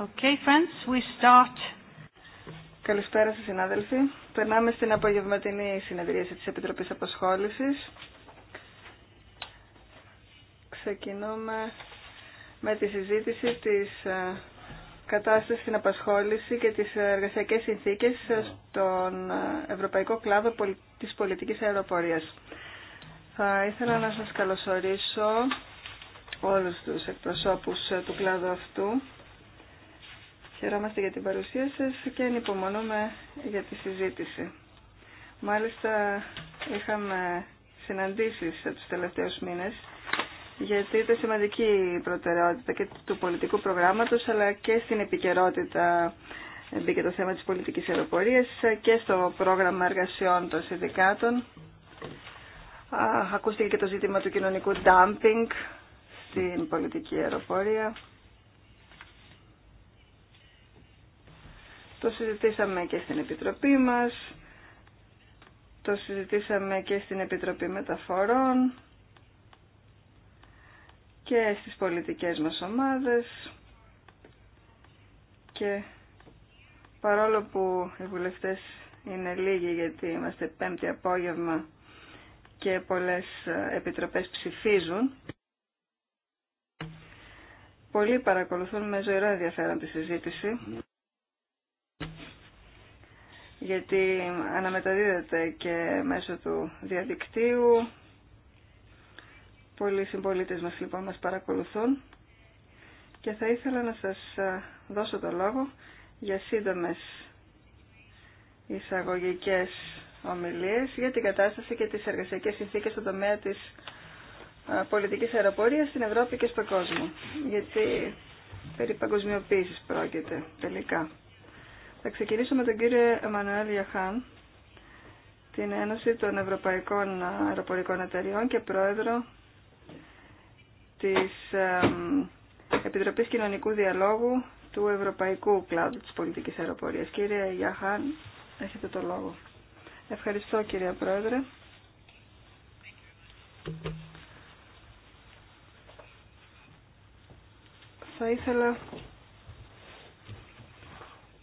Okay, friends, we start. Καλησπέρα σας συνάδελφοι. Περνάμε στην απογευματινή συνεδρίαση της Επιτροπής Απασχόλησης. Ξεκινούμε με τη συζήτηση της ε, κατάστασης στην απασχόληση και τις εργασιακές συνθήκες στον ε, Ευρωπαϊκό Κλάδο της Πολιτικής Αεροπορίας. Θα ήθελα να σας καλωσορίσω όλους τους εκπροσώπους ε, του κλάδου αυτού Χαιρόμαστε για την παρουσία σας και ανυπομονούμε για τη συζήτηση. Μάλιστα είχαμε συναντήσεις τους τελευταίους μήνες γιατί ήταν σημαντική η προτεραιότητα και του πολιτικού προγράμματος αλλά και στην επικαιρότητα μπήκε το θέμα της πολιτικής αεροπορίας και στο πρόγραμμα εργασιών των συνδικάτων. Ακούστηκε και το ζήτημα του κοινωνικού dumping στην πολιτική αεροπορία. Το συζητήσαμε και στην Επιτροπή μας, το συζητήσαμε και στην Επιτροπή Μεταφορών και στις πολιτικές μας ομάδες και παρόλο που οι βουλευτές είναι λίγοι γιατί είμαστε πέμπτη απόγευμα και πολλές επιτροπές ψηφίζουν. Πολλοί παρακολουθούν με ζωηρό ενδιαφέρον τη συζήτηση γιατί αναμεταδίδεται και μέσω του διαδικτύου. Πολλοί συμπολίτε μας λοιπόν μας παρακολουθούν και θα ήθελα να σας δώσω το λόγο για σύντομες εισαγωγικές ομιλίες για την κατάσταση και τις εργασιακές συνθήκες στον τομέα της πολιτικής αεροπορίας στην Ευρώπη και στον κόσμο. Γιατί περί παγκοσμιοποίησης πρόκειται τελικά. Θα ξεκινήσω με τον κύριο Εμμανουέλ Γιαχάν, την Ένωση των Ευρωπαϊκών Αεροπορικών Εταιριών και πρόεδρο της Επιτροπής Κοινωνικού Διαλόγου του Ευρωπαϊκού Κλάδου της Πολιτικής Αεροπορίας. Κύριε Γιαχάν, έχετε το λόγο. Ευχαριστώ κύριε Πρόεδρε. Θα ήθελα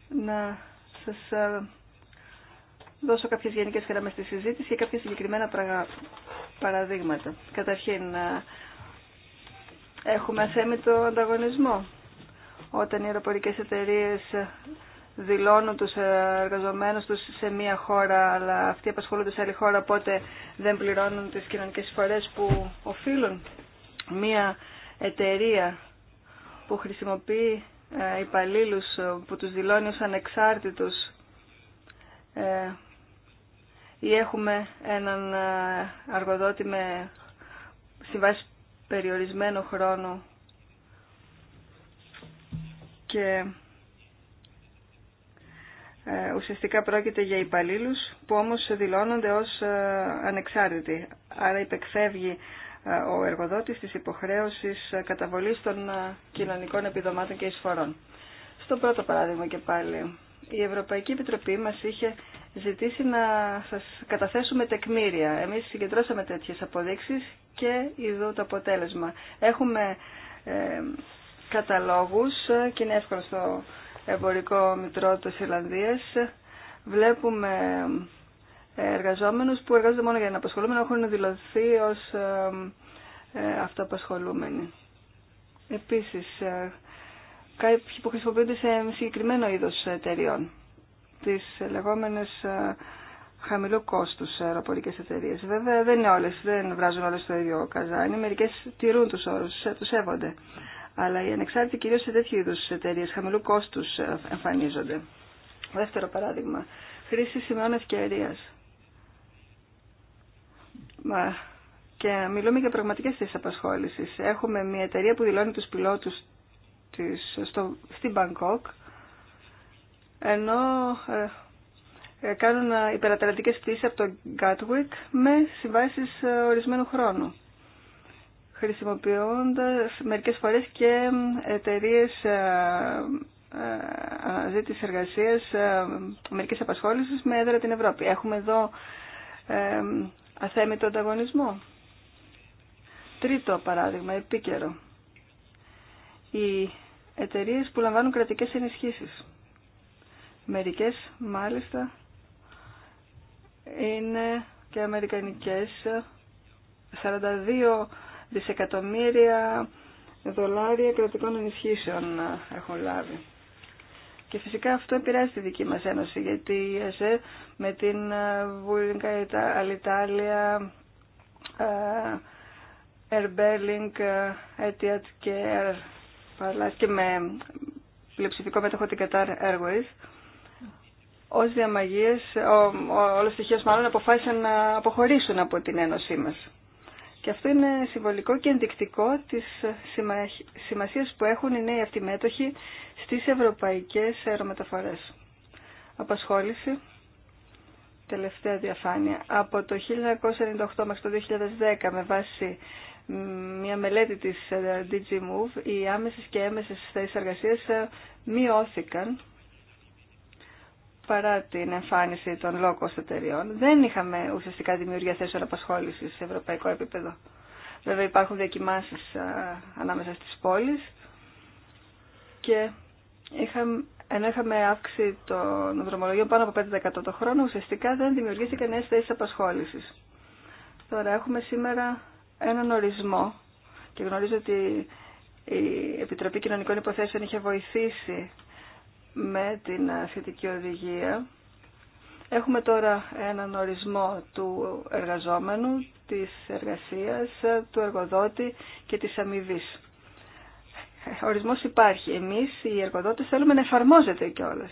να σας ε, δώσω κάποιες γενικές γραμμές στη συζήτηση και κάποια συγκεκριμένα παραδείγματα. Καταρχήν, ε, έχουμε αθέμητο ανταγωνισμό. Όταν οι αεροπορικέ εταιρείες δηλώνουν τους ε, εργαζομένους τους σε μία χώρα, αλλά αυτοί απασχολούνται σε άλλη χώρα, οπότε δεν πληρώνουν τις κοινωνικές φορές που οφείλουν. Μία εταιρεία που χρησιμοποιεί ε, υπαλλήλου ε, που τους δηλώνει ως ανεξάρτητους ε, ή έχουμε έναν αργοδότη με συμβάσει περιορισμένο χρόνο και ουσιαστικά πρόκειται για υπαλλήλου που όμως δηλώνονται ως ανεξάρτητοι. Άρα υπεκφεύγει ε, ο εργοδότης της υποχρέωσης καταβολής των ε, κοινωνικών επιδομάτων και εισφορών. Στο πρώτο παράδειγμα και πάλι, η Ευρωπαϊκή Επιτροπή μας είχε ζητήσει να σας καταθέσουμε τεκμήρια. Εμείς συγκεντρώσαμε τέτοιες αποδείξεις και ειδού το αποτέλεσμα. Έχουμε ε, καταλόγους και είναι εύκολο στο εμπορικό μητρό της Ιρλανδίας. Βλέπουμε εργαζόμενους που εργάζονται μόνο για να απασχολούμενο έχουν δηλωθεί ως ε, ε, αυτοαπασχολούμενοι. Επίσης, ε, κάποιοι που χρησιμοποιούνται σε συγκεκριμένο είδος εταιριών, τις λεγόμενες χαμηλού κόστους αεροπορικές εταιρείες. Βέβαια δεν είναι όλες, δεν βράζουν όλες το ίδιο καζάνι, μερικές τηρούν τους όρους, τους σέβονται. Αλλά οι ανεξάρτητοι κυρίως σε τέτοιου είδους εταιρείες χαμηλού κόστους εμφανίζονται. Δεύτερο παράδειγμα, χρήση σημειών ευκαιρίας και μιλούμε για πραγματικές θέσεις απασχόλησης. Έχουμε μια εταιρεία που δηλώνει τους πιλότους της, στο, στην Μπαγκόκ, ενώ ε, ε, κάνουν ε, υπερατλαντικές πτήσεις από το Gatwick με συμβάσεις ορισμένου χρόνου χρησιμοποιώντας μερικές φορές και εταιρείε αναζήτηση εργασίας, μερικές απασχόλησης με έδρα την Ευρώπη. Έχουμε εδώ αθέμητο ανταγωνισμό. Τρίτο παράδειγμα, επίκαιρο. Οι εταιρείε που λαμβάνουν κρατικές ενισχύσεις. Μερικές μάλιστα είναι και αμερικανικές 42 δισεκατομμύρια δολάρια κρατικών ενισχύσεων έχουν λάβει. Και φυσικά αυτό επηρεάζει τη δική μας ένωση, γιατί η ΕΣΕ με την Βουλγκα Αλιτάλια, Ερμπέρλινγκ, Έτιατ και Air και με πλειοψηφικό μέτοχο την Κατάρ Airways, ως διαμαγείες, όλες τις στοιχείες μάλλον αποφάσισαν να αποχωρήσουν από την ένωσή μας. Και αυτό είναι συμβολικό και ενδεικτικό της σημασίας που έχουν οι νέοι αυτοί μέτοχοι στις ευρωπαϊκές αερομεταφορές. Απασχόληση, τελευταία διαφάνεια. Από το 1998 μέχρι το 2010 με βάση μια μελέτη της ε, DG Move, οι άμεσες και έμεσες θέσεις εργασίας ε, μειώθηκαν παρά την εμφάνιση των λόγων cost εταιριών, δεν είχαμε ουσιαστικά δημιουργία θέσεων απασχόλησης σε ευρωπαϊκό επίπεδο. Βέβαια υπάρχουν διεκιμάσεις ανάμεσα στις πόλεις και είχαμε, ενώ είχαμε αύξηση των δρομολογίων πάνω από 5% το χρόνο, ουσιαστικά δεν δημιουργήθηκαν νέες θέσεις απασχόλησης. Τώρα έχουμε σήμερα έναν ορισμό και γνωρίζω ότι η Επιτροπή Κοινωνικών Υποθέσεων είχε βοηθήσει με την θετική ε, οδηγία. Έχουμε τώρα έναν ορισμό του εργαζόμενου, της εργασίας, ε, του εργοδότη και της αμοιβή. Ορισμός υπάρχει. Εμείς οι εργοδότες θέλουμε να εφαρμόζεται κιόλας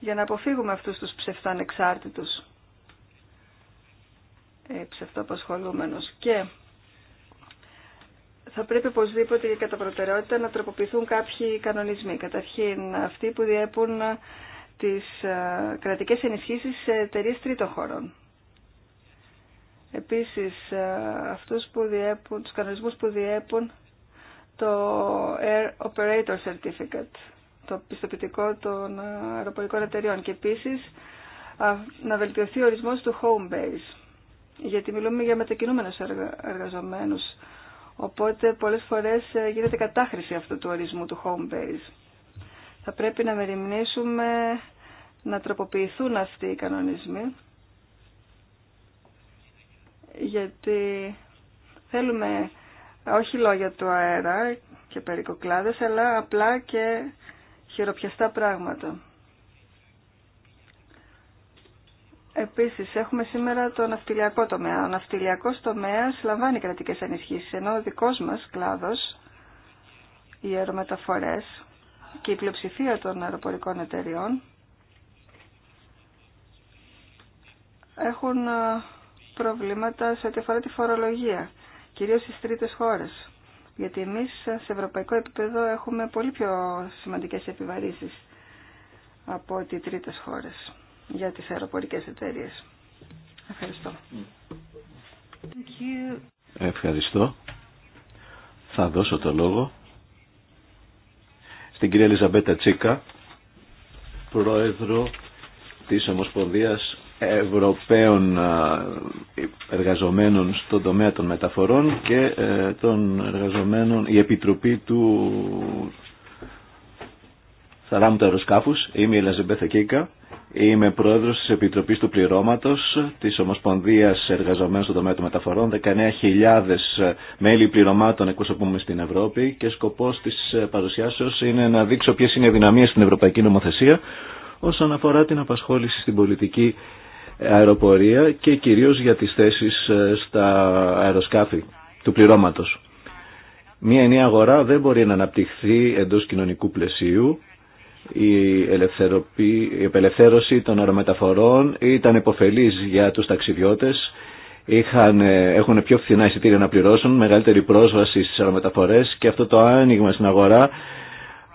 για να αποφύγουμε αυτούς τους ψευθανεξάρτητους ε, και θα πρέπει οπωσδήποτε και κατά προτεραιότητα να τροποποιηθούν κάποιοι κανονισμοί. Καταρχήν αυτοί που διέπουν ε, τις ε, κρατικές ενισχύσεις σε εταιρείε τρίτων χωρών. Επίσης, ε, αυτούς που διέπουν, τους κανονισμούς που διέπουν το Air Operator Certificate, το πιστοποιητικό των αεροπορικών εταιριών και επίσης να βελτιωθεί ο ορισμός του home base, γιατί μιλούμε για μετακινούμενους εργαζομένους Οπότε πολλές φορές ε, γίνεται κατάχρηση αυτού του ορισμού του home base. Θα πρέπει να μεριμνήσουμε να τροποποιηθούν αυτοί οι κανονισμοί γιατί θέλουμε όχι λόγια του αέρα και περικοκλάδες αλλά απλά και χειροπιαστά πράγματα. Επίση έχουμε σήμερα το ναυτιλιακό τομέα. Ο ναυτιλιακό τομέα λαμβάνει κρατικές ενισχύσει. ενώ ο δικός μας κλάδος, οι αερομεταφορέ και η πλειοψηφία των αεροπορικών εταιριών έχουν προβλήματα σε ό,τι αφορά τη φορολογία, κυρίω στις τρίτες χώρες. Γιατί εμείς σε ευρωπαϊκό επίπεδο έχουμε πολύ πιο σημαντικές επιβαρύσεις από ό,τι οι τρίτες για τις αεροπορικές εταιρείες. Ευχαριστώ. Ευχαριστώ. Θα δώσω το λόγο στην κυρία Ελιζαμπέτα Τσίκα, πρόεδρο της Ομοσπονδίας Ευρωπαίων Εργαζομένων στον τομέα των μεταφορών και ε, των εργαζομένων, η Επιτροπή του Θαράμου του Είμαι η Ελιζαμπέτα Κίκα Είμαι πρόεδρος της Επιτροπής του Πληρώματος της Ομοσπονδίας Εργαζομένων στον τομέα των μεταφορών. 19.000 μέλη πληρωμάτων εκπροσωπούμε στην Ευρώπη και σκοπός της παρουσιάσεως είναι να δείξω ποιες είναι οι δυναμίες στην Ευρωπαϊκή Νομοθεσία όσον αφορά την απασχόληση στην πολιτική αεροπορία και κυρίως για τις θέσεις ε, στα αεροσκάφη του πληρώματος. Μία ενιαία αγορά δεν μπορεί να αναπτυχθεί εντός κοινωνικού πλαισίου η, η απελευθέρωση των αερομεταφορών ήταν υποφελής για τους ταξιδιώτες. Είχαν, ε, έχουν πιο φθηνά εισιτήρια να πληρώσουν, μεγαλύτερη πρόσβαση στις αερομεταφορές και αυτό το άνοιγμα στην αγορά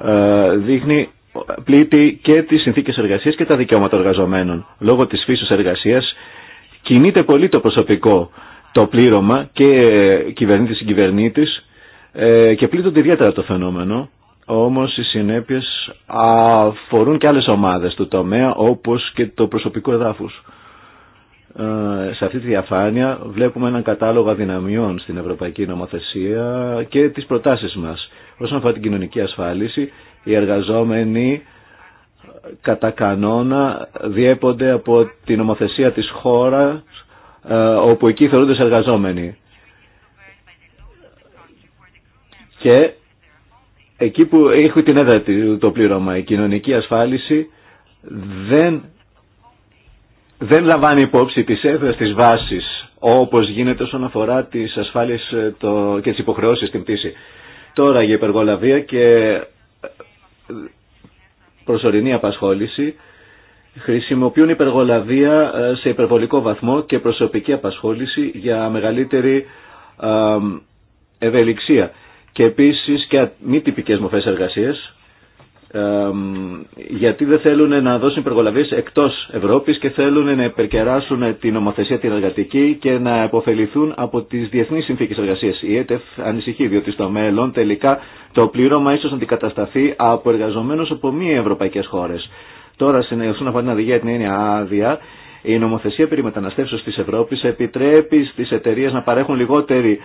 ε, δείχνει πλήτη και τις συνθήκες εργασίας και τα δικαιώματα εργαζομένων. Λόγω της φύσης εργασίας κινείται πολύ το προσωπικό το πλήρωμα και κυβερνήτης-κυβερνήτης ε, και πλήττονται ιδιαίτερα το φαινόμενο όμως οι συνέπειες αφορούν και άλλες ομάδες του τομέα όπως και το προσωπικό εδάφους. Ε, σε αυτή τη διαφάνεια βλέπουμε έναν κατάλογο αδυναμιών στην Ευρωπαϊκή Νομοθεσία και τις προτάσεις μας. Όσον αφορά την κοινωνική ασφάλιση, οι εργαζόμενοι κατά κανόνα διέπονται από την νομοθεσία της χώρας ε, όπου εκεί θεωρούνται εργαζόμενοι. Και εκεί που έχω την έδρα το πλήρωμα, η κοινωνική ασφάλιση δεν, δεν λαμβάνει υπόψη τις έδρας της βάσης όπως γίνεται όσον αφορά τις ασφάλειες ε, το, και τις υποχρεώσεις στην πτήση. Τώρα για υπεργολαβία και ε, προσωρινή απασχόληση χρησιμοποιούν υπεργολαβία ε, σε υπερβολικό βαθμό και προσωπική απασχόληση για μεγαλύτερη ευελιξία και επίσης και μη τυπικές μορφές εργασίας γιατί δεν θέλουν να δώσουν υπεργολαβίες εκτός Ευρώπης και θέλουν να υπερκεράσουν την νομοθεσία την εργατική και να αποφεληθούν από τις διεθνείς συνθήκες εργασία. Η ΕΤΕΦ ανησυχεί διότι στο μέλλον τελικά το πλήρωμα ίσως αντικατασταθεί από εργαζομένους από μη ευρωπαϊκές χώρες. Τώρα, να αφορά την οδηγία την έννοια άδεια, η νομοθεσία περί μεταναστεύσεως της Ευρώπης επιτρέπει στις εταιρείες να παρέχουν λιγότερη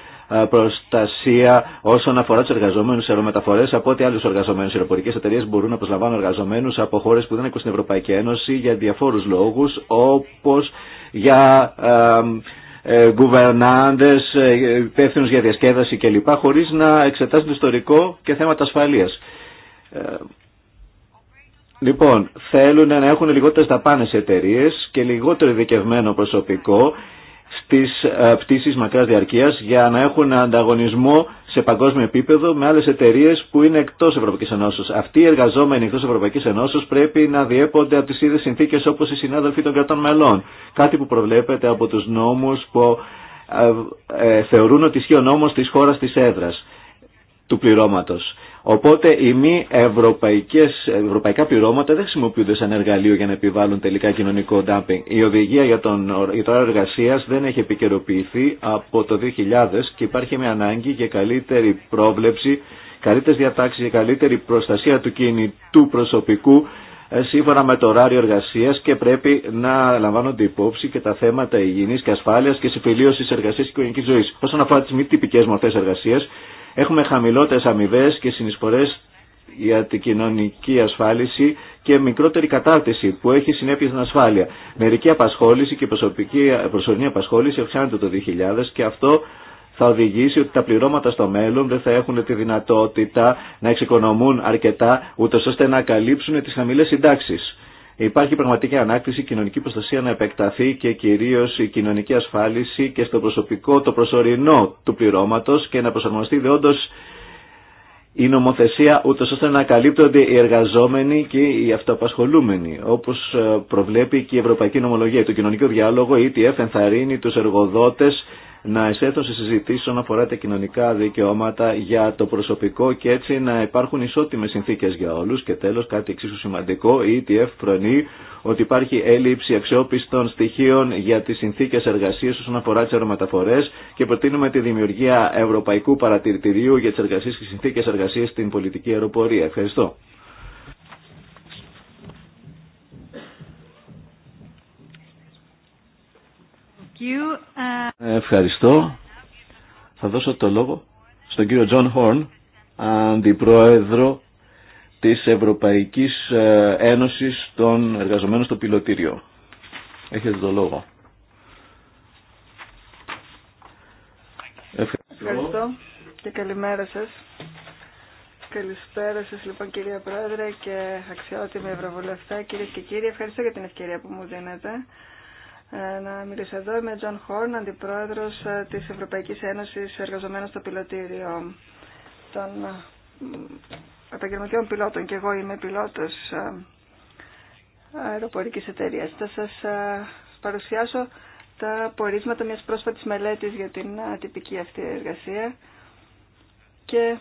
προστασία όσον αφορά τους εργαζόμενους σε αερομεταφορές από ό,τι άλλους εργαζομένους. Οι αεροπορικές εταιρείες μπορούν να προσλαμβάνουν εργαζομένους από χώρες που δεν έχουν στην Ευρωπαϊκή Ένωση για διαφόρους λόγους όπως για ε, γκουβερνάντες, ε, υπεύθυνου για διασκέδαση κλπ. χωρίς να εξετάζουν το ιστορικό και θέματα ασφαλείας. Ε, Λοιπόν, θέλουν να έχουν λιγότερες δαπάνες εταιρείε και λιγότερο ειδικευμένο προσωπικό στις ε, πτήσεις μακράς διαρκείας για να έχουν ανταγωνισμό σε παγκόσμιο επίπεδο με άλλες εταιρείε που είναι εκτός Ευρωπαϊκής Ενώσεως. Αυτοί οι εργαζόμενοι εκτός Ευρωπαϊκής Ενώσεως πρέπει να διέπονται από τις ίδιες συνθήκες όπως οι συνάδελφοι των κρατών μελών. Κάτι που προβλέπεται από τους νόμους που ε, ε, θεωρούν ότι ισχύει ο νόμος της χώρας της έδρας του πληρώματο. Οπότε οι μη ευρωπαϊκές, ευρωπαϊκά πληρώματα δεν χρησιμοποιούνται σαν εργαλείο για να επιβάλλουν τελικά κοινωνικό ντάμπινγκ. Η οδηγία για, τον, για το εργασία δεν έχει επικαιροποιηθεί από το 2000 και υπάρχει μια ανάγκη για καλύτερη πρόβλεψη, καλύτερες διατάξεις και καλύτερη προστασία του κινητού προσωπικού ε, σύμφωνα με το ωράριο εργασίας και πρέπει να λαμβάνονται υπόψη και τα θέματα υγιεινής και ασφάλειας και συμφιλίωσης εργασίας και οικογενικής ζωής. Όσον αφορά τις μη τυπικές μορφές εργασίας, Έχουμε χαμηλότερες αμοιβέ και συνεισφορές για την κοινωνική ασφάλιση και μικρότερη κατάρτιση που έχει συνέπειε στην ασφάλεια. Μερική απασχόληση και προσωπική, προσωρινή απασχόληση αυξάνεται το 2000 και αυτό θα οδηγήσει ότι τα πληρώματα στο μέλλον δεν θα έχουν τη δυνατότητα να εξοικονομούν αρκετά ούτως ώστε να καλύψουν τι χαμηλέ συντάξει. Υπάρχει πραγματική ανάκτηση, η κοινωνική προστασία να επεκταθεί και κυρίω η κοινωνική ασφάλιση και στο προσωπικό το προσωρινό του πληρώματο και να προσαρμοστεί διόντω η νομοθεσία ούτως ώστε να καλύπτονται οι εργαζόμενοι και οι αυτοαπασχολούμενοι, όπως ε, προβλέπει και η Ευρωπαϊκή Νομολογία. Το κοινωνικό διάλογο, η ETF, ενθαρρύνει τους εργοδότες να εισέλθω σε συζητήσει όσον αφορά τα κοινωνικά δικαιώματα για το προσωπικό και έτσι να υπάρχουν ισότιμε συνθήκε για όλου. Και τέλο, κάτι εξίσου σημαντικό, η ETF φρονεί ότι υπάρχει έλλειψη αξιόπιστων στοιχείων για τι συνθήκε εργασία όσον αφορά τι αερομεταφορέ και προτείνουμε τη δημιουργία Ευρωπαϊκού Παρατηρητηρίου για τι εργασίε και συνθήκε εργασία στην πολιτική αεροπορία. Ευχαριστώ. Uh, Ευχαριστώ. Θα δώσω το λόγο στον κύριο Τζον Χόρν, αντιπρόεδρο της Ευρωπαϊκής ε, Ένωσης των Εργαζομένων στο Πιλοτήριο. Έχετε το λόγο. Ευχαριστώ. και καλημέρα σας. Καλησπέρα σας λοιπόν κυρία Πρόεδρε και αξιότιμη Ευρωβουλευτά, κυρίες και κύριοι. Ευχαριστώ για την ευκαιρία που μου δίνετε ε, να μιλήσω εδώ. Είμαι Τζον Χόρν, αντιπρόεδρος ε, της Ευρωπαϊκής Ένωσης εργαζομένων στο πιλωτήριο των ε, επαγγελματιών πιλότων και εγώ είμαι πιλότος αεροπορικής εταιρείας. Θα σα παρουσιάσω τα πορίσματα μιας πρόσφατης μελέτης για την ατυπική αυτή εργασία και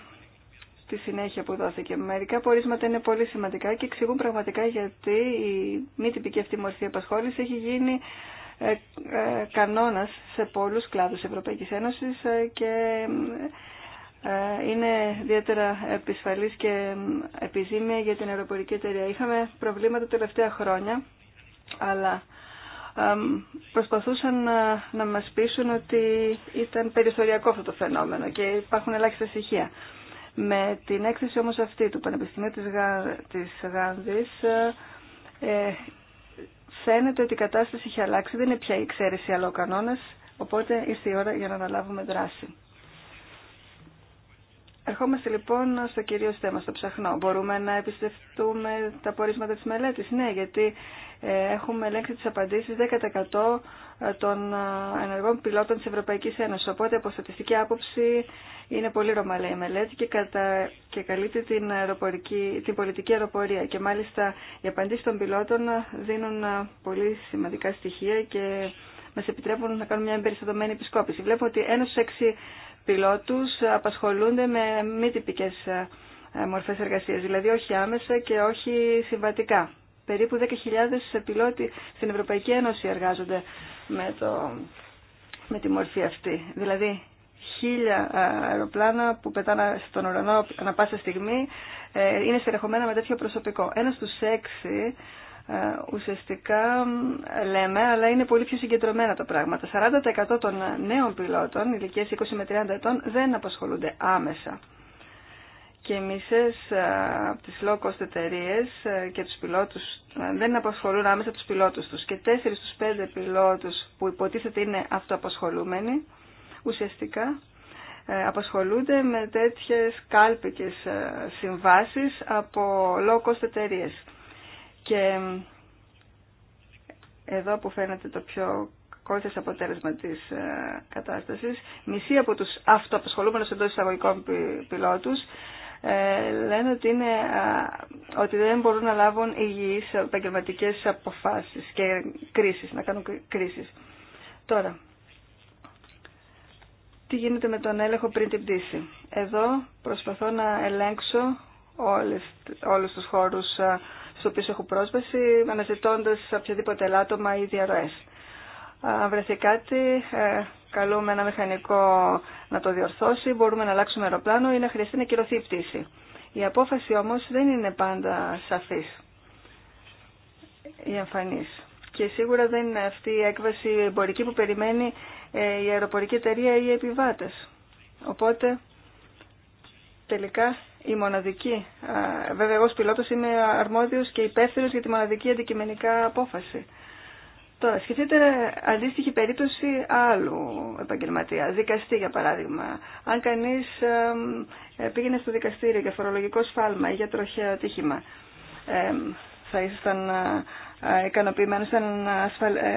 τη συνέχεια που δόθηκε. Μερικά πορίσματα είναι πολύ σημαντικά και εξηγούν πραγματικά γιατί η μη τυπική αυτή μορφή απασχόληση έχει γίνει ε, ε, κανόνας σε πολλούς κλάδους Ευρωπαϊκής Ένωσης ε, και είναι ιδιαίτερα επισφαλής και επιζήμια για την αεροπορική εταιρεία. Είχαμε προβλήματα τελευταία χρόνια, αλλά προσπαθούσαν να, να μας πείσουν ότι ήταν περιθωριακό αυτό το φαινόμενο και υπάρχουν ελάχιστα στοιχεία. Με την έκθεση όμως αυτή του Πανεπιστημίου της, Γα... Γάνδης φαίνεται ότι η κατάσταση έχει αλλάξει. Δεν είναι πια η εξαίρεση αλλά ο κανόνας, οπότε ήρθε η ώρα για να αναλάβουμε δράση. Ερχόμαστε λοιπόν στο κυρίως θέμα, στο ψαχνό. Μπορούμε να επισκεφτούμε τα πορίσματα της μελέτης. Ναι, γιατί ε, έχουμε ελέγξει τις απαντήσεις 10% ε, των ε, ενεργών πιλότων της Ευρωπαϊκής Ένωσης. Οπότε από στατιστική άποψη είναι πολύ ρωμαλαία η μελέτη και, κατα... και καλύπτει την, την πολιτική αεροπορία. Και μάλιστα οι απαντήσεις των πιλότων δίνουν πολύ σημαντικά στοιχεία και μας επιτρέπουν να κάνουμε μια εμπεριστατωμένη επισκόπηση. Βλέπω ότι ένα έξι πιλότους απασχολούνται με μη τυπικές ε, μορφές εργασίας, δηλαδή όχι άμεσα και όχι συμβατικά. Περίπου 10.000 πιλότοι στην Ευρωπαϊκή Ένωση εργάζονται με, το, με τη μορφή αυτή. Δηλαδή χίλια ε, αεροπλάνα που πετάνε στον ουρανό ανα πάσα στιγμή ε, είναι στερεχωμένα με τέτοιο προσωπικό. Ένα στους έξι ε, ουσιαστικά λέμε, αλλά είναι πολύ πιο συγκεντρωμένα τα πράγματα. 40% των νέων πιλότων, ηλικίες 20 με 30 ετών, δεν απασχολούνται άμεσα. Και μισές ε, από τις low cost εταιρείε ε, και τους πιλότους δεν απασχολούν άμεσα τους πιλότους τους. Και 4 στους 5 πιλότους που υποτίθεται είναι αυτοαπασχολούμενοι, ουσιαστικά απασχολούνται με τέτοιες κάλπικες συμβάσεις από low cost εταιρείες. Και ε, εδώ που φαίνεται το πιο κόλθες αποτέλεσμα της ε, κατάστασης, μισή από τους αυτοαπασχολούμενους εντός εισαγωγικών πιλότους ε, λένε ότι, είναι, ότι δεν μπορούν να λάβουν υγιείς επαγγελματικέ αποφάσεις και κρίσεις, να κάνουν κρίσεις. Τώρα, τι γίνεται με τον έλεγχο πριν την πτήση. Εδώ προσπαθώ να ελέγξω όλες, όλους τους χώρους στους οποίους έχω πρόσβαση, αναζητώντα οποιαδήποτε ελάττωμα ή διαρροέ. Αν βρεθεί κάτι, ε, καλούμε ένα μηχανικό να το διορθώσει, μπορούμε να αλλάξουμε αεροπλάνο ή να χρειαστεί να κυρωθεί η πτήση. Η απόφαση όμως δεν είναι πάντα σαφής ή εμφανής. Και σίγουρα δεν είναι αυτή η έκβαση εμπορική που περιμένει ε, η εμφανη και σιγουρα δεν ειναι εταιρεία ή οι επιβάτες. Οπότε τελικά η μοναδική, βέβαια εγώ ως πιλότος είμαι αρμόδιος και υπεύθυνος για τη μοναδική αντικειμενικά απόφαση. Τώρα, σκεφτείτε αντίστοιχη περίπτωση άλλου επαγγελματία, δικαστή για παράδειγμα. Αν κανείς πήγαινε στο δικαστήριο για φορολογικό σφάλμα ή για τροχαίο ατύχημα, θα ήσασταν ικανοποιημένο ήταν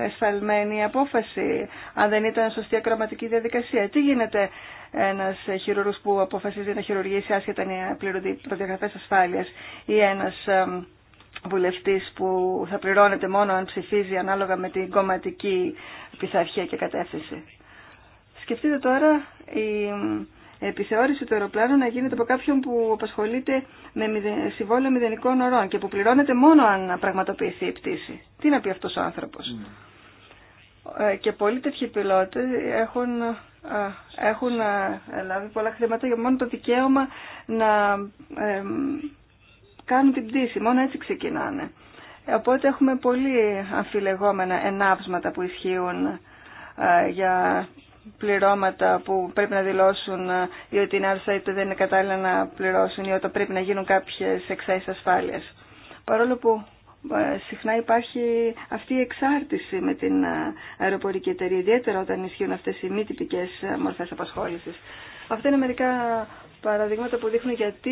ασφαλμένη ε, η απόφαση, αν δεν ήταν σωστή ακροματική διαδικασία. Τι γίνεται ένα χειρουργός που αποφασίζει να χειρουργήσει άσχετα αν πληρούνται προδιαγραφέ προδιαγραφές ασφάλειας ή ένα βουλευτή που θα πληρώνεται μόνο αν ψηφίζει ανάλογα με την κομματική πειθαρχία και κατεύθυνση. Σκεφτείτε τώρα η επιθεώρηση του αεροπλάνου να γίνεται από κάποιον που απασχολείται με συμβόλαιο μηδενικών ωρών και που πληρώνεται μόνο αν πραγματοποιηθεί η πτήση. Τι να πει αυτό ο άνθρωπο. Ναι. Ε, και πολλοί τέτοιοι πιλότε έχουν έχουν λάβει πολλά χρήματα για μόνο το δικαίωμα να κάνουν την πτήση. Μόνο έτσι ξεκινάνε. Οπότε έχουμε πολύ αμφιλεγόμενα ενάψματα που ισχύουν για πληρώματα που πρέπει να δηλώσουν ή ότι είναι άρρωστα είτε δεν είναι κατάλληλα να πληρώσουν ή ότι πρέπει να γίνουν κάποιες εξάσεις ασφάλειας. Παρόλο που ε, συχνά υπάρχει αυτή η εξάρτηση με την ε, αεροπορική εταιρεία, ιδιαίτερα όταν ισχύουν αυτές οι μη τυπικές ε, μορφές απασχόλησης. Αυτά είναι μερικά παραδείγματα που δείχνουν γιατί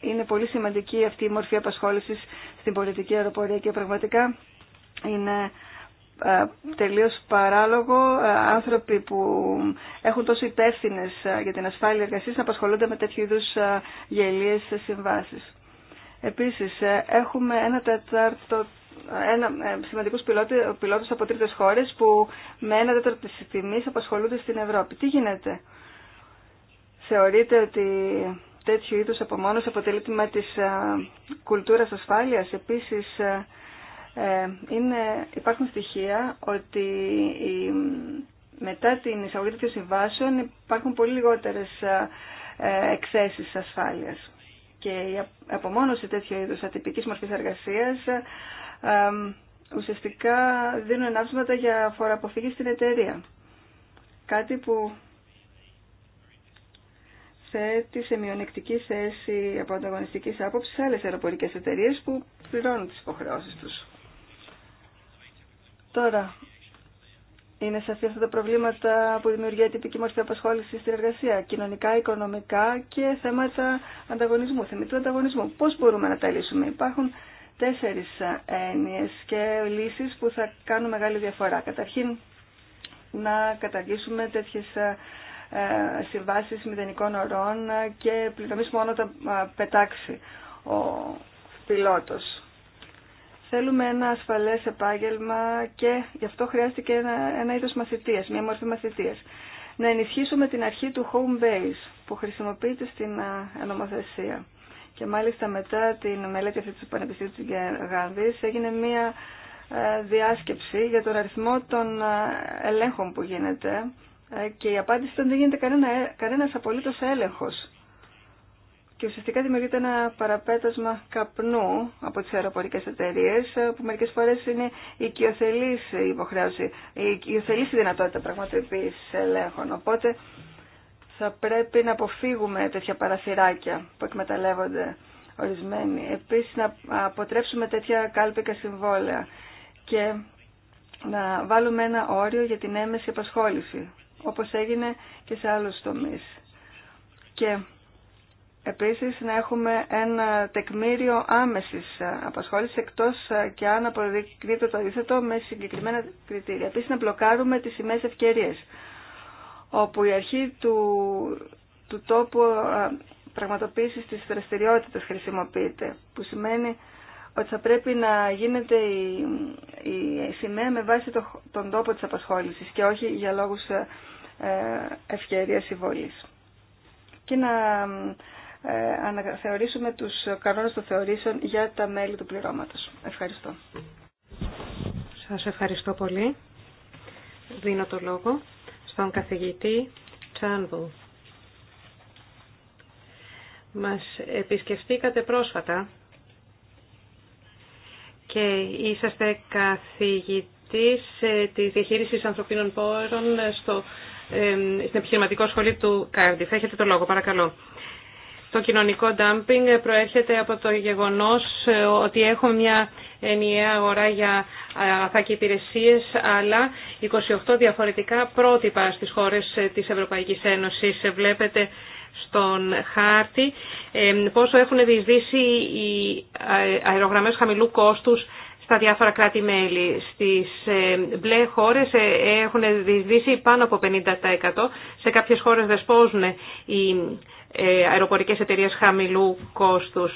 είναι πολύ σημαντική αυτή η μορφή απασχόλησης στην πολιτική αεροπορία και πραγματικά είναι τελείως παράλογο άνθρωποι που έχουν τόσο υπεύθυνε για την ασφάλεια εργασίας να απασχολούνται με τέτοιου είδους γελίες συμβάσεις. Επίσης, ε, έχουμε ένα τετάρτο ένα, ε, σημαντικούς πιλότους από τρίτες χώρες που με ένα τέταρτο της τιμής απασχολούνται στην Ευρώπη. Τι γίνεται. Θεωρείτε ότι τέτοιου είδους απομόνωση αποτελεί με της ε, κουλτούρας ασφάλειας. Επίσης, είναι, υπάρχουν στοιχεία ότι η, μετά την εισαγωγή τέτοιων συμβάσεων υπάρχουν πολύ λιγότερες α, ασφάλειας και η απομόνωση τέτοιου είδους ατυπικής μορφής εργασίας ουσιαστικά δίνουν ενάψματα για φοροαποφυγή στην εταιρεία. Κάτι που θέτει σε μειονεκτική θέση από ανταγωνιστική άποψη σε άλλες αεροπορικές εταιρείες που πληρώνουν τις υποχρεώσεις τους. Τώρα, είναι σαφή αυτά τα προβλήματα που δημιουργεί τυπική μορφή απασχόληση στην εργασία, κοινωνικά, οικονομικά και θέματα ανταγωνισμού, θεμητού ανταγωνισμού. Πώ μπορούμε να τα λύσουμε, Υπάρχουν τέσσερι έννοιε και λύσει που θα κάνουν μεγάλη διαφορά. Καταρχήν, να καταργήσουμε τέτοιε συμβάσει μηδενικών ωρών και πληρωμή μόνο όταν ε, πετάξει ο πιλότος Θέλουμε ένα ασφαλές επάγγελμα και γι' αυτό χρειάστηκε ένα, ένα είδος μαθητείας, μια μορφή μαθητείας. Να ενισχύσουμε την αρχή του home base που χρησιμοποιείται στην νομοθεσία. Και μάλιστα μετά την μελέτη αυτή του Πανεπιστήμιου της έγινε μια διάσκεψη για τον αριθμό των ελέγχων που γίνεται ε, και η απάντηση ήταν δεν γίνεται κανένα, ε, κανένας απολύτως έλεγχος και ουσιαστικά δημιουργείται ένα παραπέτασμα καπνού από τις αεροπορικές εταιρείε, ε, που μερικές φορές είναι οικειοθελής η υποχρέωση, οικειοθελής η δυνατότητα πραγματοποίησης ελέγχων. Οπότε θα πρέπει να αποφύγουμε τέτοια παραθυράκια που εκμεταλλεύονται ορισμένοι. Επίσης να αποτρέψουμε τέτοια κάλπικα συμβόλαια και να βάλουμε ένα όριο για την έμεση απασχόληση, όπως έγινε και σε άλλους τομείς. Και Επίσης να έχουμε ένα τεκμήριο άμεσης ε, απασχόλησης εκτός ε, και αν αποδεικνύεται το αντίθετο με συγκεκριμένα κριτήρια. Επίσης να μπλοκάρουμε τις σημαίες ευκαιρίες όπου η αρχή του, του τόπου ε, πραγματοποίησης της δραστηριότητας χρησιμοποιείται που σημαίνει ότι θα πρέπει να γίνεται η, η σημαία με βάση τον τόπο της απασχόλησης και όχι για λόγους ευκαιρίας ή βολής. Και να ε, αναθεωρήσουμε τους κανόνες των θεωρήσεων για τα μέλη του πληρώματος. Ευχαριστώ. Σας ευχαριστώ πολύ. Δίνω το λόγο στον καθηγητή Τσάνβου Μας επισκεφτήκατε πρόσφατα και είσαστε καθηγητής ε, της διαχείρισης ανθρωπίνων πόρων στο, ε, στην επιχειρηματικό σχολείο του Κάρντιφ. Έχετε το λόγο, παρακαλώ. Το κοινωνικό ντάμπινγκ προέρχεται από το γεγονός ε, ότι έχουμε μια ενιαία αγορά για αγαθά και υπηρεσίες, αλλά 28 διαφορετικά πρότυπα στις χώρες ε, της Ευρωπαϊκής Ένωσης. Ε, βλέπετε στον χάρτη πόσο έχουν διεισδύσει οι αερογραμμές χαμηλού κόστους στα διάφορα κράτη-μέλη. Στις μπλε χώρες έχουν διεισδύσει πάνω από 50%. Σε κάποιες χώρες δεσπόζουν οι ε, αεροπορικές εταιρείες χαμηλού κόστους.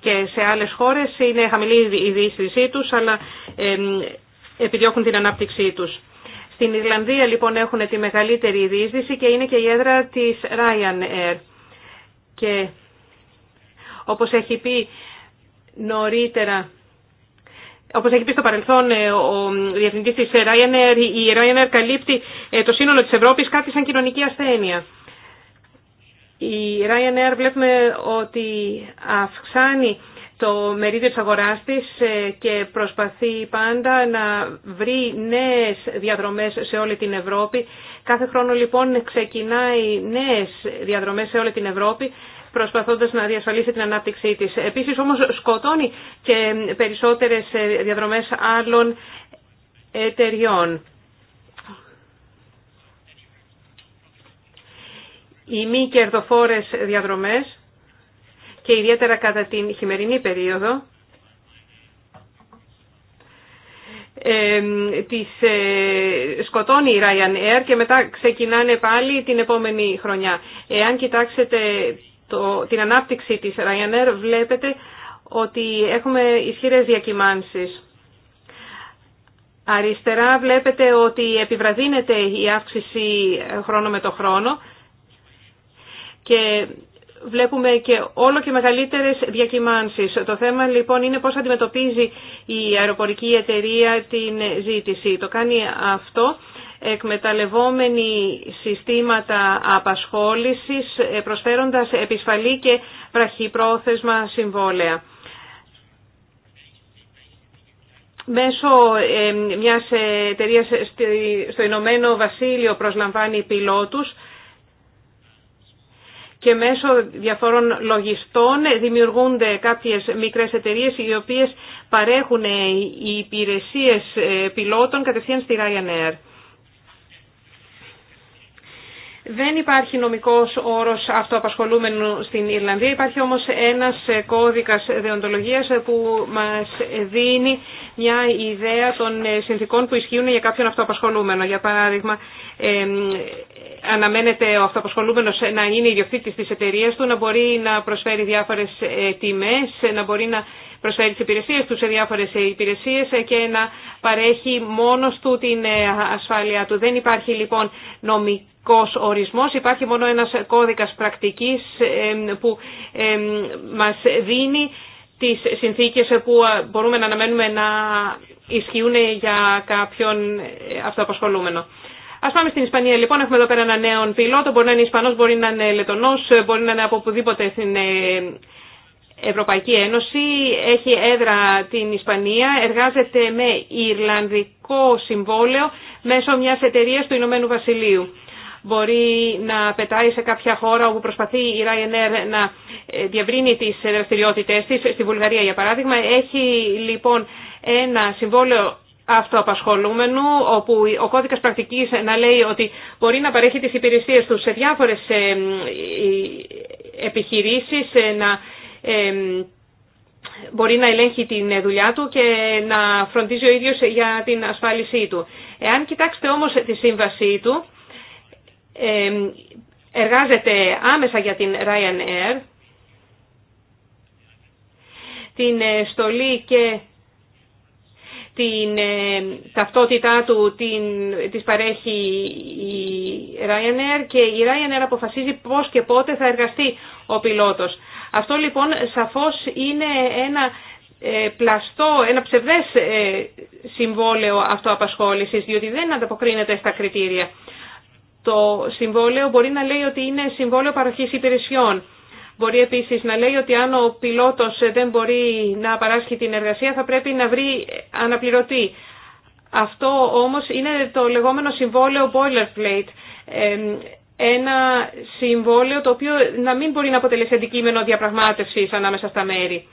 Και σε άλλες χώρες είναι χαμηλή η διείσδυσή τους, αλλά επιδιώκουν την ανάπτυξή τους. Στην Ιρλανδία λοιπόν έχουν τη μεγαλύτερη διείσδυση και είναι και η έδρα της Ryanair. Και όπως έχει πει νωρίτερα, όπως έχει πει στο παρελθόν ε, ο διευθυντής της Ryanair, η Ryanair καλύπτει ε, το σύνολο της Ευρώπης κάτι σαν κοινωνική ασθένεια. Η Ryanair βλέπουμε ότι αυξάνει το μερίδιο της αγοράς της ε, και προσπαθεί πάντα να βρει νέες διαδρομές σε όλη την Ευρώπη. Κάθε χρόνο λοιπόν ξεκινάει νέες διαδρομές σε όλη την Ευρώπη προσπαθώντας να διασφαλίσει την ανάπτυξή της. Επίσης όμως σκοτώνει και περισσότερες ε, διαδρομές άλλων εταιριών. οι μη κερδοφόρες διαδρομές και ιδιαίτερα κατά την χειμερινή περίοδο ε, τις σκοτώνει η Ryanair και μετά ξεκινάνε πάλι την επόμενη χρονιά. Εάν κοιτάξετε το, την ανάπτυξη της Ryanair βλέπετε ότι έχουμε ισχυρές διακυμάνσεις. Αριστερά βλέπετε ότι επιβραδύνεται η αύξηση χρόνο με το χρόνο και βλέπουμε και όλο και μεγαλύτερες διακυμάνσεις. Το θέμα λοιπόν είναι πώς αντιμετωπίζει η αεροπορική εταιρεία την ζήτηση. Το κάνει αυτό εκμεταλλευόμενοι συστήματα απασχόλησης, ε, προσφέροντας επισφαλή και βραχυπρόθεσμα συμβόλαια. Μέσω ε, μιας εταιρείας στο Ηνωμένο Βασίλειο προσλαμβάνει πιλότους και μέσω διαφόρων λογιστών δημιουργούνται κάποιες μικρές εταιρείες οι οποίες παρέχουν ε, οι υπηρεσίες ε, πιλότων κατευθείαν στη Ryanair. Δεν υπάρχει νομικός όρος αυτοαπασχολούμενου στην Ιρλανδία, υπάρχει όμως ένας κώδικας δεοντολογίας που μας δίνει μια ιδέα των συνθήκων που ισχύουν για κάποιον αυτοαπασχολούμενο. Για παράδειγμα, αναμένεται ο αυτοαπασχολούμενος να είναι ιδιοκτήτης της εταιρεία του, να μπορεί να προσφέρει διάφορες ε, τιμές, να μπορεί να προσφέρει τις υπηρεσίες του σε διάφορες ε, υπηρεσίες και να παρέχει μόνος του την ε, ασφάλεια του. Δεν υπάρχει λοιπόν νομική ορισμός. Υπάρχει μόνο ένας κώδικας πρακτικής που μας δίνει τις συνθήκες που μπορούμε να αναμένουμε να ισχύουν για κάποιον ε, αυτοαπασχολούμενο. Α πάμε στην Ισπανία λοιπόν. Έχουμε εδώ πέρα έναν νέο πιλότο. Μπορεί να είναι Ισπανό, μπορεί να είναι Λετωνό, μπορεί να είναι από οπουδήποτε στην ε, Ευρωπαϊκή Ένωση. Έχει έδρα την Ισπανία. Εργάζεται με Ιρλανδικό συμβόλαιο μέσω μια εταιρεία του Ηνωμένου Βασιλείου μπορεί να πετάει σε κάποια χώρα όπου προσπαθεί η Ryanair να ε, διευρύνει τις δραστηριότητε της. Στη Βουλγαρία, για παράδειγμα, έχει λοιπόν ένα συμβόλαιο αυτοαπασχολούμενου, όπου ο κώδικας πρακτικής να λέει ότι μπορεί να παρέχει τις υπηρεσίες του σε διάφορες ε, επιχειρήσεις, ε, να μπορεί να ελέγχει την δουλειά του και να φροντίζει ο ίδιος για την ασφάλισή του. Εάν κοιτάξετε όμως τη σύμβασή του, εργάζεται άμεσα για την Ryanair, την ε, στολή και την ε, ταυτότητά του την, της παρέχει η Ryanair και η Ryanair αποφασίζει πώς και πότε θα εργαστεί ο πιλότος. Αυτό λοιπόν σαφώς είναι ένα ε, πλαστό, ένα ψευδές συμβόλαιο αυτοαπασχόλησης, διότι δεν ανταποκρίνεται στα κριτήρια. Το συμβόλαιο μπορεί να λέει ότι είναι συμβόλαιο παροχής υπηρεσιών. Μπορεί επίσης να λέει ότι αν ο πιλότος δεν μπορεί να παράσχει την εργασία θα πρέπει να βρει αναπληρωτή. Αυτό όμως είναι το λεγόμενο συμβόλαιο boilerplate. Ένα συμβόλαιο το οποίο να μην μπορεί να αποτελέσει αντικείμενο διαπραγμάτευσης ανάμεσα στα μέρη.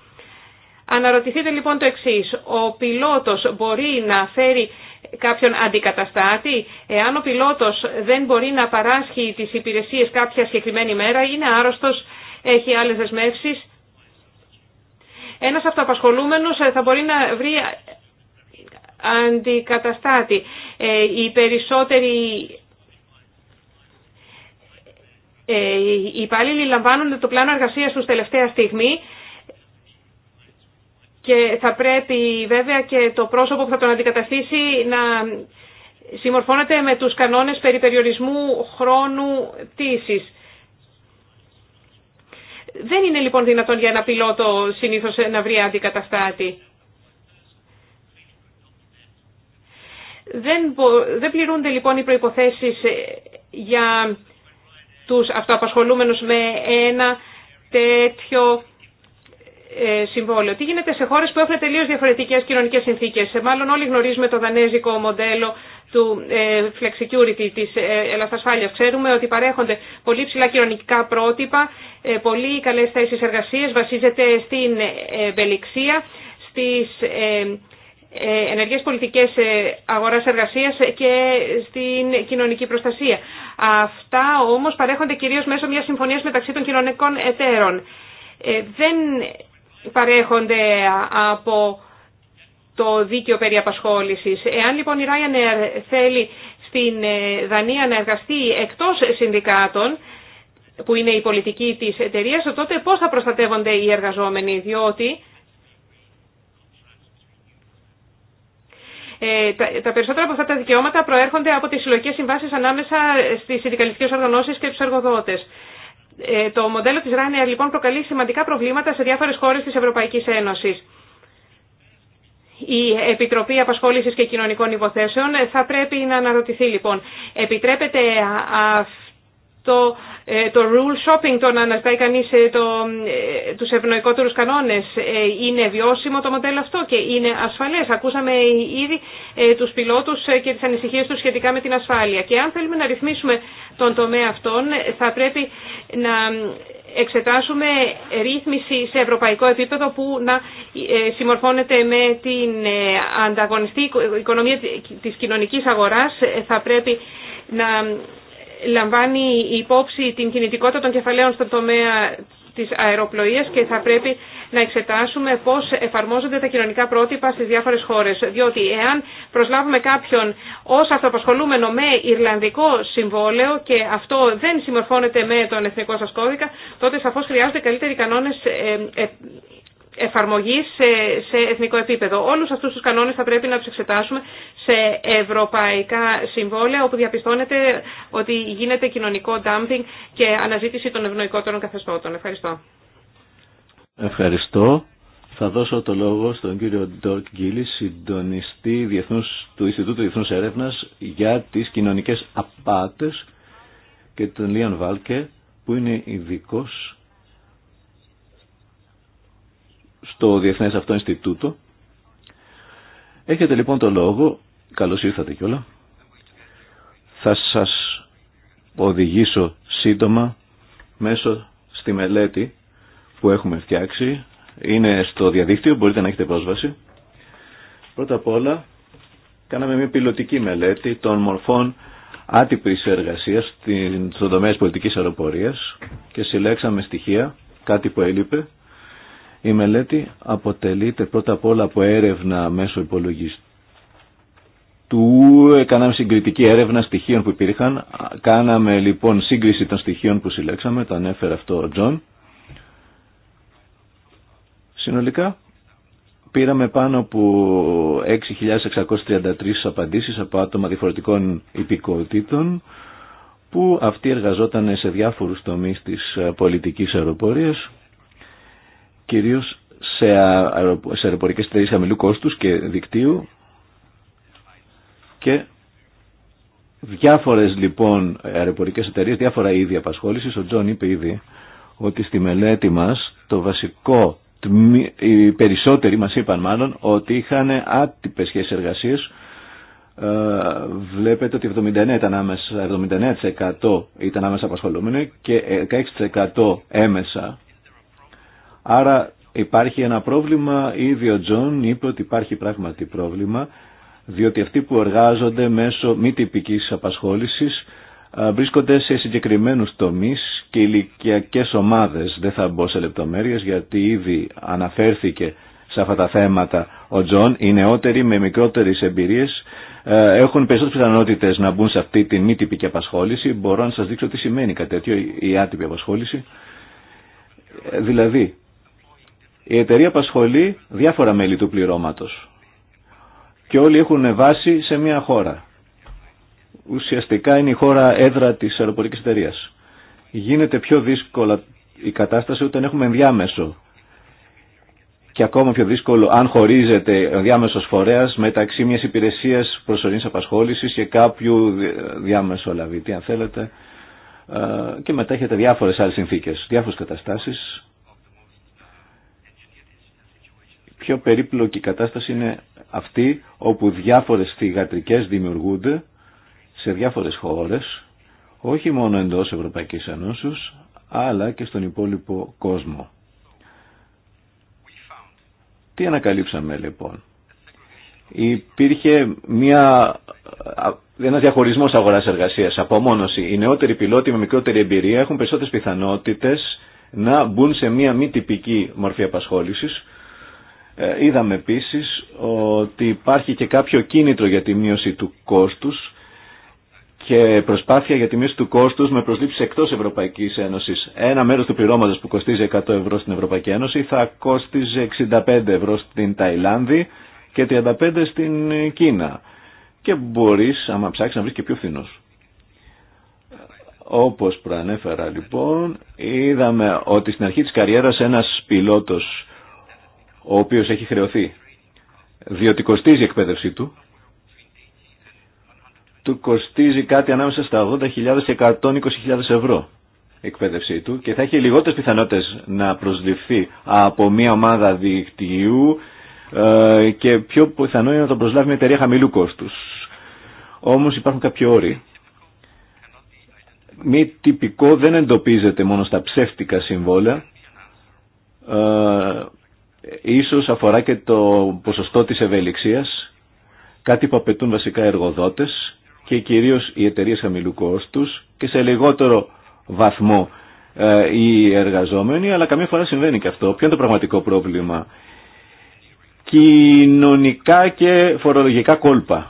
Αναρωτηθείτε λοιπόν το εξής. Ο πιλότος μπορεί να φέρει κάποιον αντικαταστάτη. Εάν ο πιλότος δεν μπορεί να παράσχει τις υπηρεσίες κάποια συγκεκριμένη μέρα, είναι άρρωστος, έχει άλλες δεσμεύσεις. Ένας αυτοαπασχολούμενος ε, θα μπορεί να βρει αντικαταστάτη. Ε, οι περισσότεροι ε, οι υπάλληλοι λαμβάνουν το πλάνο εργασίας τους τελευταία στιγμή και θα πρέπει βέβαια και το πρόσωπο που θα τον αντικαταστήσει να συμμορφώνεται με τους κανόνες περί περιορισμού χρόνου πτήσης. Δεν είναι λοιπόν δυνατόν για ένα πιλότο συνήθως να βρει αντικαταστάτη. Δεν, δεν πληρούνται λοιπόν οι προϋποθέσεις για τους αυτοαπασχολούμενους με ένα τέτοιο ε, συμβόλαιο. Τι γίνεται σε χώρες που έχουν τελείως διαφορετικές κοινωνικές συνθήκες. Ε, μάλλον όλοι γνωρίζουμε το δανέζικο μοντέλο του ε, flexicurity, της ελαφασφάλειας. Ξέρουμε ότι παρέχονται πολύ ψηλά κοινωνικά πρότυπα, πολύ καλές θέσεις εργασίας, βασίζεται στην ευελιξία, στις ενεργές πολιτικές αγοράς εργασίας και στην κοινωνική προστασία. Αυτά όμως παρέχονται κυρίως μέσω μιας συμφωνίας μεταξύ των κοινωνικών εταίρων. Δεν παρέχονται από το δίκαιο περί απασχόλησης. Εάν λοιπόν η Ryanair θέλει στην ε, Δανία να εργαστεί εκτός συνδικάτων, που είναι η πολιτική της εταιρείας, τότε πώς θα προστατεύονται οι εργαζόμενοι, διότι ε, τα, περισσότερα από αυτά τα δικαιώματα προέρχονται από τις συλλογικές συμβάσεις ανάμεσα στις συνδικαλιστικές οργανώσεις και τους εργοδότες. Ε, το μοντέλο της Ράνια λοιπόν προκαλεί σημαντικά προβλήματα σε διάφορες χώρες της Ευρωπαϊκής Ένωσης. Η Επιτροπή Απασχόλησης και Κοινωνικών Υποθέσεων θα πρέπει να αναρωτηθεί λοιπόν. Επιτρέπεται το, ε, το rule shopping, το να αναζητάει κανείς ε, το, ε, τους ευνοϊκότερους κανόνες, είναι βιώσιμο το μοντέλο αυτό και είναι ασφαλές. Ακούσαμε ήδη τους πιλότους και τις ανησυχίες τους σχετικά με την ασφάλεια. Και αν θέλουμε να ρυθμίσουμε τον τομέα αυτόν, θα πρέπει να εξετάσουμε ρύθμιση σε ευρωπαϊκό επίπεδο που να συμμορφώνεται με την ανταγωνιστή οικονομία της κοινωνικής αγοράς. Θα πρέπει να λαμβάνει υπόψη την κινητικότητα των κεφαλαίων στον τομέα της αεροπλοείας και θα πρέπει να εξετάσουμε πώς εφαρμόζονται τα κοινωνικά πρότυπα στις διάφορες χώρες. Διότι εάν προσλάβουμε κάποιον ως αυτοαπασχολούμενο με Ιρλανδικό συμβόλαιο και αυτό δεν συμμορφώνεται με τον εθνικό σας κώδικα, τότε σαφώς χρειάζονται καλύτεροι κανόνες ε, ε, εφαρμογής σε, σε εθνικό επίπεδο. Όλους αυτούς τους κανόνες θα πρέπει να του εξετάσουμε σε ευρωπαϊκά συμβόλαια όπου διαπιστώνεται ότι γίνεται κοινωνικό dumping και αναζήτηση των ευνοϊκότερων καθεστώτων. Ευχαριστώ. Ευχαριστώ. Θα δώσω το λόγο στον κύριο Ντόρκ Γκίλη, συντονιστή διεθνούς, του Ινστιτούτου Διεθνούς Ερεύνας για τις κοινωνικές απάτες και τον Λίαν Βάλκε που είναι ειδικό το Διεθνές Αυτό Ινστιτούτο. Έχετε λοιπόν το λόγο, καλώς ήρθατε κιόλα. Θα σας οδηγήσω σύντομα μέσω στη μελέτη που έχουμε φτιάξει. Είναι στο διαδίκτυο, μπορείτε να έχετε πρόσβαση. Πρώτα απ' όλα, κάναμε μια πιλωτική μελέτη των μορφών άτυπης εργασίας στον τομέα της πολιτικής αεροπορίας και συλλέξαμε στοιχεία, κάτι που έλειπε, η μελέτη αποτελείται πρώτα απ' όλα από έρευνα μέσω υπολογιστή του, εκαναμε συγκριτική έρευνα στοιχείων που υπήρχαν. Κάναμε λοιπόν σύγκριση των στοιχείων που συλλέξαμε, το ανέφερε αυτό ο Τζον. Συνολικά πήραμε πάνω από 6.633 απαντήσεις από άτομα διαφορετικών υπηκότητων που αυτοί εργαζόταν σε διάφορους τομείς της πολιτικής αεροπορίας κυρίως σε, αεροπορικέ σε αεροπορικές εταιρείες χαμηλού κόστους και δικτύου και διάφορες λοιπόν αεροπορικές εταιρείες, διάφορα είδη απασχόλησης. Ο Τζον είπε ήδη ότι στη μελέτη μας το βασικό, οι περισσότεροι μας είπαν μάλλον ότι είχαν άτυπες σχέσεις εργασίες ε, βλέπετε ότι 79 ήταν άμεσα, 79% ήταν άμεσα απασχολούμενοι και 16% ε, έμεσα Άρα υπάρχει ένα πρόβλημα, ήδη ο Τζον είπε ότι υπάρχει πράγματι πρόβλημα, διότι αυτοί που εργάζονται μέσω μη τυπική απασχόλησης βρίσκονται σε συγκεκριμένους τομείς και ηλικιακέ ομάδες. Δεν θα μπω σε λεπτομέρειες γιατί ήδη αναφέρθηκε σε αυτά τα θέματα ο Τζον. Οι νεότεροι με μικρότερες εμπειρίες έχουν περισσότερες πιθανότητες να μπουν σε αυτή τη μη τυπική απασχόληση. Μπορώ να σας δείξω τι σημαίνει κάτι τέτοιο η άτυπη απασχόληση. Ε, δηλαδή, η εταιρεία απασχολεί διάφορα μέλη του πληρώματος και όλοι έχουν βάση σε μια χώρα. Ουσιαστικά είναι η χώρα έδρα της αεροπορικής εταιρείας. Γίνεται πιο δύσκολα η κατάσταση όταν έχουμε ενδιάμεσο και ακόμα πιο δύσκολο αν χωρίζεται διάμεσος φορέας μεταξύ μιας υπηρεσίας προσωρίνη απασχόλησης και κάποιου διάμεσο λαβητή αν θέλετε ε, και μετά έχετε διάφορες άλλες συνθήκες, διάφορες καταστάσεις πιο περίπλοκη κατάσταση είναι αυτή όπου διάφορες θηγατρικές δημιουργούνται σε διάφορες χώρες, όχι μόνο εντός Ευρωπαϊκής Ενώσεως, αλλά και στον υπόλοιπο κόσμο. Τι ανακαλύψαμε λοιπόν. Υπήρχε μια, ένας διαχωρισμός αγοράς εργασίας, απομόνωση. Οι νεότεροι πιλότοι με μικρότερη εμπειρία έχουν περισσότερε πιθανότητε να μπουν σε μια μη τυπική μορφή απασχόληση. Ε, είδαμε επίσης ότι υπάρχει και κάποιο κίνητρο για τη μείωση του κόστους και προσπάθεια για τη μείωση του κόστους με προσλήψεις εκτός Ευρωπαϊκής Ένωσης. Ένα μέρος του πληρώματος που κοστίζει 100 ευρώ στην Ευρωπαϊκή Ένωση θα κόστιζε 65 ευρώ στην Ταϊλάνδη και 35 στην Κίνα. Και μπορείς, άμα ψάξεις, να βρεις και πιο φθηνός. Όπως προανέφερα λοιπόν, είδαμε ότι στην αρχή της καριέρας ένας πιλότος ο οποίος έχει χρεωθεί, διότι κοστίζει η εκπαίδευσή του, του κοστίζει κάτι ανάμεσα στα 80.000 και 120.000 ευρώ η εκπαίδευσή του και θα έχει λιγότερες πιθανότητες να προσληφθεί από μια ομάδα δικτυού ε, και πιο πιθανό είναι να τον προσλάβει μια εταιρεία χαμηλού κόστους. Όμως υπάρχουν κάποιοι όροι. Μη τυπικό δεν εντοπίζεται μόνο στα ψεύτικα συμβόλαια ε, ίσως αφορά και το ποσοστό της ευελιξίας, κάτι που απαιτούν βασικά εργοδότες και κυρίως οι εταιρείε χαμηλού κόστου και σε λιγότερο βαθμό ε, οι εργαζόμενοι, αλλά καμία φορά συμβαίνει και αυτό. Ποιο είναι το πραγματικό πρόβλημα. Κοινωνικά και φορολογικά κόλπα.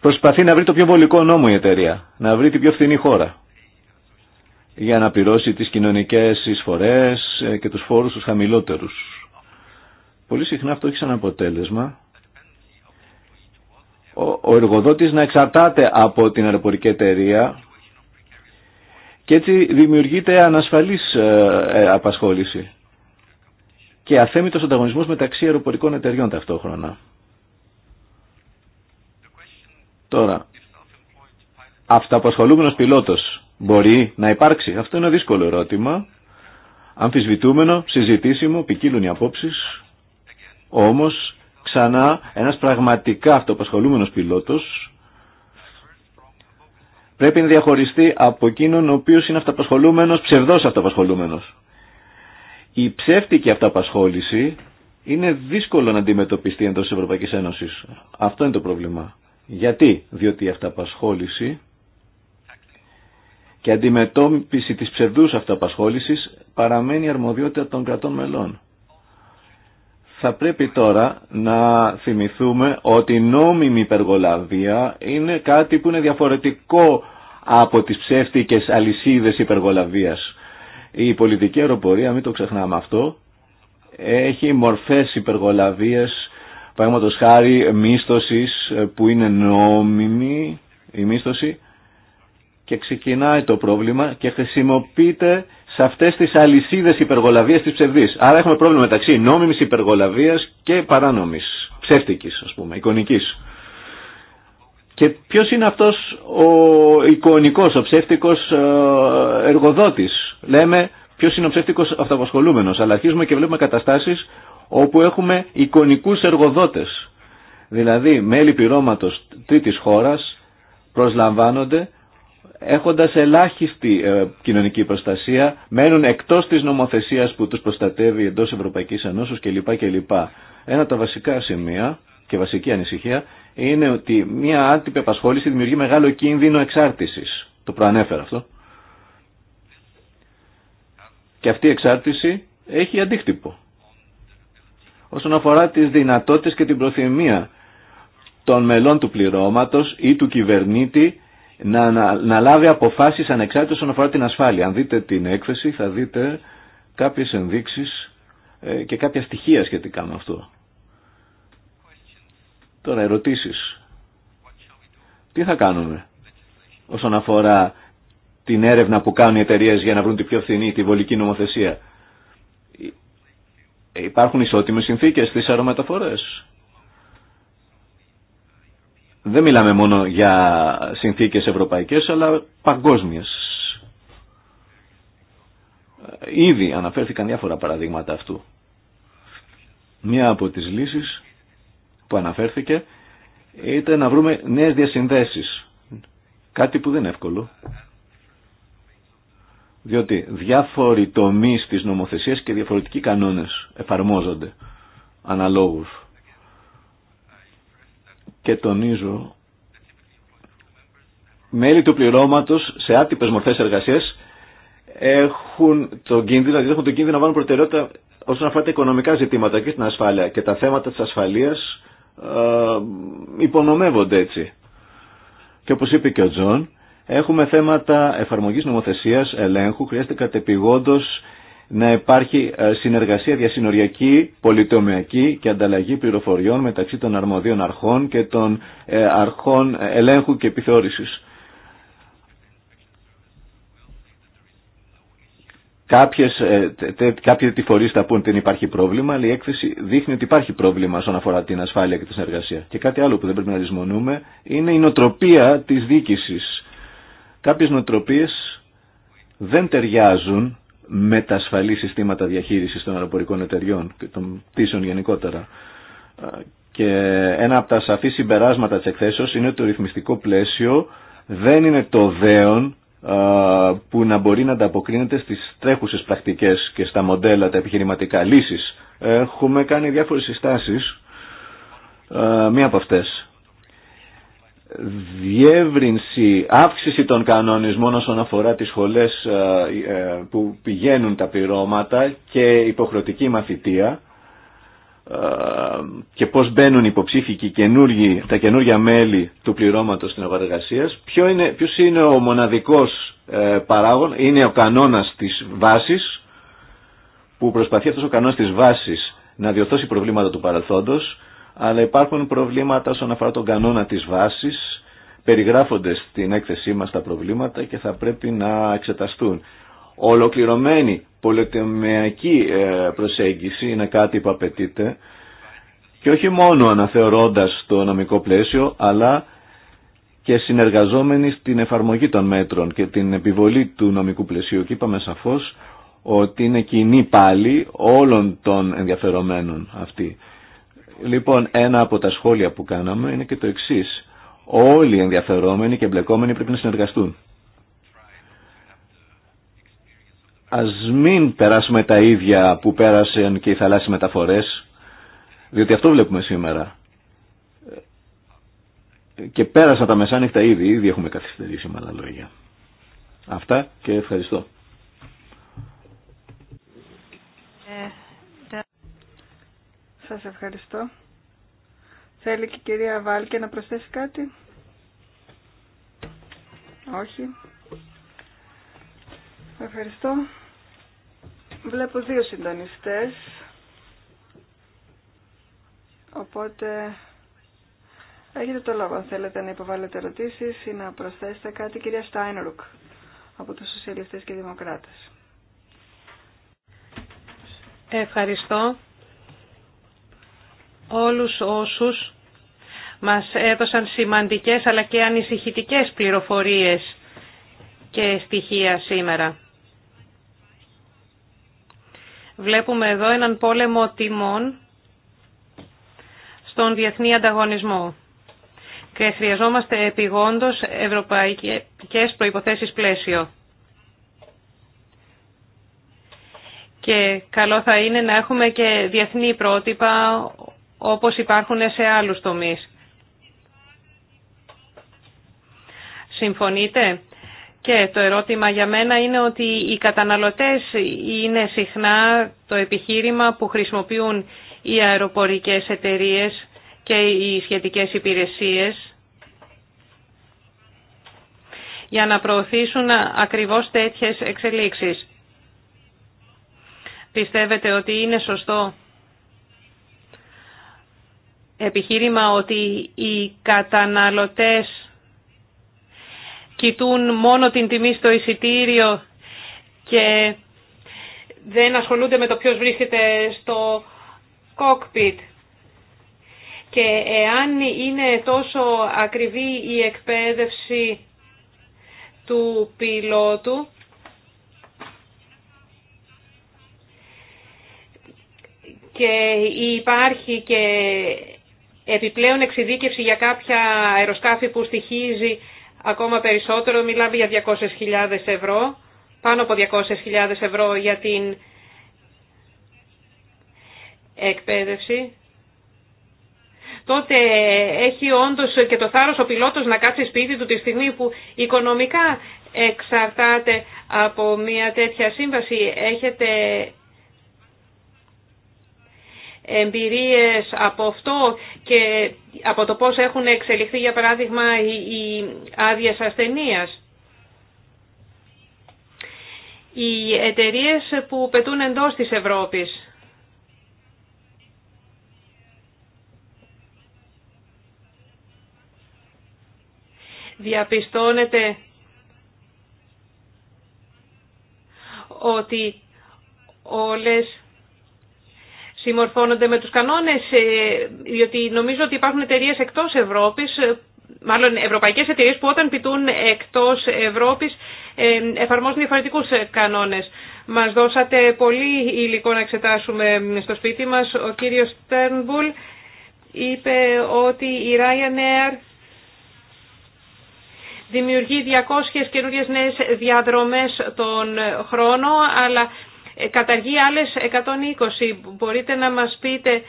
Προσπαθεί να βρει το πιο βολικό νόμο η εταιρεία, να βρει την πιο φθηνή χώρα για να πληρώσει τις κοινωνικές εισφορές ε, και τους φόρους τους χαμηλότερους. Πολύ συχνά αυτό έχει σαν αποτέλεσμα ο εργοδότης να εξαρτάται από την αεροπορική εταιρεία και έτσι δημιουργείται ανασφαλής ε, ε, απασχόληση και αθέμητος ανταγωνισμός μεταξύ αεροπορικών εταιριών ταυτόχρονα. Τώρα, αυταπασχολούμενος πιλότος Μπορεί να υπάρξει. Αυτό είναι ένα δύσκολο ερώτημα. Αμφισβητούμενο, συζητήσιμο, ποικίλουν οι απόψει. Όμως, ξανά, ένας πραγματικά αυτοπασχολούμενος πιλότος πρέπει να διαχωριστεί από εκείνον ο οποίος είναι αυτοπασχολούμενος, ψευδό αυτοπασχολούμενος. Η ψεύτικη αυτοπασχόληση είναι δύσκολο να αντιμετωπιστεί εντό τη Ευρωπαϊκή Ένωση. Αυτό είναι το πρόβλημα. Γιατί, διότι η αυταπασχόληση και αντιμετώπιση της ψευδούς αυτοαπασχόλησης παραμένει αρμοδιότητα των κρατών μελών. Θα πρέπει τώρα να θυμηθούμε ότι η νόμιμη υπεργολαβία είναι κάτι που είναι διαφορετικό από τις ψεύτικες αλυσίδες υπεργολαβίας. Η πολιτική αεροπορία, μην το ξεχνάμε αυτό, έχει μορφές υπεργολαβίας, παραδείγματος χάρη μίσθωσης που είναι νόμιμη η μίσθωση, και ξεκινάει το πρόβλημα και χρησιμοποιείται σε αυτέ τι αλυσίδε υπεργολαβία τη ψευδή. Άρα έχουμε πρόβλημα μεταξύ νόμιμη υπεργολαβία και παράνομη ψεύτικη, α πούμε, εικονική. Και ποιο είναι αυτό ο εικονικό, ο ψεύτικος ε, εργοδότη. Λέμε ποιο είναι ο ψεύτικος αυτοαπασχολούμενο. αλλά αρχίζουμε και βλέπουμε καταστάσει όπου έχουμε εικονικού εργοδότε. Δηλαδή μέλη πληρώματο τρίτη χώρα προσλαμβάνονται έχοντας ελάχιστη ε, κοινωνική προστασία, μένουν εκτός της νομοθεσίας που τους προστατεύει εντός Ευρωπαϊκής Ενώσεως κλπ. κλπ. Ένα από τα βασικά σημεία και βασική ανησυχία είναι ότι μια άτυπη απασχόληση δημιουργεί μεγάλο κίνδυνο εξάρτησης. Το προανέφερα αυτό. Και αυτή η εξάρτηση έχει αντίκτυπο. Όσον αφορά τις δυνατότητες και την προθυμία των μελών του πληρώματος ή του κυβερνήτη να, να, να λάβει αποφάσεις ανεξάρτητες όσον αφορά την ασφάλεια. Αν δείτε την έκθεση θα δείτε κάποιες ενδείξεις ε, και κάποια στοιχεία σχετικά με αυτό. Τώρα ερωτήσεις. Τι θα κάνουμε όσον αφορά την έρευνα που κάνουν οι εταιρείε για να βρουν τη πιο φθηνή, τη βολική νομοθεσία. Ε, υπάρχουν ισότιμες συνθήκες στις αερομεταφορές δεν μιλάμε μόνο για συνθήκες ευρωπαϊκές, αλλά παγκόσμιες. Ήδη αναφέρθηκαν διάφορα παραδείγματα αυτού. Μία από τις λύσεις που αναφέρθηκε ήταν να βρούμε νέες διασυνδέσεις. Κάτι που δεν είναι εύκολο. Διότι διάφοροι τομείς της νομοθεσίας και διαφορετικοί κανόνες εφαρμόζονται αναλόγως και τονίζω μέλη του πληρώματος σε άτυπες μορφές εργασίας έχουν το κίνδυνο, δηλαδή έχουν το κίνδυνο να βάλουν προτεραιότητα όσον αφορά τα οικονομικά ζητήματα και στην ασφάλεια και τα θέματα της ασφαλείας ε, υπονομεύονται έτσι. Και όπως είπε και ο Τζον, έχουμε θέματα εφαρμογής νομοθεσίας, ελέγχου, χρειάζεται κατεπηγόντως να υπάρχει ε, συνεργασία διασυνοριακή, πολυτομιακή και ανταλλαγή πληροφοριών μεταξύ των αρμοδίων αρχών και των ε, αρχών ελέγχου και επιθεώρησης. Κάποιες, ε, τε, κάποιοι φορεί θα πούν ότι υπάρχει πρόβλημα, αλλά η έκθεση δείχνει ότι υπάρχει πρόβλημα όσον αφορά την ασφάλεια και τη συνεργασία. Και κάτι άλλο που δεν πρέπει να λησμονούμε είναι η νοτροπία της διοίκησης. Κάποιες νοτροπίες δεν ταιριάζουν με τα ασφαλή συστήματα διαχείρισης των αεροπορικών εταιριών και των πτήσεων γενικότερα. Ε, και ένα από τα σαφή συμπεράσματα της εκθέσεως είναι ότι το ρυθμιστικό πλαίσιο δεν είναι το δέον ε, που να μπορεί να ανταποκρίνεται στις τρέχουσες πρακτικές και στα μοντέλα τα επιχειρηματικά λύσεις. Έχουμε κάνει διάφορες συστάσεις. Ε, μία από αυτές διεύρυνση, αύξηση των κανονισμών όσον αφορά τις σχολές ε, ε, που πηγαίνουν τα πληρώματα και υποχρεωτική μαθητεία ε, και πώς μπαίνουν υποψήφοι καινούργοι, τα καινούργια μέλη του πληρώματος στην αγορά εργασία. Ποιο είναι, ποιος είναι ο μοναδικός παράγων, είναι ο κανόνας της βάσης που προσπαθεί αυτός ο κανόνας της βάσης να διορθώσει προβλήματα του παρελθόντος αλλά υπάρχουν προβλήματα όσον αφορά τον κανόνα της βάσης, περιγράφονται στην έκθεσή μας τα προβλήματα και θα πρέπει να εξεταστούν. Ολοκληρωμένη πολυτεμιακή ε, προσέγγιση είναι κάτι που απαιτείται και όχι μόνο αναθεωρώντας το νομικό πλαίσιο, αλλά και συνεργαζόμενοι στην εφαρμογή των μέτρων και την επιβολή του νομικού πλαισίου. Και είπαμε σαφώς ότι είναι κοινή πάλι όλων των ενδιαφερομένων αυτή. Λοιπόν, ένα από τα σχόλια που κάναμε είναι και το εξή. Όλοι οι ενδιαφερόμενοι και εμπλεκόμενοι πρέπει να συνεργαστούν. Α μην περάσουμε τα ίδια που πέρασαν και οι θαλάσσιοι μεταφορές, διότι αυτό βλέπουμε σήμερα. Και πέρασα τα μεσάνυχτα ήδη, ήδη έχουμε καθυστερήσει με άλλα λόγια. Αυτά και ευχαριστώ. Σας ευχαριστώ. Θέλει και η κυρία Βάλκε να προσθέσει κάτι. Όχι. Ευχαριστώ. Βλέπω δύο συντονιστές. Οπότε έχετε το λόγο αν θέλετε να υποβάλλετε ερωτήσεις ή να προσθέσετε κάτι. Κυρία Στάινρουκ από τους Σοσιαλιστές και Δημοκράτες. Ευχαριστώ όλους όσους μας έδωσαν σημαντικές αλλά και ανησυχητικές πληροφορίες και στοιχεία σήμερα. Βλέπουμε εδώ έναν πόλεμο τιμών στον διεθνή ανταγωνισμό και χρειαζόμαστε επιγόντως ευρωπαϊκές προϋποθέσεις πλαίσιο. Και καλό θα είναι να έχουμε και διεθνή πρότυπα όπως υπάρχουν σε άλλους τομείς. Συμφωνείτε? Και το ερώτημα για μένα είναι ότι οι καταναλωτές είναι συχνά το επιχείρημα που χρησιμοποιούν οι αεροπορικές εταιρείες και οι σχετικές υπηρεσίες για να προωθήσουν ακριβώς τέτοιες εξελίξεις. Πιστεύετε ότι είναι σωστό επιχείρημα ότι οι καταναλωτές κοιτούν μόνο την τιμή στο εισιτήριο και δεν ασχολούνται με το ποιος βρίσκεται στο κόκπιτ. Και εάν είναι τόσο ακριβή η εκπαίδευση του πιλότου, και υπάρχει και Επιπλέον εξειδίκευση για κάποια αεροσκάφη που στοιχίζει ακόμα περισσότερο, μιλάμε για 200.000 ευρώ, πάνω από 200.000 ευρώ για την εκπαίδευση. Τότε έχει όντως και το θάρρος ο πιλότος να κάτσει σπίτι του τη στιγμή που οικονομικά εξαρτάται από μια τέτοια σύμβαση. Έχετε εμπειρίες από αυτό και από το πώς έχουν εξελιχθεί για παράδειγμα οι άδειε ασθενεία. Οι εταιρείε που πετούν εντός της Ευρώπης. Διαπιστώνεται ότι όλες συμμορφώνονται με τους κανόνες, ε, διότι νομίζω ότι υπάρχουν εταιρείε εκτός Ευρώπης, ε, μάλλον ευρωπαϊκές εταιρείε που όταν πητούν εκτός Ευρώπης ε, εφαρμόζουν διαφορετικούς κανόνες. Μας δώσατε πολύ υλικό να εξετάσουμε στο σπίτι μας. Ο κύριος Τέρνμπουλ είπε ότι η Ryanair δημιουργεί 200 καινούριες νέες διαδρομές τον χρόνο, αλλά ε, καταργεί άλλες 120. Μπορείτε να μας πείτε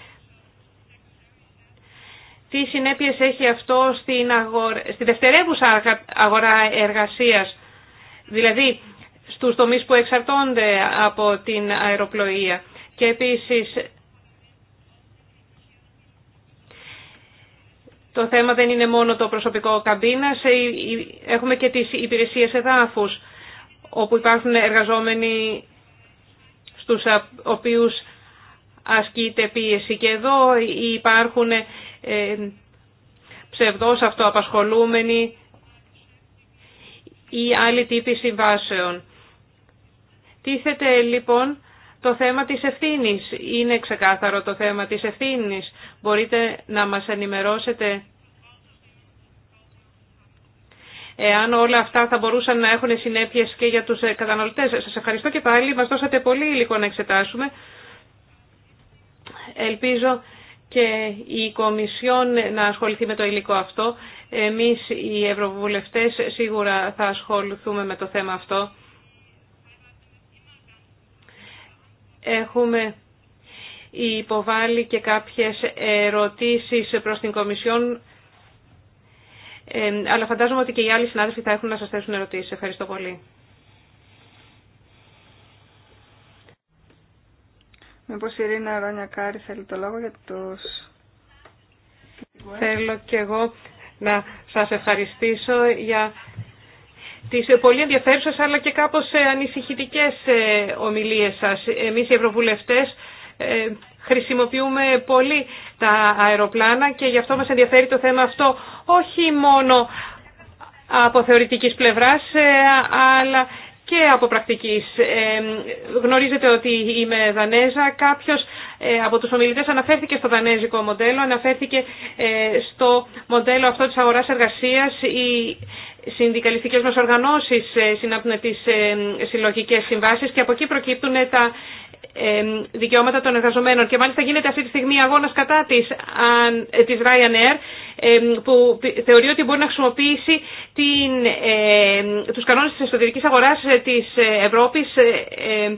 τι συνέπειες έχει αυτό στην, στη δευτερεύουσα αγορά εργασίας, δηλαδή στους τομείς που εξαρτώνται από την αεροπλοεία. Και επίσης το θέμα δεν είναι μόνο το προσωπικό καμπίνα, ε, ε, έχουμε και τις υπηρεσίες εδάφους όπου υπάρχουν εργαζόμενοι στους οποίους ασκείται πίεση. Και εδώ υπάρχουν ε, ψευδός αυτοαπασχολούμενοι ή άλλοι τύποι συμβάσεων. Τίθεται λοιπόν το θέμα της ευθύνης. Είναι ξεκάθαρο το θέμα της ευθύνης. Μπορείτε να μας ενημερώσετε εάν όλα αυτά θα μπορούσαν να έχουν συνέπειε και για τους ε, καταναλωτέ. Σας ευχαριστώ και πάλι, Μα δώσατε πολύ υλικό να εξετάσουμε. Ελπίζω και η Κομισιόν να ασχοληθεί με το υλικό αυτό. Εμείς οι Ευρωβουλευτές σίγουρα θα ασχοληθούμε με το θέμα αυτό. Έχουμε υποβάλει και κάποιες ερωτήσεις προς την Κομισιόν αλλά φαντάζομαι ότι και οι άλλοι συνάδελφοι θα έχουν να σας θέσουν ερωτήσεις. Ευχαριστώ πολύ. Μήπως η Ειρήνα θέλει το λόγο για τους... Θέλω και εγώ να σας ευχαριστήσω για τις πολύ ενδιαφέρουσες αλλά και κάπως ε, ανησυχητικές ε, ομιλίες σας. Εμείς οι Ευρωβουλευτές ε, χρησιμοποιούμε πολύ τα αεροπλάνα και γι' αυτό μας ενδιαφέρει το θέμα αυτό όχι μόνο από θεωρητικής πλευράς ε, αλλά και από πρακτικής. Ε, γνωρίζετε ότι είμαι Δανέζα. Κάποιος ε, από τους ομιλητές αναφέρθηκε στο δανέζικο μοντέλο, αναφέρθηκε στο μοντέλο αυτό της αγοράς εργασίας. Οι συνδικαλιστικές μας οργανώσεις συνάπτουν τις συλλογικές συμβάσεις και από εκεί προκύπτουν τα δικαιώματα των εργαζομένων. Και μάλιστα γίνεται αυτή τη στιγμή αγώνας κατά της, της Ryanair που θεωρεί ότι μπορεί να χρησιμοποιήσει την, τους κανόνες της αγορά αγοράς ε, της ε, Ευρώπης ε,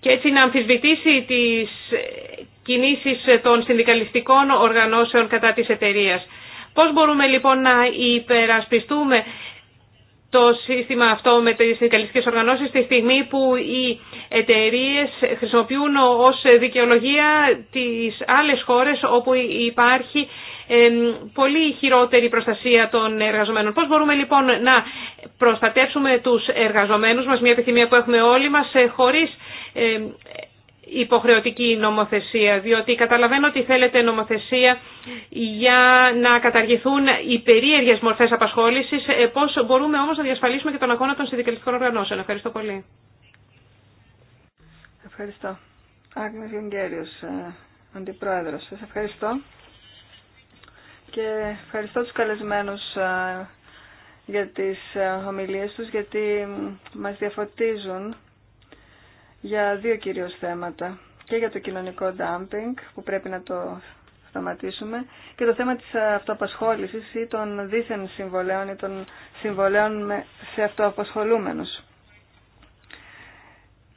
και έτσι να αμφισβητήσει τις κινήσεις των συνδικαλιστικών οργανώσεων κατά της εταιρείας. Πώς μπορούμε λοιπόν να υπερασπιστούμε το σύστημα αυτό με τις συνδικαλιστικές οργανώσεις τη στιγμή που οι εταιρείε χρησιμοποιούν ως δικαιολογία τις άλλες χώρες όπου υπάρχει πολύ χειρότερη προστασία των εργαζομένων. Πώς μπορούμε λοιπόν να προστατεύσουμε τους εργαζομένους μας, μια επιθυμία που έχουμε όλοι μας, ε, χωρίς υποχρεωτική νομοθεσία, διότι καταλαβαίνω ότι θέλετε νομοθεσία για να καταργηθούν οι περίεργες μορφές απασχόλησης, ε, πώς μπορούμε όμως να διασφαλίσουμε και τον αγώνα των συνδικαλιστικών οργανώσεων. Ευχαριστώ πολύ. Ευχαριστώ. Άγνες Γιονγκέριος, ε, Αντιπρόεδρος. ευχαριστώ. Και ευχαριστώ τους καλεσμένους ε, για τις ομιλίες τους, γιατί μας διαφωτίζουν για δύο κυρίως θέματα. Και για το κοινωνικό dumping που πρέπει να το σταματήσουμε και το θέμα της αυτοαπασχόλησης ή των δίθεν συμβολέων ή των συμβολέων σε αυτοαπασχολούμενους.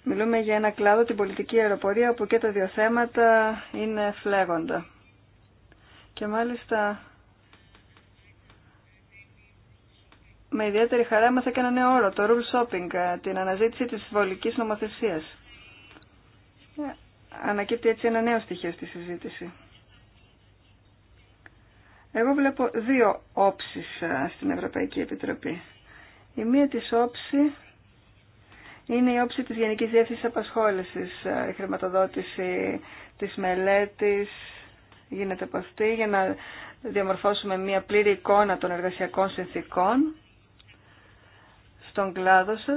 Μιλούμε για ένα κλάδο, την πολιτική αεροπορία, που και τα δύο θέματα είναι φλέγοντα. Και μάλιστα με ιδιαίτερη χαρά έμαθα ένα νέο όρο, το rule shopping, ε, την αναζήτηση της βολικής νομοθεσίας. Ε, ανακύπτει έτσι ένα νέο στοιχείο στη συζήτηση. Εγώ βλέπω δύο όψεις ε, στην Ευρωπαϊκή Επιτροπή. Η μία της όψη είναι η όψη της Γενικής Διεύθυνσης Απασχόλησης, η χρηματοδότηση της μελέτης, γίνεται από αυτή για να διαμορφώσουμε μια πλήρη εικόνα των εργασιακών συνθήκων τον κλάδο σα.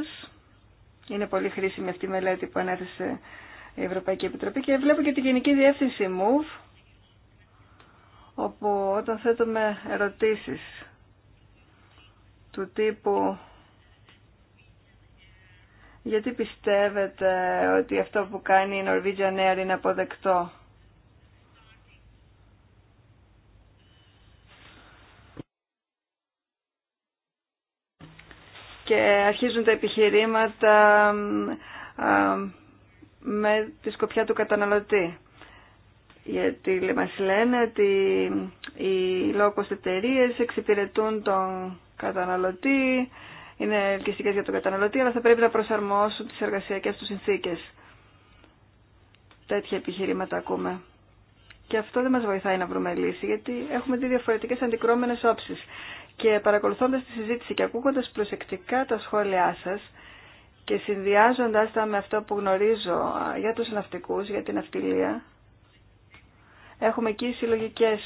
Είναι πολύ χρήσιμη αυτή η μελέτη που ανέθεσε η Ευρωπαϊκή Επιτροπή και βλέπω και τη Γενική Διεύθυνση MOVE όπου όταν θέτουμε ερωτήσεις του τύπου γιατί πιστεύετε ότι αυτό που κάνει η Norwegian Air είναι αποδεκτό και αρχίζουν τα επιχειρήματα με τη σκοπιά του καταναλωτή. Γιατί μας λένε ότι οι λόγος εταιρείε εξυπηρετούν τον καταναλωτή, είναι ελκυστικές για τον καταναλωτή, αλλά θα πρέπει να προσαρμόσουν τις εργασιακές του συνθήκες. Τέτοια επιχειρήματα ακούμε. Και αυτό δεν μας βοηθάει να βρούμε λύση, γιατί έχουμε δύο διαφορετικές αντικρώμενες όψεις. Και παρακολουθώντας τη συζήτηση και ακούγοντας προσεκτικά τα σχόλιά σας και συνδυάζοντας τα με αυτό που γνωρίζω για τους ναυτικούς, για την ναυτιλία, έχουμε εκεί συλλογικές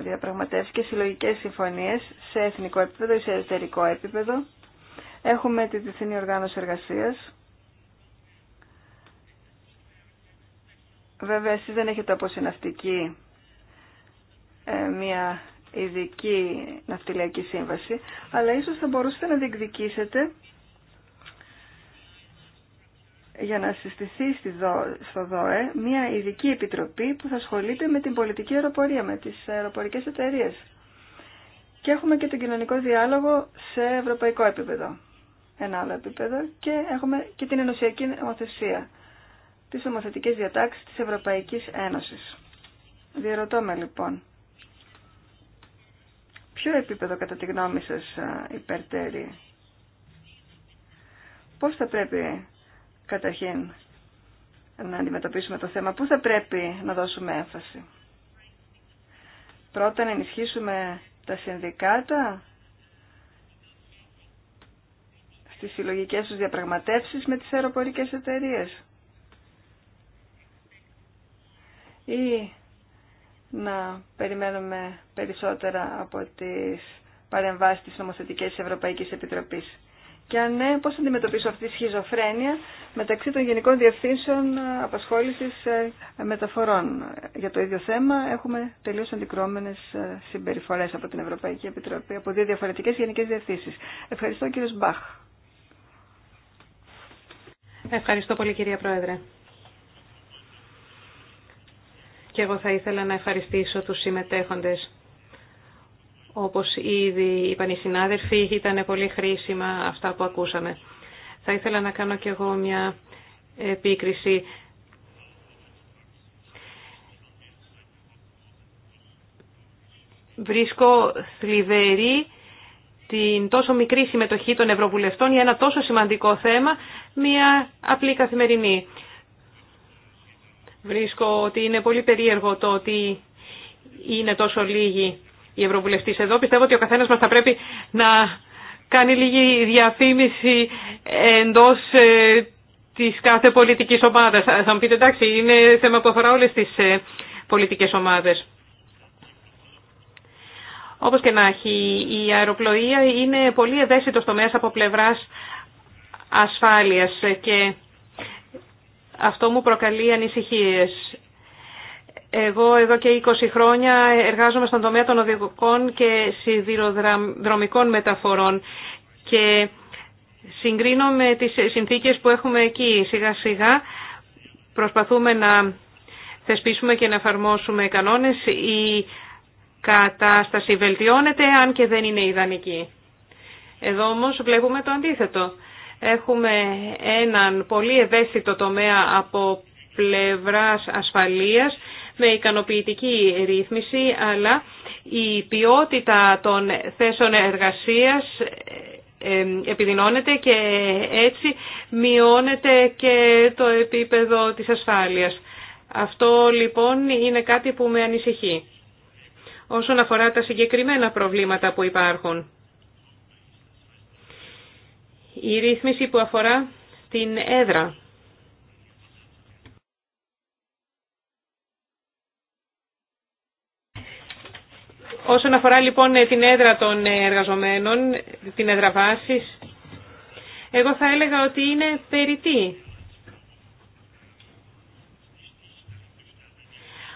διαπραγματεύσεις και συλλογικές συμφωνίες σε εθνικό επίπεδο ή σε εταιρικό επίπεδο. Έχουμε τη Διεθνή Οργάνωση Εργασίας. Βέβαια, εσείς δεν έχετε όπως η ναυτική βεβαια εσεις δεν εχετε από συναυτική μια ειδική ναυτιλιακή σύμβαση, αλλά ίσως θα μπορούσατε να διεκδικήσετε για να συστηθεί στη στο ΔΟΕ μια ειδική επιτροπή που θα ασχολείται με την πολιτική αεροπορία, με τις αεροπορικές εταιρείε. Και έχουμε και τον κοινωνικό διάλογο σε ευρωπαϊκό επίπεδο, ένα άλλο επίπεδο, και έχουμε και την ενωσιακή νομοθεσία, τις νομοθετικές διατάξεις της Ευρωπαϊκής Ένωσης. Διερωτώ λοιπόν, Ποιο επίπεδο κατά τη γνώμη σας υπερτέρει. Πώς θα πρέπει καταρχήν να αντιμετωπίσουμε το θέμα, πού θα πρέπει να δώσουμε έμφαση. Πρώτα να ενισχύσουμε τα συνδικάτα στις συλλογικές τους διαπραγματεύσεις με τις αεροπορικές εταιρείες. Ή να περιμένουμε περισσότερα από τις παρεμβάσεις της νομοθετικής της Ευρωπαϊκής Επιτροπής. Και αν ναι, πώς αντιμετωπίσω αυτή τη σχιζοφρένεια μεταξύ των Γενικών Διευθύνσεων Απασχόλησης ε, Μεταφορών. Για το ίδιο θέμα έχουμε τελείως αντικρώμενες ε, συμπεριφορές από την Ευρωπαϊκή Επιτροπή, από δύο διαφορετικές Γενικές Διευθύνσεις. Ευχαριστώ κύριος Μπαχ. Ευχαριστώ πολύ κυρία Πρόεδρε και εγώ θα ήθελα να ευχαριστήσω τους συμμετέχοντες. Όπως ήδη είπαν οι συνάδελφοι, ήταν πολύ χρήσιμα αυτά που ακούσαμε. Θα ήθελα να κάνω και εγώ μια επίκριση. Βρίσκω θλιβερή την τόσο μικρή συμμετοχή των Ευρωβουλευτών για ένα τόσο σημαντικό θέμα, μια απλή καθημερινή. Βρίσκω ότι είναι πολύ περίεργο το ότι είναι τόσο λίγοι οι ευρωβουλευτέ. εδώ. Πιστεύω ότι ο καθένας μας θα πρέπει να κάνει λίγη διαφήμιση εντός ε, της κάθε πολιτικής ομάδας. Θα μου πείτε εντάξει, είναι θέμα που αφορά όλες τις ε, πολιτικές ομάδες. Όπως και να έχει, η αεροπλοεία είναι πολύ ευαίσθητος τομέας από πλευράς ασφάλειας και αυτό μου προκαλεί ανησυχίες. Εγώ εδώ και 20 χρόνια εργάζομαι στον τομέα των οδηγικών και σιδηροδρομικών μεταφορών και συγκρίνω με τις συνθήκες που έχουμε εκεί. Σιγά σιγά προσπαθούμε να θεσπίσουμε και να εφαρμόσουμε κανόνες. Η κατάσταση βελτιώνεται αν και δεν είναι ιδανική. Εδώ όμως βλέπουμε το αντίθετο. Έχουμε έναν πολύ ευαίσθητο τομέα από πλευράς ασφαλείας με ικανοποιητική ρύθμιση, αλλά η ποιότητα των θέσεων εργασίας ε, ε, επιδεινώνεται και έτσι μειώνεται και το επίπεδο της ασφάλειας. Αυτό λοιπόν είναι κάτι που με ανησυχεί. Όσον αφορά τα συγκεκριμένα προβλήματα που υπάρχουν η ρύθμιση που αφορά την έδρα. Όσον αφορά λοιπόν την έδρα των εργαζομένων, την έδρα βάσης, εγώ θα έλεγα ότι είναι περιττή.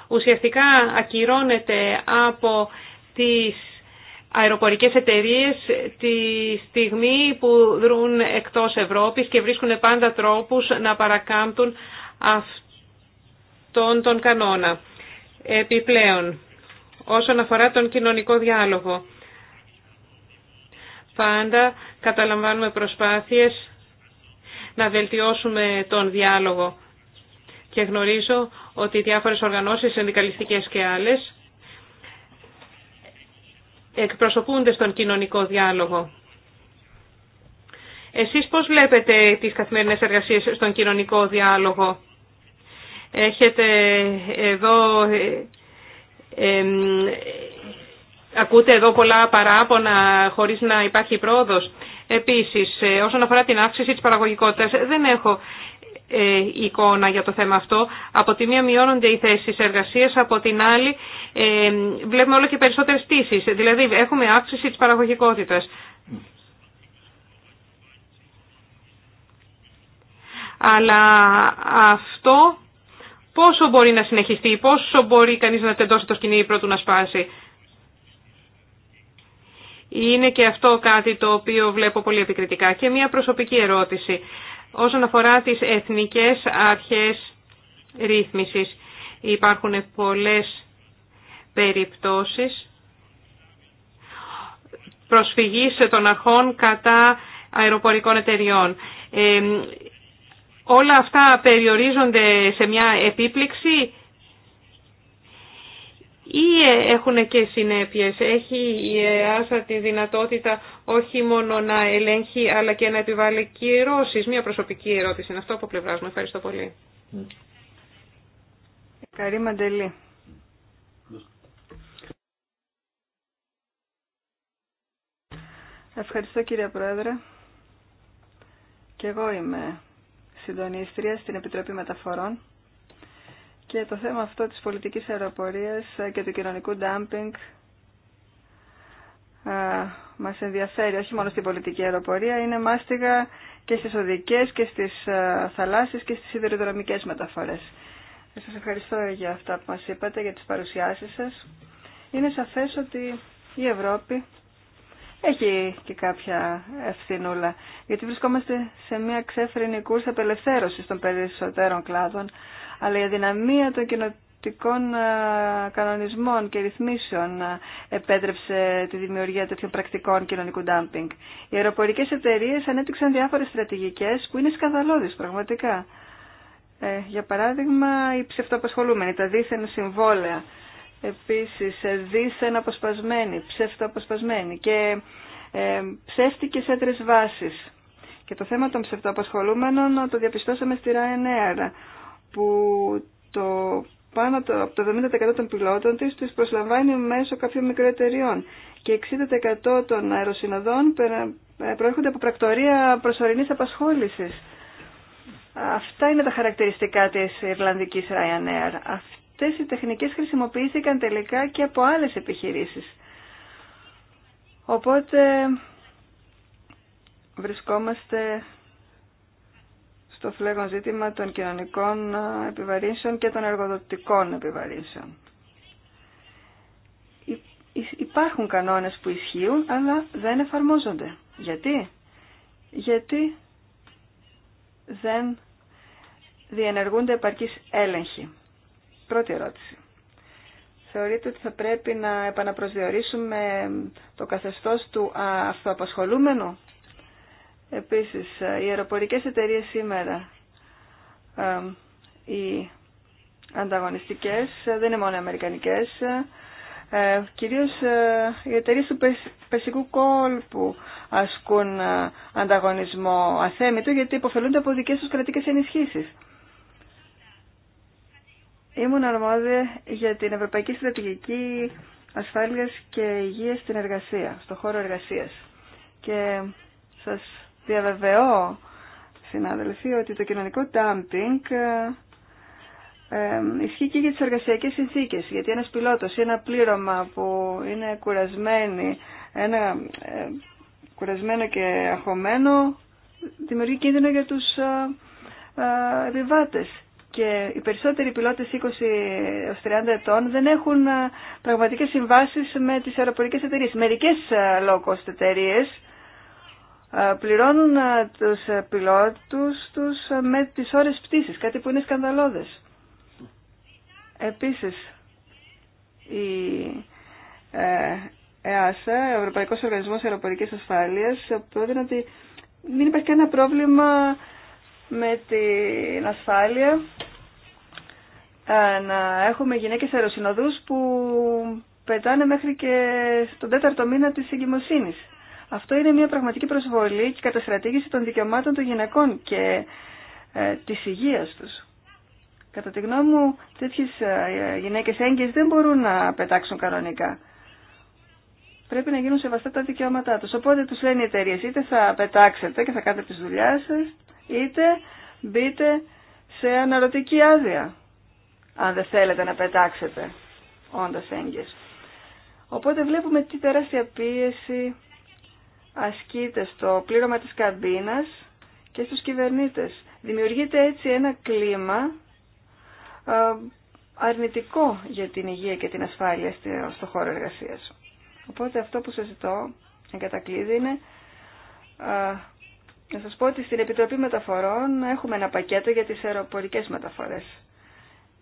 Ουσιαστικά ακυρώνεται από τις αεροπορικές εταιρείες τη στιγμή που δρούν εκτός Ευρώπης και βρίσκουν πάντα τρόπους να παρακάμπτουν αυτόν τον κανόνα. Επιπλέον, όσον αφορά τον κοινωνικό διάλογο, πάντα καταλαμβάνουμε προσπάθειες να βελτιώσουμε τον διάλογο. Και γνωρίζω ότι διάφορες οργανώσεις, συνδικαλιστικές και άλλες, εκπροσωπούνται στον κοινωνικό διάλογο. Εσείς πώς βλέπετε τις καθημερινές εργασίες στον κοινωνικό διάλογο. Έχετε εδώ... Ε, ε, ακούτε εδώ πολλά παράπονα χωρίς να υπάρχει πρόοδος. Επίσης, ε, όσον αφορά την αύξηση της παραγωγικότητας, δεν έχω ε, εικόνα για το θέμα αυτό. Από τη μία μειώνονται οι θέσεις εργασίας, από την άλλη ε, βλέπουμε όλο και περισσότερες στήσεις. Δηλαδή έχουμε αύξηση της παραγωγικότητας. Αλλά αυτό πόσο μπορεί να συνεχιστεί, πόσο μπορεί κανείς να τεντώσει το σκηνή πρώτου να σπάσει. Είναι και αυτό κάτι το οποίο βλέπω πολύ επικριτικά. Και μια προσωπική ερώτηση. Όσον αφορά τις εθνικές αρχές ρύθμισης, υπάρχουν πολλές περιπτώσεις προσφυγής των αρχών κατά αεροπορικών εταιριών. Ε, όλα αυτά περιορίζονται σε μια επίπληξη ή ε, έχουν και συνέπειες. Έχει η ΕΑΣΑ τη δυνατότητα όχι μόνο να ελέγχει αλλά και να επιβάλλει κυρώσεις. Μια προσωπική ερώτηση είναι αυτό από πλευρά μου. Ευχαριστώ πολύ. Ευχαριστώ κύριε Πρόεδρε. Και εγώ είμαι συντονίστρια στην Επιτροπή Μεταφορών και το θέμα αυτό της πολιτικής αεροπορίας ε, και του κοινωνικού ντάμπινγκ ε, μας ενδιαφέρει όχι μόνο στην πολιτική αεροπορία, είναι μάστιγα και στις οδικές και στις ε, θαλάσσιες και στις σιδηροδρομικές μεταφορές. Σας ευχαριστώ για αυτά που μας είπατε, για τις παρουσιάσεις σας. Είναι σαφές ότι η Ευρώπη έχει και κάποια ευθυνούλα, γιατί βρισκόμαστε σε μια ξέφρενη κούρσα απελευθέρωσης των περισσότερων κλάδων αλλά η αδυναμία των κοινοτικών ε, κανονισμών και ρυθμίσεων ε, επέτρεψε τη δημιουργία τέτοιων πρακτικών κοινωνικού ντάμπινγκ. Οι αεροπορικέ εταιρείε ανέπτυξαν διάφορε στρατηγικέ που είναι σκανδαλώδε πραγματικά. Ε, για παράδειγμα, οι ψευτοαπασχολούμενοι, τα δίθεν συμβόλαια, Επίση, δίθεν αποσπασμένοι, ψευτοαποσπασμένοι και ε, ψεύτικες έντρες βάσεις. Και το θέμα των ψευτοαπασχολούμενων το διαπιστώσαμε στη ΡΑΕΝΕΑΡ, που το πάνω το, από το 70% των πιλότων της τους προσλαμβάνει μέσω κάποιων μικροεταιριών και 60% των αεροσυνοδών ε, προέρχονται από πρακτορία προσωρινής απασχόλησης. Αυτά είναι τα χαρακτηριστικά της Ιρλανδικής Ryanair. Αυτές οι τεχνικές χρησιμοποιήθηκαν τελικά και από άλλες επιχειρήσεις. Οπότε βρισκόμαστε το φλέγον ζήτημα των κοινωνικών επιβαρύνσεων και των εργοδοτικών επιβαρύνσεων. Υπάρχουν κανόνες που ισχύουν, αλλά δεν εφαρμόζονται. Γιατί? Γιατί δεν διενεργούνται επαρκείς έλεγχοι. Πρώτη ερώτηση. Θεωρείτε ότι θα πρέπει να επαναπροσδιορίσουμε το καθεστώς του αυτοαπασχολούμενου Επίσης, ε, οι αεροπορικές εταιρείες σήμερα, ε, οι ανταγωνιστικές, ε, δεν είναι μόνο οι αμερικανικές, κυρίως οι εταιρείε του πεσικού κόλπου ασκούν ανταγωνισμό αθέμητο γιατί υποφελούνται από δικές τους κρατικές ενισχύσεις. Ήμουν αρμόδια για την Ευρωπαϊκή Στρατηγική Ασφάλειας και Υγείας στην Εργασία, στον χώρο εργασίας. Και σας διαβεβαιώ, συνάδελφοι, ότι το κοινωνικό dumping ε, ε, ισχύει και για τις εργασιακές συνθήκες. Γιατί ένας πιλότος ή ένα πλήρωμα που είναι ένα ε, κουρασμένο και αχωμένο, δημιουργεί κίνδυνο για τους επιβάτες. Και οι περισσότεροι πιλότες 20 30 ετών δεν έχουν πραγματικές συμβάσεις με τις αεροπορικές εταιρείες. Μερικές low cost εταιρείες ε, πληρώνουν ε, τους ε, πιλότους τους με τις ώρες πτήσης, κάτι που είναι σκανδαλώδες. Επίσης, η ΕΑΣΑ, ο Ευρωπαϊκός Οργανισμός Αεροπορικής Ασφάλειας, πρότεινε ότι δεν υπάρχει κανένα πρόβλημα με την ασφάλεια να έχουμε γυναίκες αεροσυνοδούς που πετάνε μέχρι και στον τέταρτο μήνα της εγκυμοσύνης. Αυτό είναι μια πραγματική προσβολή και καταστρατήγηση των δικαιωμάτων των γυναικών και ε, της υγείας τους. Κατά τη γνώμη μου, τέτοιες ε, γυναίκες έγκυες δεν μπορούν να πετάξουν κανονικά. Πρέπει να γίνουν σεβαστά τα δικαιώματά τους. Οπότε τους λένε οι εταιρείε είτε θα πετάξετε και θα κάνετε τις δουλειά σας, είτε μπείτε σε αναρωτική άδεια, αν δεν θέλετε να πετάξετε όντας έγκυες. Οπότε βλέπουμε τι τεράστια πίεση ασκείται στο πλήρωμα της καμπίνας και στους κυβερνήτες. Δημιουργείται έτσι ένα κλίμα ε, αρνητικό για την υγεία και την ασφάλεια στο χώρο εργασίας. Οπότε αυτό που σας ζητώ, εγκατακλείδη, είναι ε, να σας πω ότι στην Επιτροπή Μεταφορών έχουμε ένα πακέτο για τις αεροπορικές μεταφορές.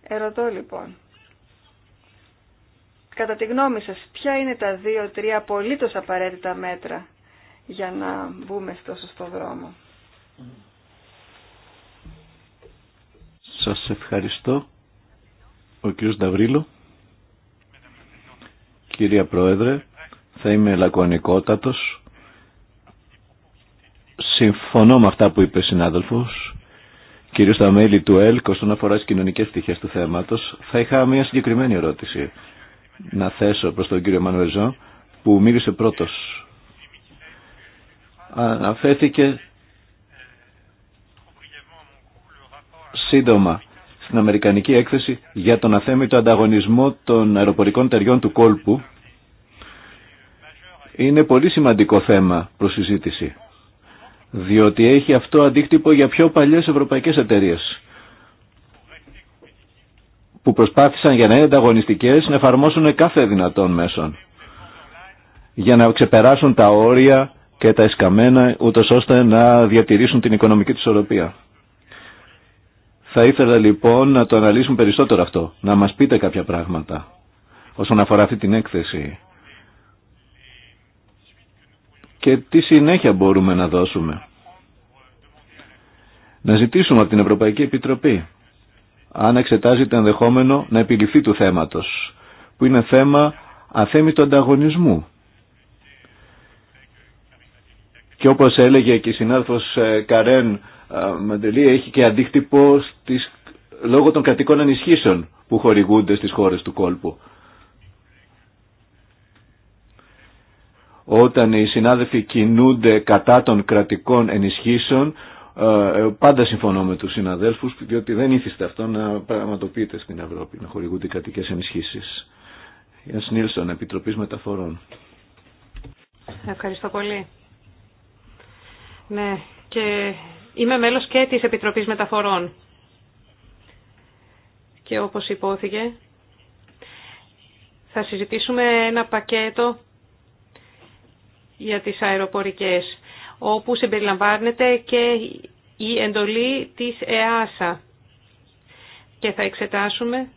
Ερωτώ λοιπόν, κατά τη γνώμη σας, ποια είναι τα δύο-τρία απολύτως απαραίτητα μέτρα για να μπούμε στο σωστό δρόμο. Σας ευχαριστώ. Ο κύριος Νταβρίλο. Κυρία Πρόεδρε, θα είμαι λακωνικότατος. Συμφωνώ με αυτά που είπε συνάδελφος, κυρίως τα μέλη του ΕΛΚ όσον αφορά τις κοινωνικές πτυχές του θέματος. Θα είχα μια συγκεκριμένη ερώτηση να θέσω προς τον κύριο Μανουεζό που μίλησε πρώτος αναφέθηκε σύντομα στην Αμερικανική έκθεση για τον αθέμητο ανταγωνισμό των αεροπορικών ταιριών του κόλπου είναι πολύ σημαντικό θέμα προς διότι έχει αυτό αντίκτυπο για πιο παλιές ευρωπαϊκές εταιρείες που προσπάθησαν για να είναι ανταγωνιστικές να εφαρμόσουν κάθε δυνατόν μέσον για να ξεπεράσουν τα όρια και τα εσκαμμένα ούτω ώστε να διατηρήσουν την οικονομική του ισορροπία. Θα ήθελα λοιπόν να το αναλύσουμε περισσότερο αυτό, να μας πείτε κάποια πράγματα όσον αφορά αυτή την έκθεση και τι συνέχεια μπορούμε να δώσουμε. Να ζητήσουμε από την Ευρωπαϊκή Επιτροπή αν εξετάζει το ενδεχόμενο να επιληφθεί του θέματος, που είναι θέμα του ανταγωνισμού και όπως έλεγε και η συνάδελφος ε, Καρέν ε, Μαντελή, έχει και αντίκτυπο στις, λόγω των κρατικών ενισχύσεων που χορηγούνται στις χώρες του κόλπου. Όταν οι συνάδελφοι κινούνται κατά των κρατικών ενισχύσεων, ε, πάντα συμφωνώ με τους συναδέλφους, διότι δεν ήθιστε αυτό να πραγματοποιείται στην Ευρώπη, να χορηγούνται οι κρατικές ενισχύσεις. Γιάννης Νίλσον, Επιτροπής Μεταφορών. Ευχαριστώ πολύ. Ναι, και είμαι μέλος και της Επιτροπής Μεταφορών. Και όπως υπόθηκε, θα συζητήσουμε ένα πακέτο για τις αεροπορικές, όπου συμπεριλαμβάνεται και η εντολή της ΕΑΣΑ. Και θα εξετάσουμε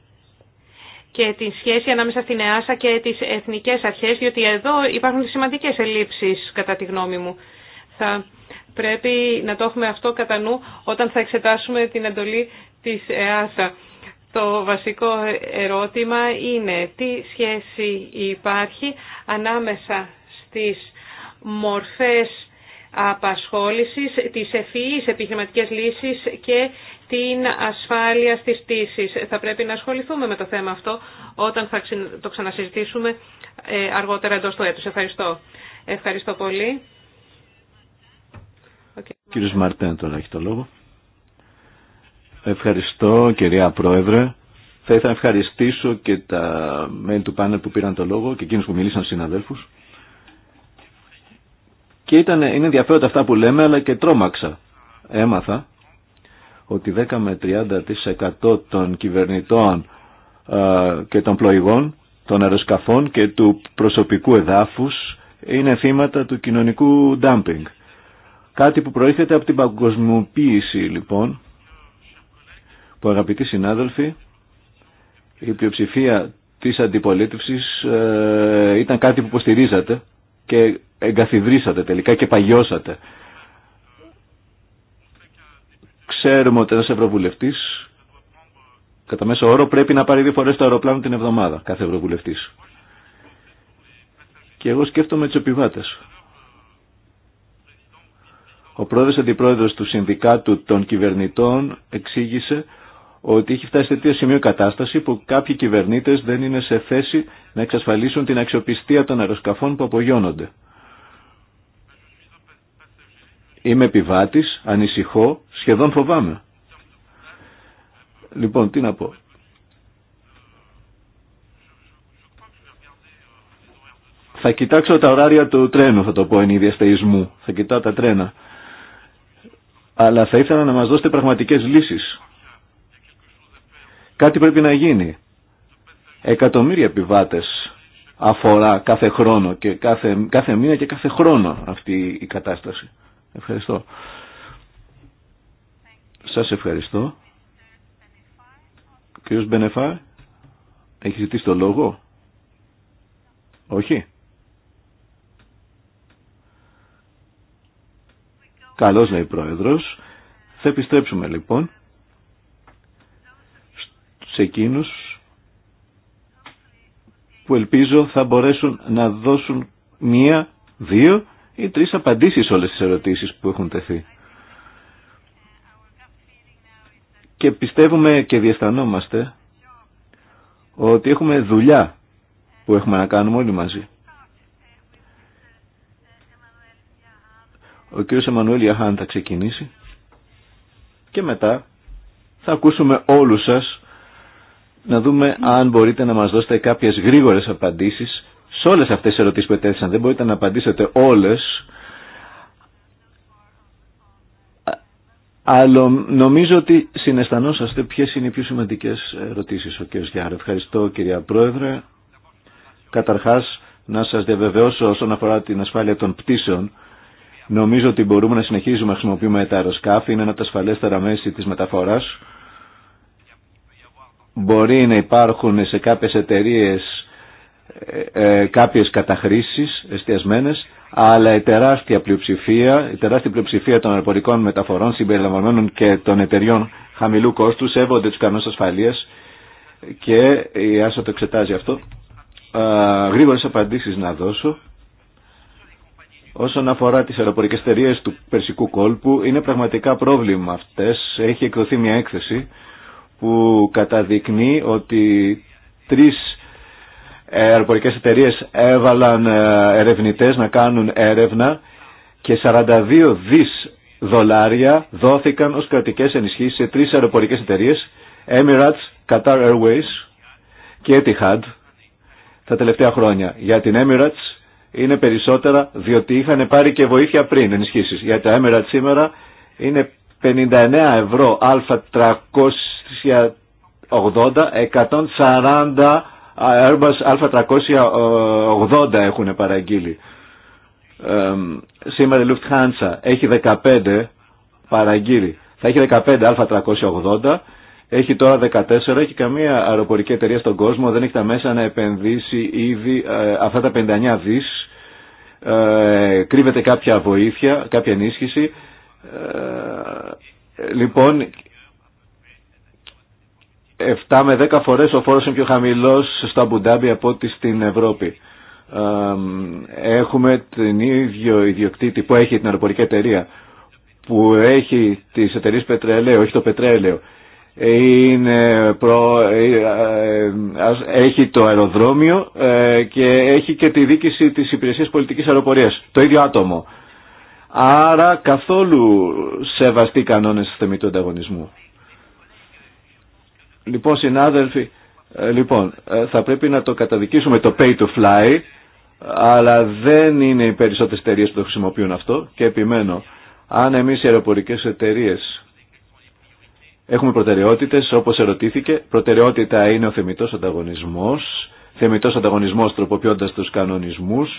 και τη σχέση ανάμεσα στην ΕΑΣΑ και τις εθνικές αρχές, διότι εδώ υπάρχουν σημαντικές ελλείψεις, κατά τη γνώμη μου. Θα πρέπει να το έχουμε αυτό κατά νου όταν θα εξετάσουμε την εντολή της ΕΑΣΑ. Το βασικό ερώτημα είναι τι σχέση υπάρχει ανάμεσα στις μορφές απασχόλησης, τις ευφυείς επιχειρηματικές λύσεις και την ασφάλεια στις πτήσεις. Θα πρέπει να ασχοληθούμε με το θέμα αυτό όταν θα το ξανασυζητήσουμε ε, αργότερα εντός του έτους. Ευχαριστώ. Ευχαριστώ πολύ. Κύριος Μαρτέν τώρα έχει το λόγο. Ευχαριστώ κυρία Πρόεδρε. Θα ήθελα να ευχαριστήσω και τα μέλη του πάνελ που πήραν το λόγο και εκείνους που μιλήσαν συναδέλφους. Και ήταν, είναι ενδιαφέροντα αυτά που λέμε αλλά και τρόμαξα. Έμαθα ότι 10 με 30% των κυβερνητών και των πλοηγών, των αεροσκαφών και του προσωπικού εδάφους είναι θύματα του κοινωνικού ντάμπινγκ. Κάτι που προέρχεται από την παγκοσμιοποίηση λοιπόν, που αγαπητοί συνάδελφοι, η πλειοψηφία της αντιπολίτευσης ε, ήταν κάτι που υποστηρίζατε και εγκαθιδρύσατε τελικά και παγιώσατε. Ξέρουμε ότι ένας ευρωβουλευτής κατά μέσο όρο πρέπει να πάρει δύο φορές το αεροπλάνο την εβδομάδα κάθε ευρωβουλευτής. Και εγώ σκέφτομαι του επιβάτες ο πρόεδρος αντιπρόεδρος του Συνδικάτου των Κυβερνητών εξήγησε ότι έχει φτάσει σε τέτοιο σημείο κατάσταση που κάποιοι κυβερνήτες δεν είναι σε θέση να εξασφαλίσουν την αξιοπιστία των αεροσκαφών που απογειώνονται. Είμαι επιβάτης, ανησυχώ, σχεδόν φοβάμαι. Λοιπόν, τι να πω. Θα κοιτάξω τα ωράρια του τρένου, θα το πω εν είδη Θα κοιτάω τα τρένα αλλά θα ήθελα να μας δώσετε πραγματικές λύσεις. Κάτι πρέπει να γίνει. Εκατομμύρια επιβάτες αφορά κάθε χρόνο και κάθε, κάθε μήνα και κάθε χρόνο αυτή η κατάσταση. Ευχαριστώ. Σας ευχαριστώ. Κύριος Μπενεφά, έχει ζητήσει το λόγο. Όχι. Καλώς λέει η Πρόεδρος. Θα επιστρέψουμε λοιπόν σε εκείνους που ελπίζω θα μπορέσουν να δώσουν μία, δύο ή τρεις απαντήσεις σε όλες τις ερωτήσεις που έχουν τεθεί. Και πιστεύουμε και διευθανόμαστε ότι έχουμε δουλειά που έχουμε να κάνουμε όλοι μαζί. Ο κύριος Εμμανουέλ Ιαχάν θα ξεκινήσει και μετά θα ακούσουμε όλους σας να δούμε αν μπορείτε να μας δώσετε κάποιες γρήγορες απαντήσεις σε όλες αυτές τις ερωτήσεις που ετέθησαν. Δεν μπορείτε να απαντήσετε όλες, αλλά νομίζω ότι συναισθανόσαστε ποιε είναι οι πιο σημαντικές ερωτήσεις ο κύριος Γιάννης. Ευχαριστώ κυρία Πρόεδρε. Καταρχάς να σας διαβεβαιώσω όσον αφορά την ασφάλεια των πτήσεων Νομίζω ότι μπορούμε να συνεχίζουμε να χρησιμοποιούμε τα αεροσκάφη. Είναι ένα από τα ασφαλέστερα μέση της μεταφοράς. Μπορεί να υπάρχουν σε κάποιες εταιρείες ε, ε, κάποιες καταχρήσεις εστιασμένες, αλλά η τεράστια πλειοψηφία, η τεράστια πλειοψηφία των αεροπορικών μεταφορών συμπεριλαμβανομένων και των εταιριών χαμηλού κόστου σέβονται τους κανόνες ασφαλείας και η Άσα το εξετάζει αυτό. Ε, γρήγορες απαντήσεις να δώσω. Όσον αφορά τις αεροπορικές εταιρείε του Περσικού κόλπου, είναι πραγματικά πρόβλημα αυτές. Έχει εκδοθεί μια έκθεση που καταδεικνύει ότι τρεις αεροπορικές εταιρείε έβαλαν ε, ερευνητές να κάνουν έρευνα και 42 δις δολάρια δόθηκαν ως κρατικές ενισχύσεις σε τρεις αεροπορικές εταιρείε, Emirates, Qatar Airways και Etihad τα τελευταία χρόνια. Για την Emirates είναι περισσότερα διότι είχαν πάρει και βοήθεια πριν ενισχύσει Για τα Emerald σήμερα είναι 59 ευρώ α380, 140 Airbus α380 έχουν παραγγείλει. σήμερα η Lufthansa έχει 15 παραγγείλει. Θα έχει 15 α380 έχει τώρα 14, έχει καμία αεροπορική εταιρεία στον κόσμο, δεν έχει τα μέσα να επενδύσει ήδη ε, αυτά τα 59 δις ε, κρύβεται κάποια βοήθεια, κάποια ενίσχυση. Ε, λοιπόν, 7 με 10 φορές ο φόρος είναι πιο χαμηλός στο Αμπουντάμπι από ό,τι στην Ευρώπη. Ε, έχουμε την ίδιο ιδιοκτήτη που έχει την αεροπορική εταιρεία που έχει τις εταιρείες πετρελαίου, όχι το πετρέλαιο είναι προ, ε, ε, έχει το αεροδρόμιο ε, και έχει και τη δίκηση της υπηρεσίας πολιτικής αεροπορίας. Το ίδιο άτομο. Άρα καθόλου σεβαστοί κανόνες του ανταγωνισμού. Λοιπόν συνάδελφοι, λοιπόν, θα πρέπει να το καταδικήσουμε το pay to fly, αλλά δεν είναι οι περισσότερες εταιρείε που το χρησιμοποιούν αυτό και επιμένω, αν εμείς οι αεροπορικές εταιρείες Έχουμε προτεραιότητες, όπως ερωτήθηκε. Προτεραιότητα είναι ο θεμητός ανταγωνισμός. Θεμητός ανταγωνισμός τροποποιώντας τους κανονισμούς,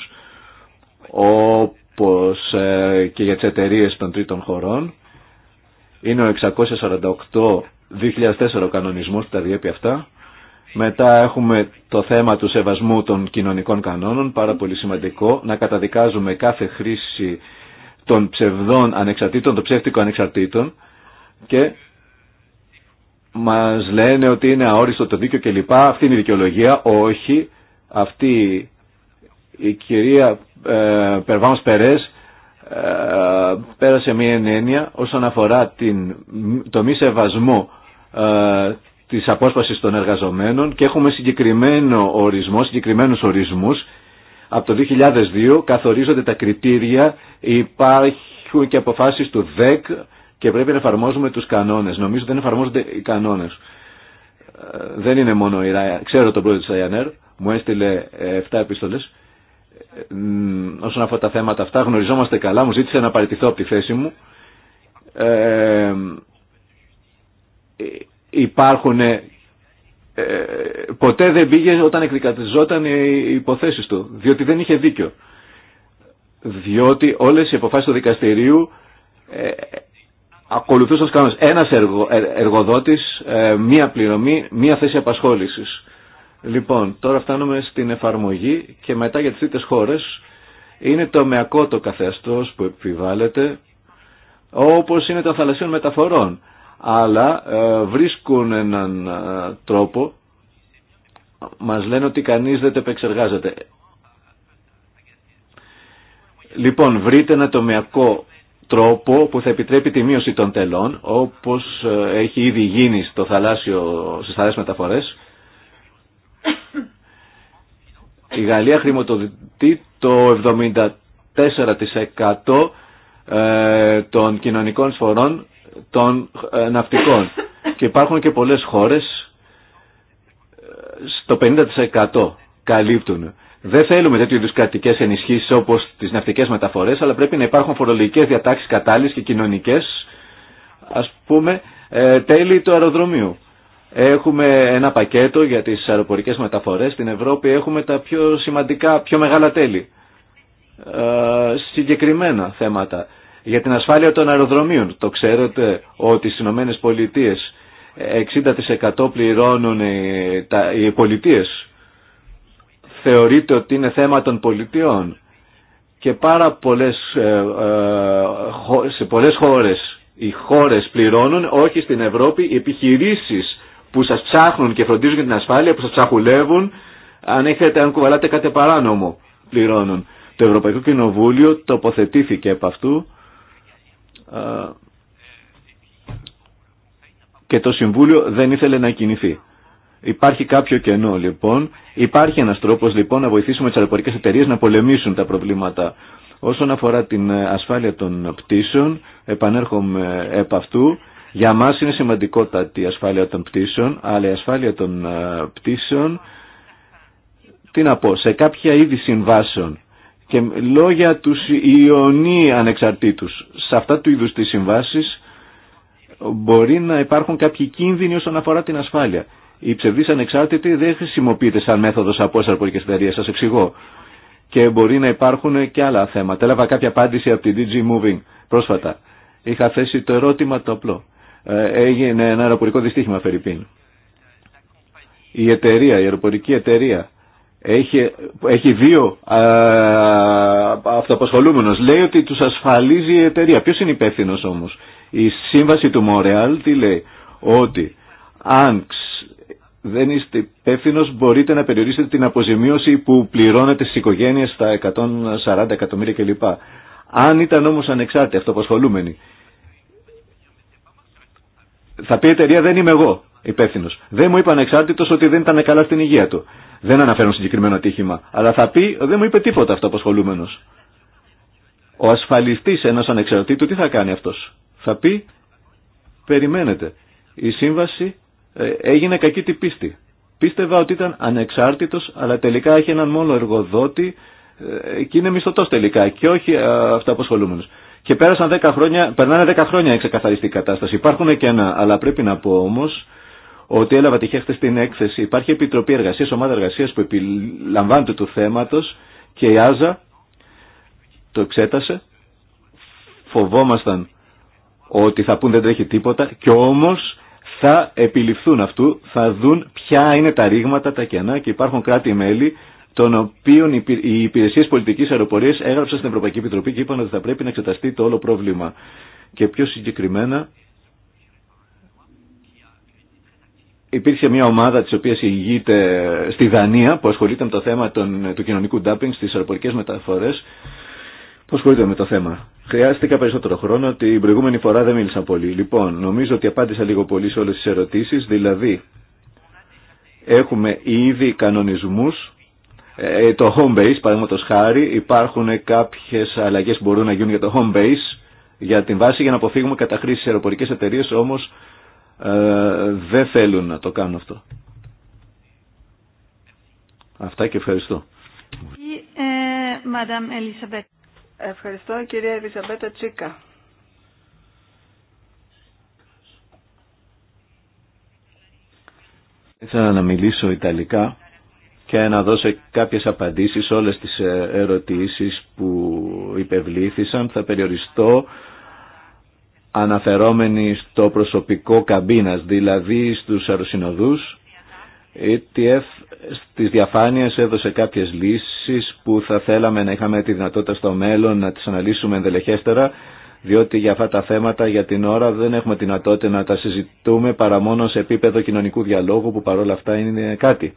όπως ε, και για τις εταιρείε των τρίτων χωρών. Είναι ο 648-2004 ο κανονισμός που τα διέπει αυτά. Μετά έχουμε το θέμα του σεβασμού των κοινωνικών κανόνων, πάρα πολύ σημαντικό, να καταδικάζουμε κάθε χρήση των ψευδών ανεξαρτήτων, των ψεύτικων ανεξαρτήτων και μας λένε ότι είναι αόριστο το δίκαιο κλπ. Αυτή είναι η δικαιολογία. Όχι. Αυτή η κυρία ε, Περές ε, πέρασε μια ενένεια όσον αφορά την, το μη σεβασμό ε, της απόσπασης των εργαζομένων και έχουμε συγκεκριμένο ορισμό, συγκεκριμένους ορισμούς. Από το 2002 καθορίζονται τα κριτήρια, υπάρχουν και αποφάσεις του ΔΕΚ και πρέπει να εφαρμόζουμε τους κανόνες. Νομίζω δεν εφαρμόζονται οι κανόνες. Ε, δεν είναι μόνο η Ράια. Ξέρω τον πρόεδρο της Ryanair, μου έστειλε 7 ε, επίστολες. Ε, όσον αφορά τα θέματα αυτά, γνωριζόμαστε καλά, μου ζήτησε να παραιτηθώ από τη θέση μου. Ε, υπάρχουν ποτέ δεν πήγε όταν εκδικατιζόταν οι υποθέσεις του, διότι δεν είχε δίκιο. Διότι όλες οι αποφάσεις του δικαστηρίου ε, ακολουθούσε τους κανόνες. Ένας εργο, ε, εργοδότης, ε, μία πληρωμή, μία θέση απασχόλησης. Λοιπόν, τώρα φτάνουμε στην εφαρμογή και μετά για τις τρίτε χώρες είναι το μεακό το καθεστώς που επιβάλλεται όπως είναι τα θαλασσίων μεταφορών. Αλλά ε, βρίσκουν έναν τρόπο, μας λένε ότι κανείς δεν επεξεργάζεται. Λοιπόν, βρείτε ένα τομεακό τρόπο που θα επιτρέπει τη μείωση των τελών, όπως ε, έχει ήδη γίνει στο θαλάσσιο, στις θαλάσσιες μεταφορές. Η Γαλλία χρηματοδοτεί το 74% ε, των κοινωνικών σφορών των ε, ναυτικών. Και υπάρχουν και πολλές χώρες στο 50% καλύπτουν δεν θέλουμε τέτοιου είδου κρατικέ ενισχύσει όπω τι ναυτικέ μεταφορέ, αλλά πρέπει να υπάρχουν φορολογικέ διατάξει κατάλληλε και κοινωνικέ, α πούμε, ε, τέλη του αεροδρομίου. Έχουμε ένα πακέτο για τι αεροπορικέ μεταφορέ. Στην Ευρώπη έχουμε τα πιο σημαντικά, πιο μεγάλα τέλη. Ε, συγκεκριμένα θέματα. Για την ασφάλεια των αεροδρομίων. Το ξέρετε ότι στι ΗΠΑ 60% πληρώνουν οι πολιτείε θεωρείται ότι είναι θέμα των πολιτιών και πάρα πολλές, ε, ε, σε πολλές χώρες οι χώρες πληρώνουν, όχι στην Ευρώπη, οι επιχειρήσεις που σας ψάχνουν και φροντίζουν για την ασφάλεια, που σας ψαχουλεύουν, αν, έχετε, αν κουβαλάτε κάτι παράνομο, πληρώνουν. Το Ευρωπαϊκό Κοινοβούλιο τοποθετήθηκε από αυτού ε, και το Συμβούλιο δεν ήθελε να κινηθεί. Υπάρχει κάποιο κενό λοιπόν. Υπάρχει ένας τρόπος λοιπόν να βοηθήσουμε τις αεροπορικές εταιρείες να πολεμήσουν τα προβλήματα. Όσον αφορά την ε, ασφάλεια των πτήσεων, επανέρχομαι επ' αυτού. Για μας είναι σημαντικότατη η ασφάλεια των πτήσεων, αλλά η ασφάλεια των ε, πτήσεων, τι να πω, σε κάποια είδη συμβάσεων και λόγια τους ιονή ανεξαρτήτους. Σε αυτά του είδους τις συμβάσεις μπορεί να υπάρχουν κάποιοι κίνδυνοι όσον αφορά την ασφάλεια. Η ψευδής ανεξάρτητη δεν χρησιμοποιείται σαν μέθοδος από όσες αρπορικές εταιρείες, σας εξηγώ. Και μπορεί να υπάρχουν και άλλα θέματα. Έλαβα κάποια απάντηση από την DG Moving πρόσφατα. Είχα θέσει το ερώτημα το απλό. Ε, έγινε ένα αεροπορικό δυστύχημα, Φερρυπίν. Η εταιρεία, η αεροπορική εταιρεία, έχει, έχει δύο Λέει ότι τους ασφαλίζει η εταιρεία. Ποιος είναι υπεύθυνο όμως. Η σύμβαση του Μορεάλ τι λέει. Ότι αν δεν είστε υπεύθυνο, μπορείτε να περιορίσετε την αποζημίωση που πληρώνετε στι οικογένειε στα 140 εκατομμύρια κλπ. Αν ήταν όμω ανεξάρτητοι αυτοπασχολούμενοι, θα πει η εταιρεία δεν είμαι εγώ υπεύθυνο. Δεν μου είπε ανεξάρτητο ότι δεν ήταν καλά στην υγεία του. Δεν αναφέρω συγκεκριμένο ατύχημα. Αλλά θα πει δεν μου είπε τίποτα αυτοπασχολούμενο. Ο ασφαλιστή ενό ανεξαρτήτου τι θα κάνει αυτό. Θα πει περιμένετε. Η σύμβαση ε, έγινε κακή την πίστη. Πίστευα ότι ήταν ανεξάρτητος, αλλά τελικά έχει έναν μόνο εργοδότη ε, και είναι μισθωτός τελικά και όχι ε, αυτοαποσχολούμενος. Και πέρασαν 10 χρόνια, περνάνε 10 χρόνια η κατάσταση. Υπάρχουν και ένα, αλλά πρέπει να πω όμως ότι έλαβα τυχαία χθε την έκθεση. Υπάρχει επιτροπή εργασία, ομάδα εργασία που επιλαμβάνεται του θέματο και η Άζα το εξέτασε. Φοβόμασταν ότι θα πούν δεν τρέχει τίποτα και όμως θα επιληφθούν αυτού, θα δουν ποια είναι τα ρήγματα, τα κενά και υπάρχουν κράτη-μέλη των οποίων οι υπηρεσίε πολιτική αεροπορία έγραψαν στην Ευρωπαϊκή Επιτροπή και είπαν ότι θα πρέπει να εξεταστεί το όλο πρόβλημα. Και πιο συγκεκριμένα, υπήρχε μια ομάδα τη οποία ηγείται στη Δανία που ασχολείται με το θέμα του κοινωνικού ντάπινγκ στι αεροπορικέ μεταφορέ. Πώς ασχολείται με το θέμα. Χρειάστηκα περισσότερο χρόνο, την προηγούμενη φορά δεν μίλησα πολύ. Λοιπόν, νομίζω ότι απάντησα λίγο πολύ σε όλες τις ερωτήσεις, δηλαδή έχουμε ήδη κανονισμούς, ε, το home base παραδείγματος χάρη, υπάρχουν κάποιες αλλαγές που μπορούν να γίνουν για το home base, για την βάση για να αποφύγουμε καταχρήσεις αεροπορικές εταιρείες, όμως ε, δεν θέλουν να το κάνουν αυτό. Αυτά και ευχαριστώ. Ε, Ευχαριστώ κυρία Ελισαμπέτα Τσίκα. Ήθελα να μιλήσω Ιταλικά και να δώσω κάποιες απαντήσεις σε όλες τις ε, ερωτήσεις που υπευλήθησαν. Θα περιοριστώ αναφερόμενοι στο προσωπικό καμπίνας, δηλαδή στους αεροσυνοδούς ETF στις διαφάνειες έδωσε κάποιες λύσεις που θα θέλαμε να είχαμε τη δυνατότητα στο μέλλον να τις αναλύσουμε ενδελεχέστερα διότι για αυτά τα θέματα για την ώρα δεν έχουμε τη δυνατότητα να τα συζητούμε παρά μόνο σε επίπεδο κοινωνικού διαλόγου που παρόλα αυτά είναι κάτι.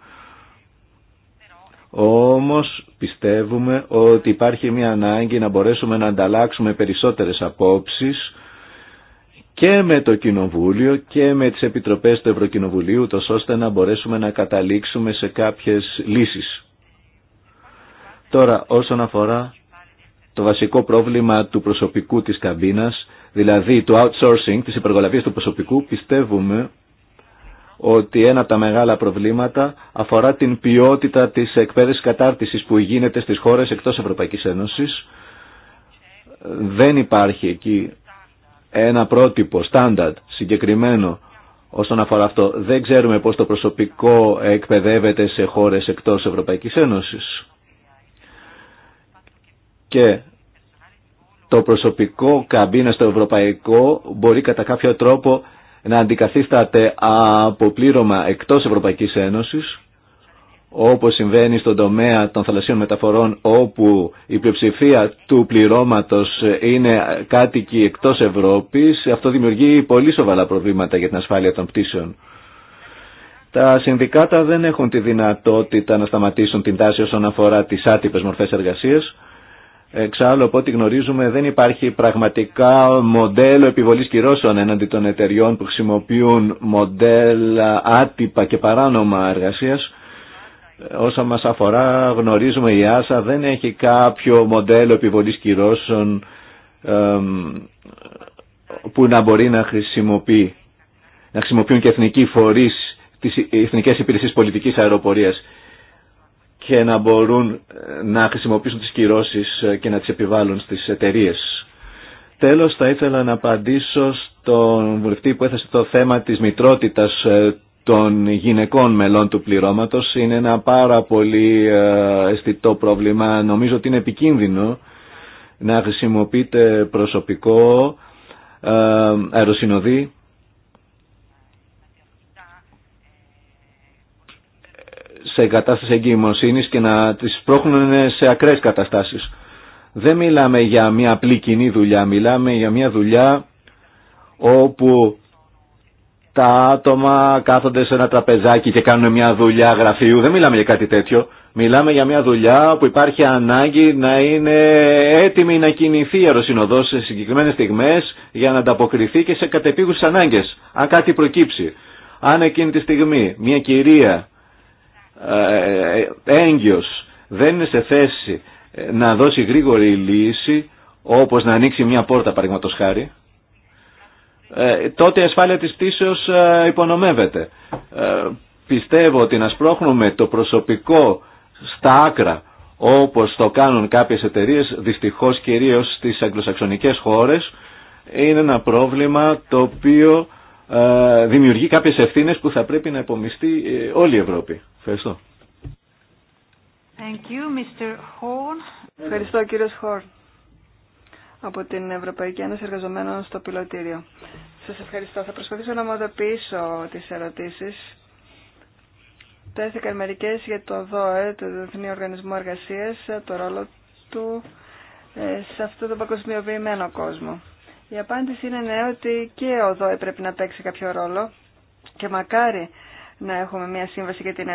Όμως πιστεύουμε ότι υπάρχει μια ανάγκη να μπορέσουμε να ανταλλάξουμε περισσότερες απόψεις και με το Κοινοβούλιο και με τις Επιτροπές του Ευρωκοινοβουλίου τόσο ώστε να μπορέσουμε να καταλήξουμε σε κάποιες λύσεις. Τώρα όσον αφορά το βασικό πρόβλημα του προσωπικού της καμπίνας, δηλαδή του outsourcing, της υπεργολαβίας του προσωπικού, πιστεύουμε ότι ένα από τα μεγάλα προβλήματα αφορά την ποιότητα της εκπαίδευσης κατάρτισης που γίνεται στις χώρες εκτός Ευρωπαϊκής Ένωσης. Δεν υπάρχει εκεί ένα πρότυπο, στάνταρτ, συγκεκριμένο όσον αφορά αυτό. Δεν ξέρουμε πώς το προσωπικό εκπαιδεύεται σε χώρες εκτός Ευρωπαϊκής Ένωσης. Και το προσωπικό καμπίνα στο ευρωπαϊκό μπορεί κατά κάποιο τρόπο να αντικαθίσταται από πλήρωμα εκτός Ευρωπαϊκής Ένωσης όπως συμβαίνει στον τομέα των θαλασσίων μεταφορών όπου η πλειοψηφία του πληρώματος είναι κάτοικοι εκτός Ευρώπης, αυτό δημιουργεί πολύ σοβαρά προβλήματα για την ασφάλεια των πτήσεων. Τα συνδικάτα δεν έχουν τη δυνατότητα να σταματήσουν την τάση όσον αφορά τις άτυπες μορφές εργασίας. Εξάλλου, από ό,τι γνωρίζουμε, δεν υπάρχει πραγματικά μοντέλο επιβολής κυρώσεων έναντι των εταιριών που χρησιμοποιούν μοντέλα άτυπα και παράνομα εργασίας Όσα μας αφορά γνωρίζουμε η ΆΣΑ δεν έχει κάποιο μοντέλο επιβολής κυρώσεων που να μπορεί να χρησιμοποιεί να χρησιμοποιούν και εθνικοί φορείς τις εθνικές υπηρεσίες πολιτικής αεροπορίας και να μπορούν ε, να χρησιμοποιήσουν τις κυρώσεις ε, και να τις επιβάλλουν στις εταιρείε. Τέλος θα ήθελα να απαντήσω στον βουλευτή που έθεσε το θέμα της μητρότητας ε, των γυναικών μελών του πληρώματος είναι ένα πάρα πολύ ε, αισθητό πρόβλημα. Νομίζω ότι είναι επικίνδυνο να χρησιμοποιείτε προσωπικό ε, αεροσυνοδή σε κατάσταση εγκυμοσύνης και να τις πρόχνουν σε ακραίες καταστάσεις. Δεν μιλάμε για μια απλή κοινή δουλειά, μιλάμε για μια δουλειά όπου τα άτομα κάθονται σε ένα τραπεζάκι και κάνουν μια δουλειά γραφείου. Δεν μιλάμε για κάτι τέτοιο. Μιλάμε για μια δουλειά που υπάρχει ανάγκη να είναι έτοιμη να κινηθεί η αεροσυνοδό σε συγκεκριμένε στιγμέ για να ανταποκριθεί και σε κατεπίγουσε ανάγκε. Αν κάτι προκύψει. Αν εκείνη τη στιγμή μια κυρία ε, ε δεν είναι σε θέση ε, να δώσει γρήγορη λύση όπω να ανοίξει μια πόρτα παραδείγματο χάρη ε, τότε η ασφάλεια της πτήσεως ε, υπονομεύεται. Ε, πιστεύω ότι να σπρώχνουμε το προσωπικό στα άκρα όπως το κάνουν κάποιες εταιρείες, δυστυχώς κυρίως στις αγγλοσαξονικές χώρες, είναι ένα πρόβλημα το οποίο δημιουργεί κάποιες ευθύνες που θα πρέπει να υπομιστεί όλη η Ευρώπη. Ευχαριστώ. Thank you, Mr. Horn. Ευχαριστώ κύριος Χόρν από την Ευρωπαϊκή Ένωση Εργαζομένων στο Πιλωτήριο. Σας ευχαριστώ. Θα προσπαθήσω να μοδοποιήσω τις ερωτήσεις. Τέθηκαν μερικέ για το ΔΟΕ, το Διεθνή Οργανισμό εργασία, το ρόλο του ε, σε αυτό το παγκοσμιοποιημένο κόσμο. Η απάντηση είναι ναι ότι και ο ΔΟΕ πρέπει να παίξει κάποιο ρόλο και μακάρι να έχουμε μια σύμβαση για την,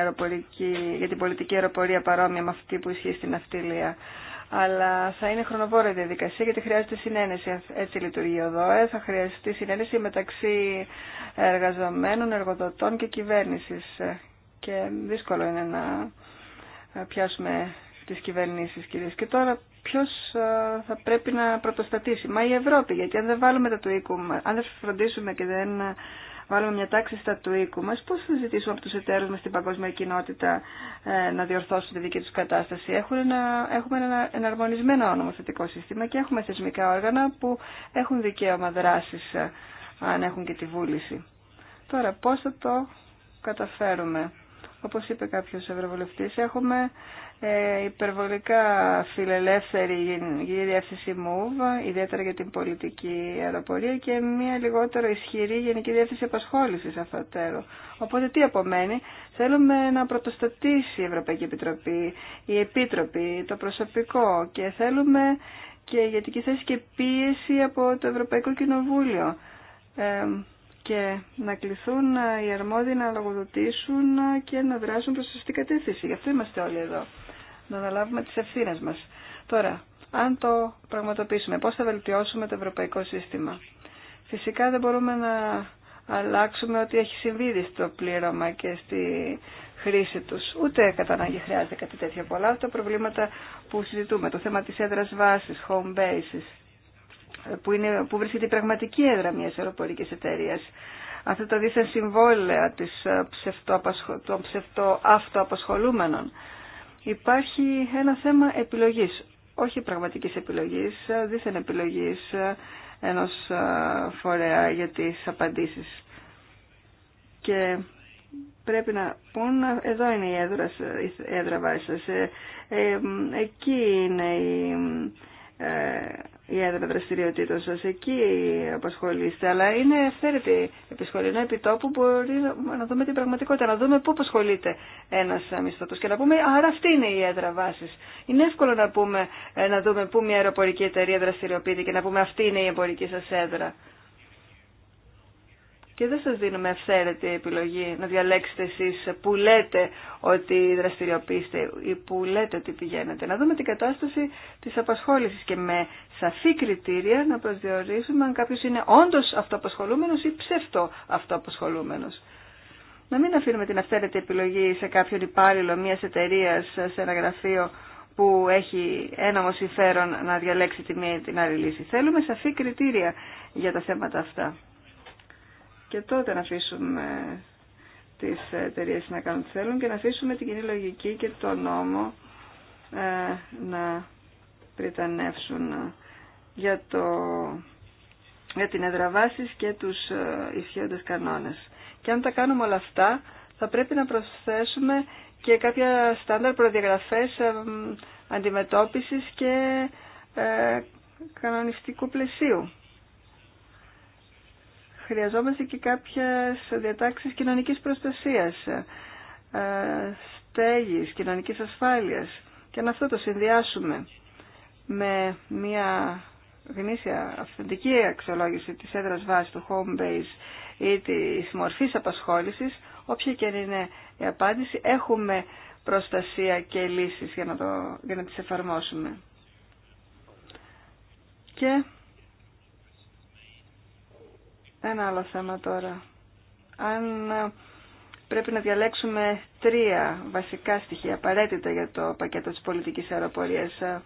για την πολιτική αεροπορία παρόμοια με αυτή που ισχύει στην αυτιλία αλλά θα είναι χρονοβόρα η διαδικασία γιατί χρειάζεται συνένεση. Έτσι λειτουργεί ο ΔΟΕ, θα χρειαστεί συνένεση μεταξύ εργαζομένων, εργοδοτών και κυβέρνηση. Και δύσκολο είναι να πιάσουμε τις κυβερνήσει κυρίε. Και τώρα ποιο ε, θα πρέπει να πρωτοστατήσει. Μα η Ευρώπη, γιατί αν δεν βάλουμε τα του οίκου, αν δεν φροντίσουμε και δεν βάλουμε μια τάξη στα του οίκου μας, πώς θα ζητήσουμε από τους εταίρους μας στην παγκόσμια κοινότητα ε, να διορθώσουν τη δική τους κατάσταση. Έχουν έχουμε ένα εναρμονισμένο νομοθετικό σύστημα και έχουμε θεσμικά όργανα που έχουν δικαίωμα δράση ε, αν έχουν και τη βούληση. Τώρα, πώς θα το καταφέρουμε. Όπως είπε κάποιος ευρωβουλευτής, έχουμε ε, υπερβολικά φιλελεύθερη γενική διεύθυνση MOVE, ιδιαίτερα για την πολιτική αεροπορία και μια λιγότερο ισχυρή γενική διεύθυνση απασχόλησης αφετέρου. Οπότε τι απομένει, θέλουμε να πρωτοστατήσει η Ευρωπαϊκή Επιτροπή, η Επίτροπη, το προσωπικό και θέλουμε και ηγετική θέση και πίεση από το Ευρωπαϊκό Κοινοβούλιο ε, και να κληθούν οι αρμόδιοι να λογοδοτήσουν και να δράσουν προς σωστή κατεύθυνση. Γι' αυτό είμαστε όλοι εδώ να αναλάβουμε τις ευθύνε μας. Τώρα, αν το πραγματοποιήσουμε, πώς θα βελτιώσουμε το ευρωπαϊκό σύστημα. Φυσικά δεν μπορούμε να αλλάξουμε ό,τι έχει συμβεί στο πλήρωμα και στη χρήση τους. Ούτε κατά ανάγκη χρειάζεται κάτι τέτοιο πολλά, τα προβλήματα που συζητούμε. Το θέμα της έδρας βάσης, home bases, που, είναι, που βρίσκεται η πραγματική έδρα μιας αεροπορικής εταιρείας. Αυτά τα δίθεν συμβόλαια της ε, ψευτο, των ψευτοαυτοαπασχολούμενων υπάρχει ένα θέμα επιλογής, όχι πραγματικής επιλογής, δίθεν επιλογής ενός φορέα για τις απαντήσεις. Και πρέπει να πούν, εδώ είναι η έδρα, η έδρα βάσης, ε, ε, ε, εκεί είναι η η έδρα δραστηριοτήτων σα Εκεί απασχολείστε, αλλά είναι ευθέρετη ένα επιτόπου μπορεί να δούμε την πραγματικότητα, να δούμε πού απασχολείται ένα μισθωτό και να πούμε άρα αυτή είναι η έδρα βάσης. Είναι εύκολο να, πούμε, ε, να δούμε πού μια αεροπορική εταιρεία δραστηριοποιείται και να πούμε αυτή είναι η εμπορική σα έδρα και δεν σας δίνουμε αυθαίρετη επιλογή να διαλέξετε εσείς που λέτε ότι δραστηριοποιήσετε ή που λέτε ότι πηγαίνετε. Να δούμε την κατάσταση της απασχόλησης και με σαφή κριτήρια να προσδιορίσουμε αν κάποιος είναι όντως αυτοαπασχολούμενος ή ψεύτο αυτοαπασχολούμενος. Να μην αφήνουμε την αυθαίρετη επιλογή σε κάποιον υπάλληλο μια εταιρεία σε ένα γραφείο που έχει ένα όμω συμφέρον να διαλέξει την άλλη λύση. Θέλουμε σαφή κριτήρια για τα θέματα αυτά και τότε να αφήσουμε τις εταιρείε να κάνουν τι θέλουν και να αφήσουμε την κοινή λογική και τον νόμο ε, να πριτανεύσουν ε, για, το, για την εδραβάση και τους ε, ισχύοντες κανόνες. Και αν τα κάνουμε όλα αυτά θα πρέπει να προσθέσουμε και κάποια στάνταρ προδιαγραφές ε, αντιμετώπισης και κανονιστικού πλαισίου χρειαζόμαστε και κάποιες διατάξεις κοινωνικής προστασίας, ε, στέγης, κοινωνικής ασφάλειας. Και αν αυτό το συνδυάσουμε με μια γνήσια αυθεντική αξιολόγηση της έδρας βάσης του home base ή της μορφής απασχόλησης, όποια και είναι η απάντηση, έχουμε προστασία και λύσεις για να, το, για να τις εφαρμόσουμε. Και ένα άλλο θέμα τώρα. Αν ε, πρέπει να διαλέξουμε τρία βασικά στοιχεία απαραίτητα για το πακέτο της πολιτικής αεροπορίας, ε,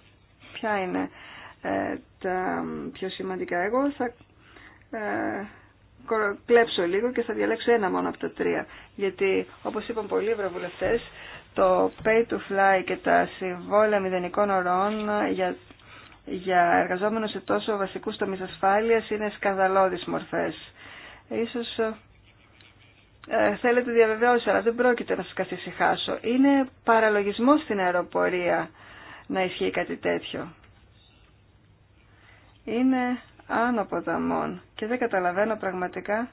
ποια είναι ε, τα πιο σημαντικά. Εγώ θα κλέψω λίγο και θα διαλέξω ένα μόνο από τα τρία. Γιατί, όπως είπαν πολλοί ευρωβουλευτές, το pay to fly και τα συμβόλαια μηδενικών ορών για για εργαζόμενους σε τόσο βασικούς τομείς ασφάλειας είναι σκανδαλώδεις μορφές. Ίσως ε, θέλετε διαβεβαιώσει, αλλά δεν πρόκειται να σας καθυσυχάσω. Είναι παραλογισμός στην αεροπορία να ισχύει κάτι τέτοιο. Είναι άνω ποταμών και δεν καταλαβαίνω πραγματικά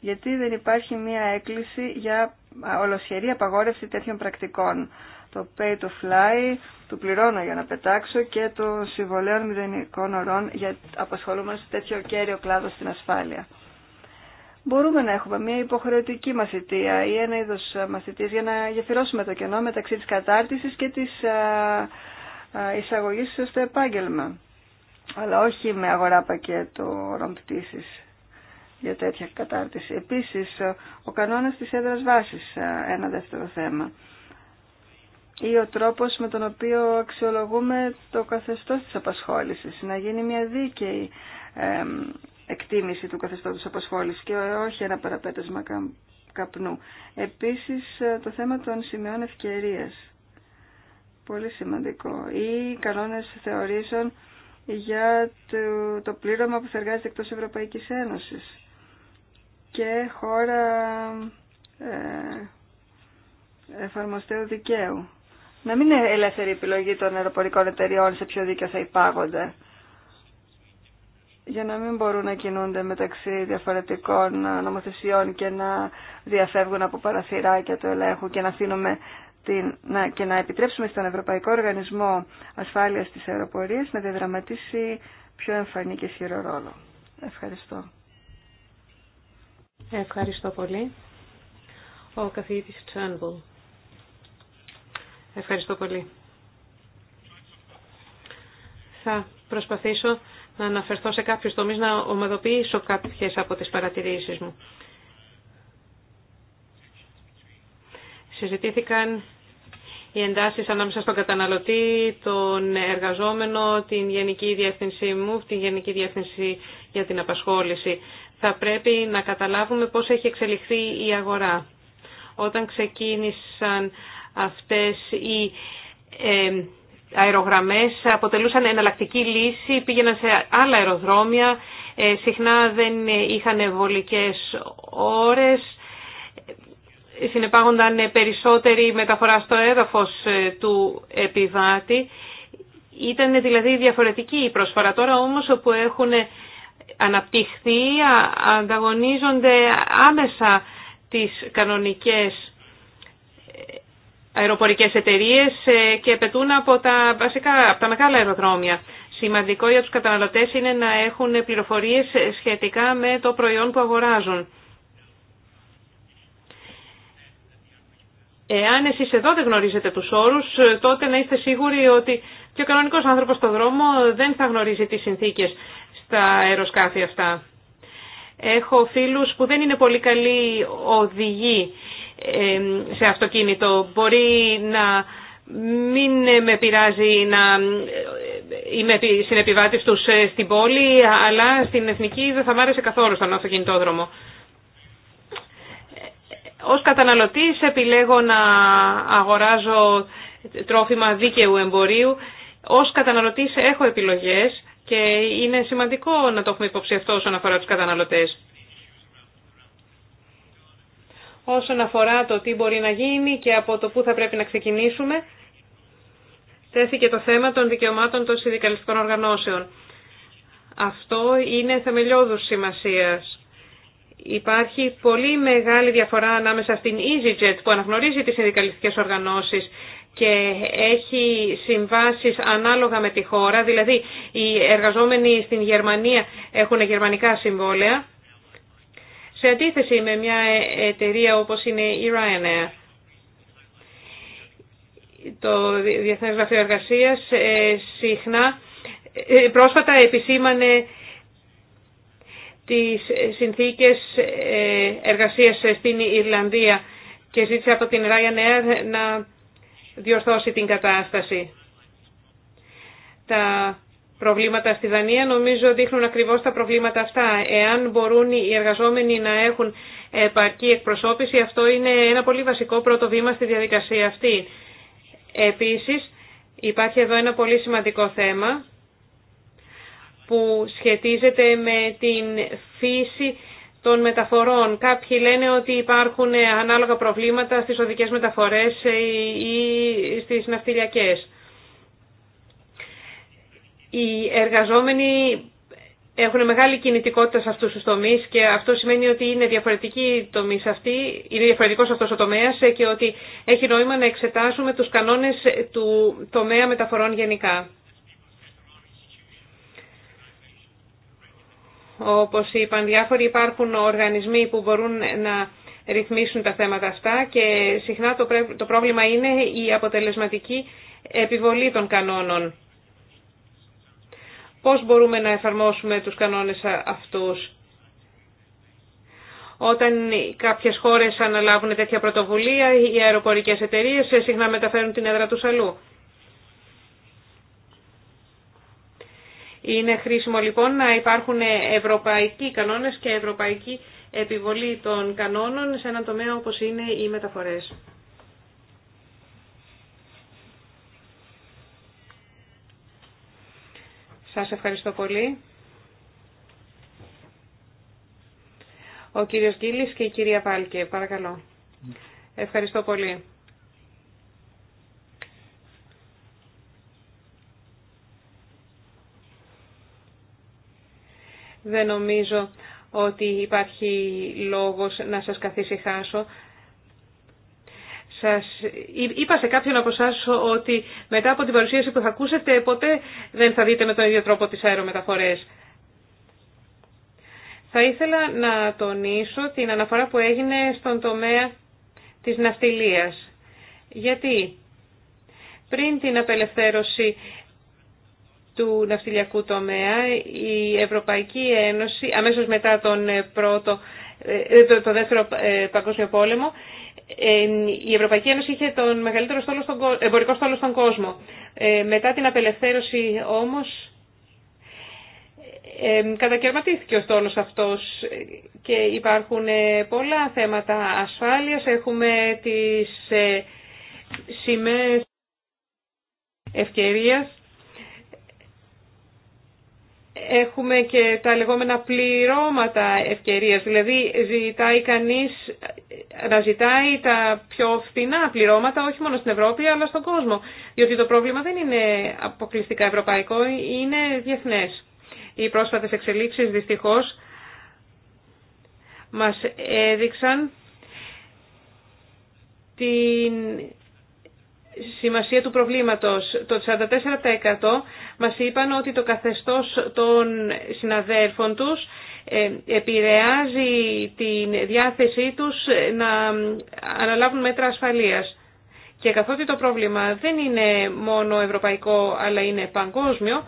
γιατί δεν υπάρχει μία έκκληση για ολοσχερή απαγόρευση τέτοιων πρακτικών το pay to fly, του πληρώνω για να πετάξω και το συμβολέων μηδενικών ορών για απασχολούμενο σε τέτοιο κέριο κλάδο στην ασφάλεια. Μπορούμε να έχουμε μια υποχρεωτική μαθητεία ή ένα είδο ε, μαθητή για να γεφυρώσουμε το κενό μεταξύ τη κατάρτιση και τη ε, ε, εισαγωγή στο επάγγελμα. Αλλά όχι με αγορά πακέτο ρομπτήσεις για τέτοια κατάρτιση. Επίσης, ο κανόνας της έδρας βάσης, ένα δεύτερο θέμα ή ο τρόπος με τον οποίο αξιολογούμε το καθεστώς της απασχόλησης. Να γίνει μια δίκαιη εκτίμηση του καθεστώτος απασχόλησης και όχι ένα παραπέτασμα καπνού. Επίσης το θέμα των σημειών ευκαιρίας. Πολύ σημαντικό. Ή κανόνες θεωρήσεων για το πλήρωμα που θα εργάζεται εκτός Ευρωπαϊκής Ένωσης και χώρα ε, εφαρμοστέου δικαίου να μην είναι ελεύθερη επιλογή των αεροπορικών εταιριών σε ποιο δίκαιο θα υπάγονται για να μην μπορούν να κινούνται μεταξύ διαφορετικών νομοθεσιών και να διαφεύγουν από παραθυράκια του ελέγχου και να την, να, και να επιτρέψουμε στον Ευρωπαϊκό Οργανισμό Ασφάλειας της Αεροπορίας να διαδραματίσει πιο εμφανή και ισχυρό ρόλο. Ευχαριστώ. Ευχαριστώ πολύ. Ο καθηγητής Τσάνβουλ. Ευχαριστώ πολύ. Θα προσπαθήσω να αναφερθώ σε κάποιους τομείς, να ομαδοποιήσω κάποιες από τις παρατηρήσεις μου. Συζητήθηκαν οι εντάσεις ανάμεσα στον καταναλωτή, τον εργαζόμενο, την Γενική Διεύθυνση μου, την Γενική Διεύθυνση για την Απασχόληση. Θα πρέπει να καταλάβουμε πώς έχει εξελιχθεί η αγορά. Όταν ξεκίνησαν Αυτές οι ε, αερογραμμές αποτελούσαν εναλλακτική λύση, πήγαιναν σε άλλα αεροδρόμια, ε, συχνά δεν είχαν βολικές ώρες, συνεπάγονταν περισσότερη μεταφορά στο έδαφος ε, του επιβάτη. Ήταν δηλαδή διαφορετική η προσφορά. Τώρα όμως όπου έχουν αναπτυχθεί, ανταγωνίζονται άμεσα τις κανονικές αεροπορικές εταιρείες ε, και πετούν από τα, βασικά, από τα μεγάλα αεροδρόμια. Σημαντικό για τους καταναλωτές είναι να έχουν πληροφορίες σχετικά με το προϊόν που αγοράζουν. Εάν εσείς εδώ δεν γνωρίζετε τους όρους, ε, τότε να είστε σίγουροι ότι και ο κανονικός άνθρωπος στο δρόμο δεν θα γνωρίζει τις συνθήκες στα αεροσκάφη αυτά. Έχω φίλους που δεν είναι πολύ καλοί οδηγοί σε αυτοκίνητο. Μπορεί να μην με πειράζει να είμαι συνεπιβάτης τους ε, στην πόλη, αλλά στην εθνική δεν θα μ' άρεσε καθόλου στον αυτοκινητόδρομο. Ως καταναλωτής επιλέγω να αγοράζω τρόφιμα δίκαιου εμπορίου. Ως καταναλωτής έχω επιλογές και είναι σημαντικό να το έχουμε υποψηφτό όσον αφορά τους καταναλωτές όσον αφορά το τι μπορεί να γίνει και από το πού θα πρέπει να ξεκινήσουμε, τέθηκε το θέμα των δικαιωμάτων των συνδικαλιστικών οργανώσεων. Αυτό είναι θεμελιώδους σημασίας. Υπάρχει πολύ μεγάλη διαφορά ανάμεσα στην EasyJet που αναγνωρίζει τις συνδικαλιστικές οργανώσεις και έχει συμβάσεις ανάλογα με τη χώρα, δηλαδή οι εργαζόμενοι στην Γερμανία έχουν γερμανικά συμβόλαια σε αντίθεση με μια ε, εταιρεία όπως είναι η Ryanair. Το Διεθνές Γραφείο Εργασίας ε, συχνά, ε, πρόσφατα επισήμανε τις συνθήκες εργασίας στην Ιρλανδία και ζήτησε από την Ryanair να διορθώσει την κατάσταση. Τα προβλήματα στη Δανία νομίζω δείχνουν ακριβώς τα προβλήματα αυτά. Εάν μπορούν οι εργαζόμενοι να έχουν επαρκή εκπροσώπηση, αυτό είναι ένα πολύ βασικό πρώτο βήμα στη διαδικασία αυτή. Επίσης, υπάρχει εδώ ένα πολύ σημαντικό θέμα που σχετίζεται με την φύση των μεταφορών. Κάποιοι λένε ότι υπάρχουν ανάλογα προβλήματα στις οδικές μεταφορές ή στις ναυτιλιακές. Οι εργαζόμενοι έχουν μεγάλη κινητικότητα σε αυτού τους τομείς και αυτό σημαίνει ότι είναι διαφορετική τομή αυτή, είναι διαφορετικό αυτός ο τομέα ε, και ότι έχει νόημα να εξετάσουμε τους κανόνες του τομέα μεταφορών γενικά. Όπως είπαν διάφοροι υπάρχουν οργανισμοί που μπορούν να ρυθμίσουν τα θέματα αυτά και συχνά το πρόβλημα είναι η αποτελεσματική επιβολή των κανόνων πώς μπορούμε να εφαρμόσουμε τους κανόνες αυτούς. Όταν κάποιες χώρες αναλάβουν τέτοια πρωτοβουλία, οι αεροπορικές εταιρείες ε, συχνά μεταφέρουν την έδρα τους αλλού. Είναι χρήσιμο λοιπόν να υπάρχουν ευρωπαϊκοί κανόνες και ευρωπαϊκή επιβολή των κανόνων σε έναν τομέα όπως είναι οι μεταφορές. Σας ευχαριστώ πολύ. Ο κύριος Γκίλης και η κυρία Βάλκε, παρακαλώ. Ευχαριστώ πολύ. Δεν νομίζω ότι υπάρχει λόγος να σας καθησυχάσω. Σας είπα σε κάποιον από εσά ότι μετά από την παρουσίαση που θα ακούσετε ποτέ δεν θα δείτε με τον ίδιο τρόπο τις αερομεταφορές. Θα ήθελα να τονίσω την αναφορά που έγινε στον τομέα της ναυτιλίας. Γιατί πριν την απελευθέρωση του ναυτιλιακού τομέα, η Ευρωπαϊκή Ένωση, αμέσως μετά τον, πρώτο, ε, το δεύτερο ε, παγκόσμιο πόλεμο, η Ευρωπαϊκή Ένωση είχε τον μεγαλύτερο στόλο εμπορικό στόλο στον κόσμο. Ε, μετά την απελευθέρωση όμως ε, ο στόλος αυτός και υπάρχουν ε, πολλά θέματα ασφάλειας. Έχουμε τις ε, σημαίες ευκαιρίας Έχουμε και τα λεγόμενα πληρώματα ευκαιρίας, δηλαδή ζητάει κανείς να ζητάει τα πιο φθηνά πληρώματα όχι μόνο στην Ευρώπη αλλά στον κόσμο. Διότι το πρόβλημα δεν είναι αποκλειστικά ευρωπαϊκό, είναι διεθνές. Οι πρόσφατες εξελίξεις δυστυχώς μας έδειξαν την σημασία του προβλήματος. Το 44% μας είπαν ότι το καθεστώς των συναδέλφων τους ε, επηρεάζει τη διάθεσή τους να αναλάβουν μέτρα ασφαλείας. Και καθότι το πρόβλημα δεν είναι μόνο ευρωπαϊκό αλλά είναι παγκόσμιο,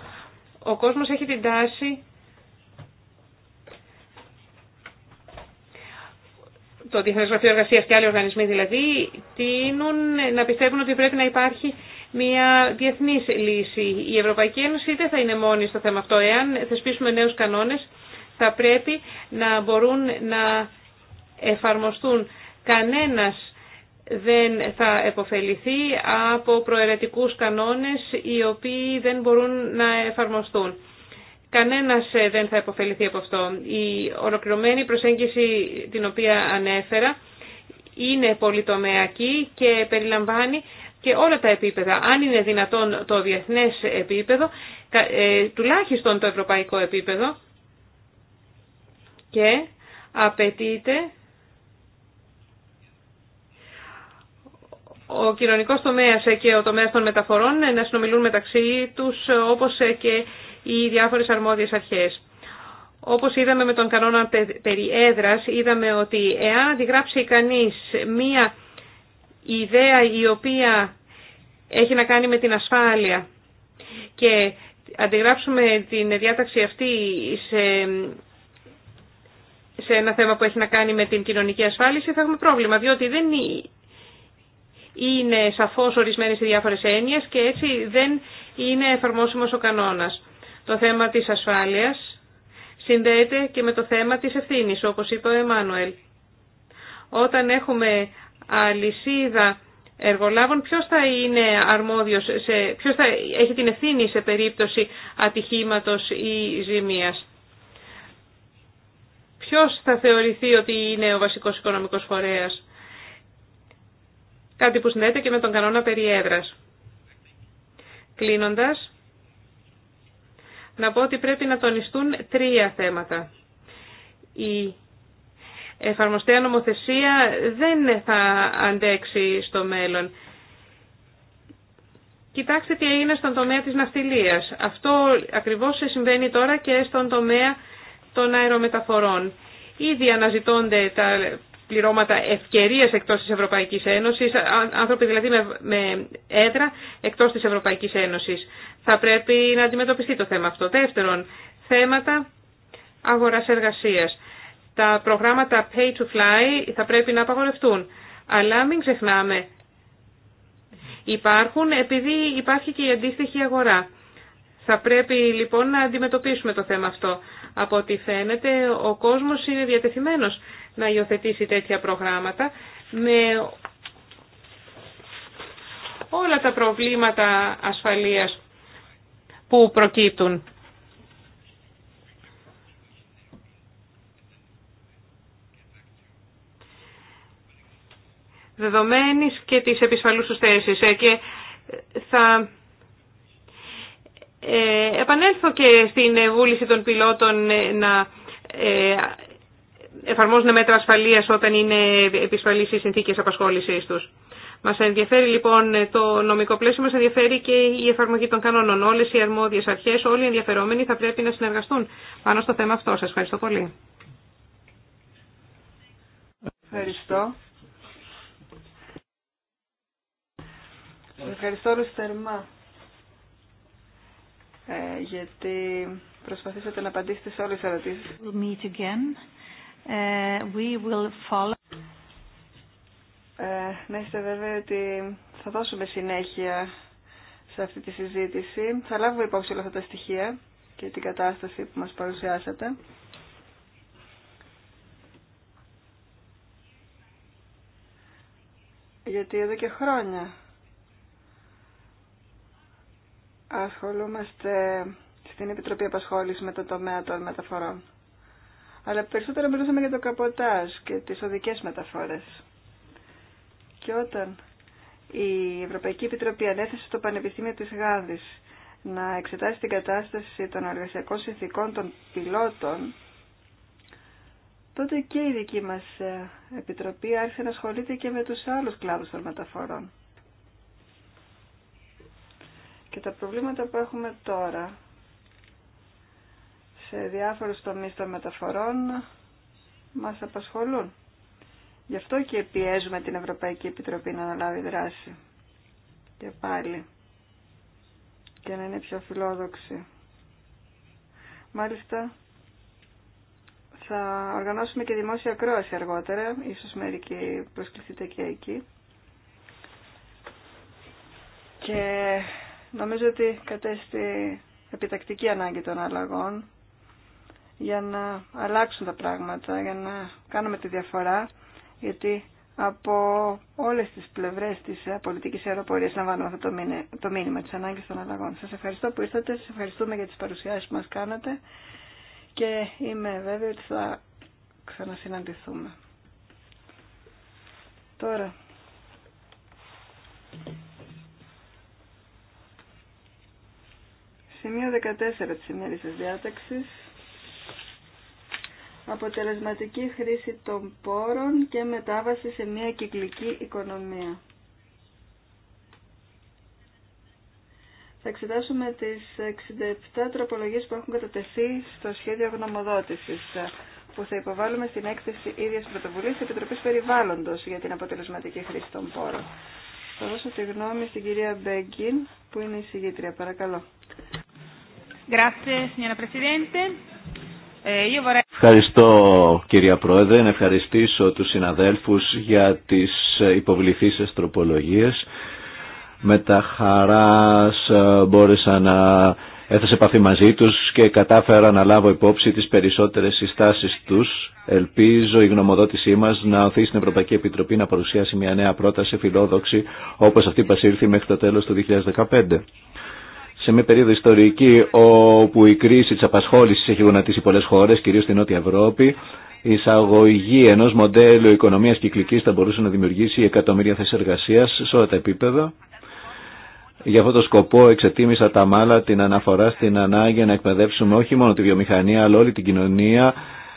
ο κόσμος έχει την τάση το Διεθνές Γραφείο Εργασίας και άλλοι οργανισμοί δηλαδή, τείνουν να πιστεύουν ότι πρέπει να υπάρχει μια διεθνής λύση. Η Ευρωπαϊκή Ένωση δεν θα είναι μόνη στο θέμα αυτό. Εάν θεσπίσουμε νέους κανόνες, θα πρέπει να μπορούν να εφαρμοστούν. Κανένας δεν θα επωφεληθεί από προαιρετικούς κανόνες οι οποίοι δεν μπορούν να εφαρμοστούν κανένας ε, δεν θα υποφεληθεί από αυτό. Η ολοκληρωμένη προσέγγιση την οποία ανέφερα είναι πολυτομεακή και περιλαμβάνει και όλα τα επίπεδα. Αν είναι δυνατόν το διεθνές επίπεδο, ε, τουλάχιστον το ευρωπαϊκό επίπεδο και απαιτείται ο κοινωνικός τομέας και ο τομέας των μεταφορών να συνομιλούν μεταξύ τους όπως και οι διάφορες αρμόδιες αρχές. Όπως είδαμε με τον κανόνα περί έδρας, είδαμε ότι εάν αντιγράψει κανείς μία ιδέα η οποία έχει να κάνει με την ασφάλεια και αντιγράψουμε την διάταξη αυτή σε, σε ένα θέμα που έχει να κάνει με την κοινωνική ασφάλιση θα έχουμε πρόβλημα, διότι δεν είναι σαφώς ορισμένες οι διάφορες έννοιες και έτσι δεν είναι εφαρμόσιμος ο κανόνας. Το θέμα της ασφάλειας συνδέεται και με το θέμα της ευθύνης, όπως είπε ο Εμμάνουελ. Όταν έχουμε αλυσίδα εργολάβων, ποιος θα είναι αρμόδιος, σε, ποιος θα έχει την ευθύνη σε περίπτωση ατυχήματος ή ζημίας. Ποιος θα θεωρηθεί ότι είναι ο βασικός οικονομικός φορέας. Κάτι που συνδέεται και με τον κανόνα περιέδρας. Κλείνοντας, να πω ότι πρέπει να τονιστούν τρία θέματα. Η εφαρμοστέα νομοθεσία δεν θα αντέξει στο μέλλον. Κοιτάξτε τι έγινε στον τομέα της ναυτιλίας. Αυτό ακριβώς συμβαίνει τώρα και στον τομέα των αερομεταφορών. Ήδη αναζητώνται τα πληρώματα ευκαιρίε εκτός της Ευρωπαϊκής Ένωσης, άνθρωποι δηλαδή με έδρα εκτό τη Ευρωπαϊκή Ένωση. Θα πρέπει να αντιμετωπιστεί το θέμα αυτό. Δεύτερον, θέματα αγορά εργασία. Τα προγράμματα pay to fly θα πρέπει να απαγορευτούν. Αλλά μην ξεχνάμε, υπάρχουν επειδή υπάρχει και η αντίστοιχη αγορά. Θα πρέπει λοιπόν να αντιμετωπίσουμε το θέμα αυτό. Από ό,τι φαίνεται ο κόσμος είναι διατεθειμένος να υιοθετήσει τέτοια προγράμματα με όλα τα προβλήματα ασφαλείας που προκύπτουν. δεδομένης και τις επισφαλούς θέσης. Ε, και θα ε, επανέλθω και στην ε, βούληση των πιλότων να εφαρμόζουν μέτρα ασφαλεία όταν είναι επισφαλείς οι συνθήκες απασχόλησής τους. Μας ενδιαφέρει λοιπόν το νομικό πλαίσιο, μας ενδιαφέρει και η εφαρμογή των κανόνων. Όλες οι αρμόδιες αρχές, όλοι οι ενδιαφερόμενοι θα πρέπει να συνεργαστούν πάνω στο θέμα αυτό. Σας ευχαριστώ πολύ. Ευχαριστώ. Ευχαριστώ όλους θερμά ε, γιατί προσπαθήσατε να απαντήσετε σε όλες τις ερωτήσεις. Ε, we will follow. Ε, να είστε βέβαιοι ότι θα δώσουμε συνέχεια σε αυτή τη συζήτηση. Θα λάβουμε υπόψη όλα αυτά τα στοιχεία και την κατάσταση που μας παρουσιάσατε. Γιατί εδώ και χρόνια ασχολούμαστε στην Επιτροπή Απασχόληση με το τομέα των μεταφορών αλλά περισσότερο μιλούσαμε για το καποτάζ και τις οδικές μεταφορές. Και όταν η Ευρωπαϊκή Επιτροπή ανέθεσε στο Πανεπιστήμιο της Γάνδης να εξετάσει την κατάσταση των εργασιακών συνθήκων των πιλότων, τότε και η δική μας ε, Επιτροπή άρχισε να ασχολείται και με τους άλλους κλάδους των μεταφορών. Και τα προβλήματα που έχουμε τώρα σε διάφορους τομείς των μεταφορών μας απασχολούν. Γι' αυτό και πιέζουμε την Ευρωπαϊκή Επιτροπή να αναλάβει δράση. Και πάλι. Και να είναι πιο φιλόδοξη. Μάλιστα, θα οργανώσουμε και δημόσια κρόαση αργότερα, ίσως μερικοί προσκληθείτε και εκεί. Και νομίζω ότι κατέστη επιτακτική ανάγκη των αλλαγών για να αλλάξουν τα πράγματα, για να κάνουμε τη διαφορά, γιατί από όλες τις πλευρές της ε, πολιτικής αεροπορίας να βάλουμε αυτό το, μήνυμα, το μήνυμα της ανάγκης των αλλαγών. Σας ευχαριστώ που ήρθατε, σας ευχαριστούμε για τις παρουσιάσεις που μας κάνατε και είμαι βέβαιη ότι θα ξανασυναντηθούμε. Τώρα... Σημείο 14 της ημέρης της διάταξης αποτελεσματική χρήση των πόρων και μετάβαση σε μια κυκλική οικονομία. Θα εξετάσουμε τις 67 τροπολογίες που έχουν κατατεθεί στο σχέδιο γνωμοδότησης που θα υποβάλουμε στην έκθεση ίδιας πρωτοβουλίας της Επιτροπής Περιβάλλοντος για την αποτελεσματική χρήση των πόρων. Θα δώσω τη γνώμη στην κυρία Μπέγκιν που είναι η συγγήτρια. Παρακαλώ. Grazie, signora Presidente. Ευχαριστώ κυρία Πρόεδρε, να ευχαριστήσω τους συναδέλφους για τις υποβληθήσεις τροπολογίες. Με τα χαράς ε, μπόρεσα να έθεσα επαφή μαζί τους και κατάφερα να λάβω υπόψη τις περισσότερες συστάσεις τους. Ελπίζω η γνωμοδότησή μας να οθεί στην Ευρωπαϊκή Επιτροπή να παρουσιάσει μια νέα πρόταση φιλόδοξη όπως αυτή που μέχρι το τέλος του 2015 σε μια περίοδο ιστορική όπου η κρίση της απασχόλησης έχει γονατίσει πολλές χώρες, κυρίως στην Νότια Ευρώπη, η εισαγωγή ενός μοντέλου οικονομίας κυκλικής θα μπορούσε να δημιουργήσει εκατομμύρια θέσεις εργασίας σε όλα τα επίπεδα. Για αυτό το σκοπό εξετίμησα τα μάλα την αναφορά στην ανάγκη να εκπαιδεύσουμε όχι μόνο τη βιομηχανία αλλά όλη την κοινωνία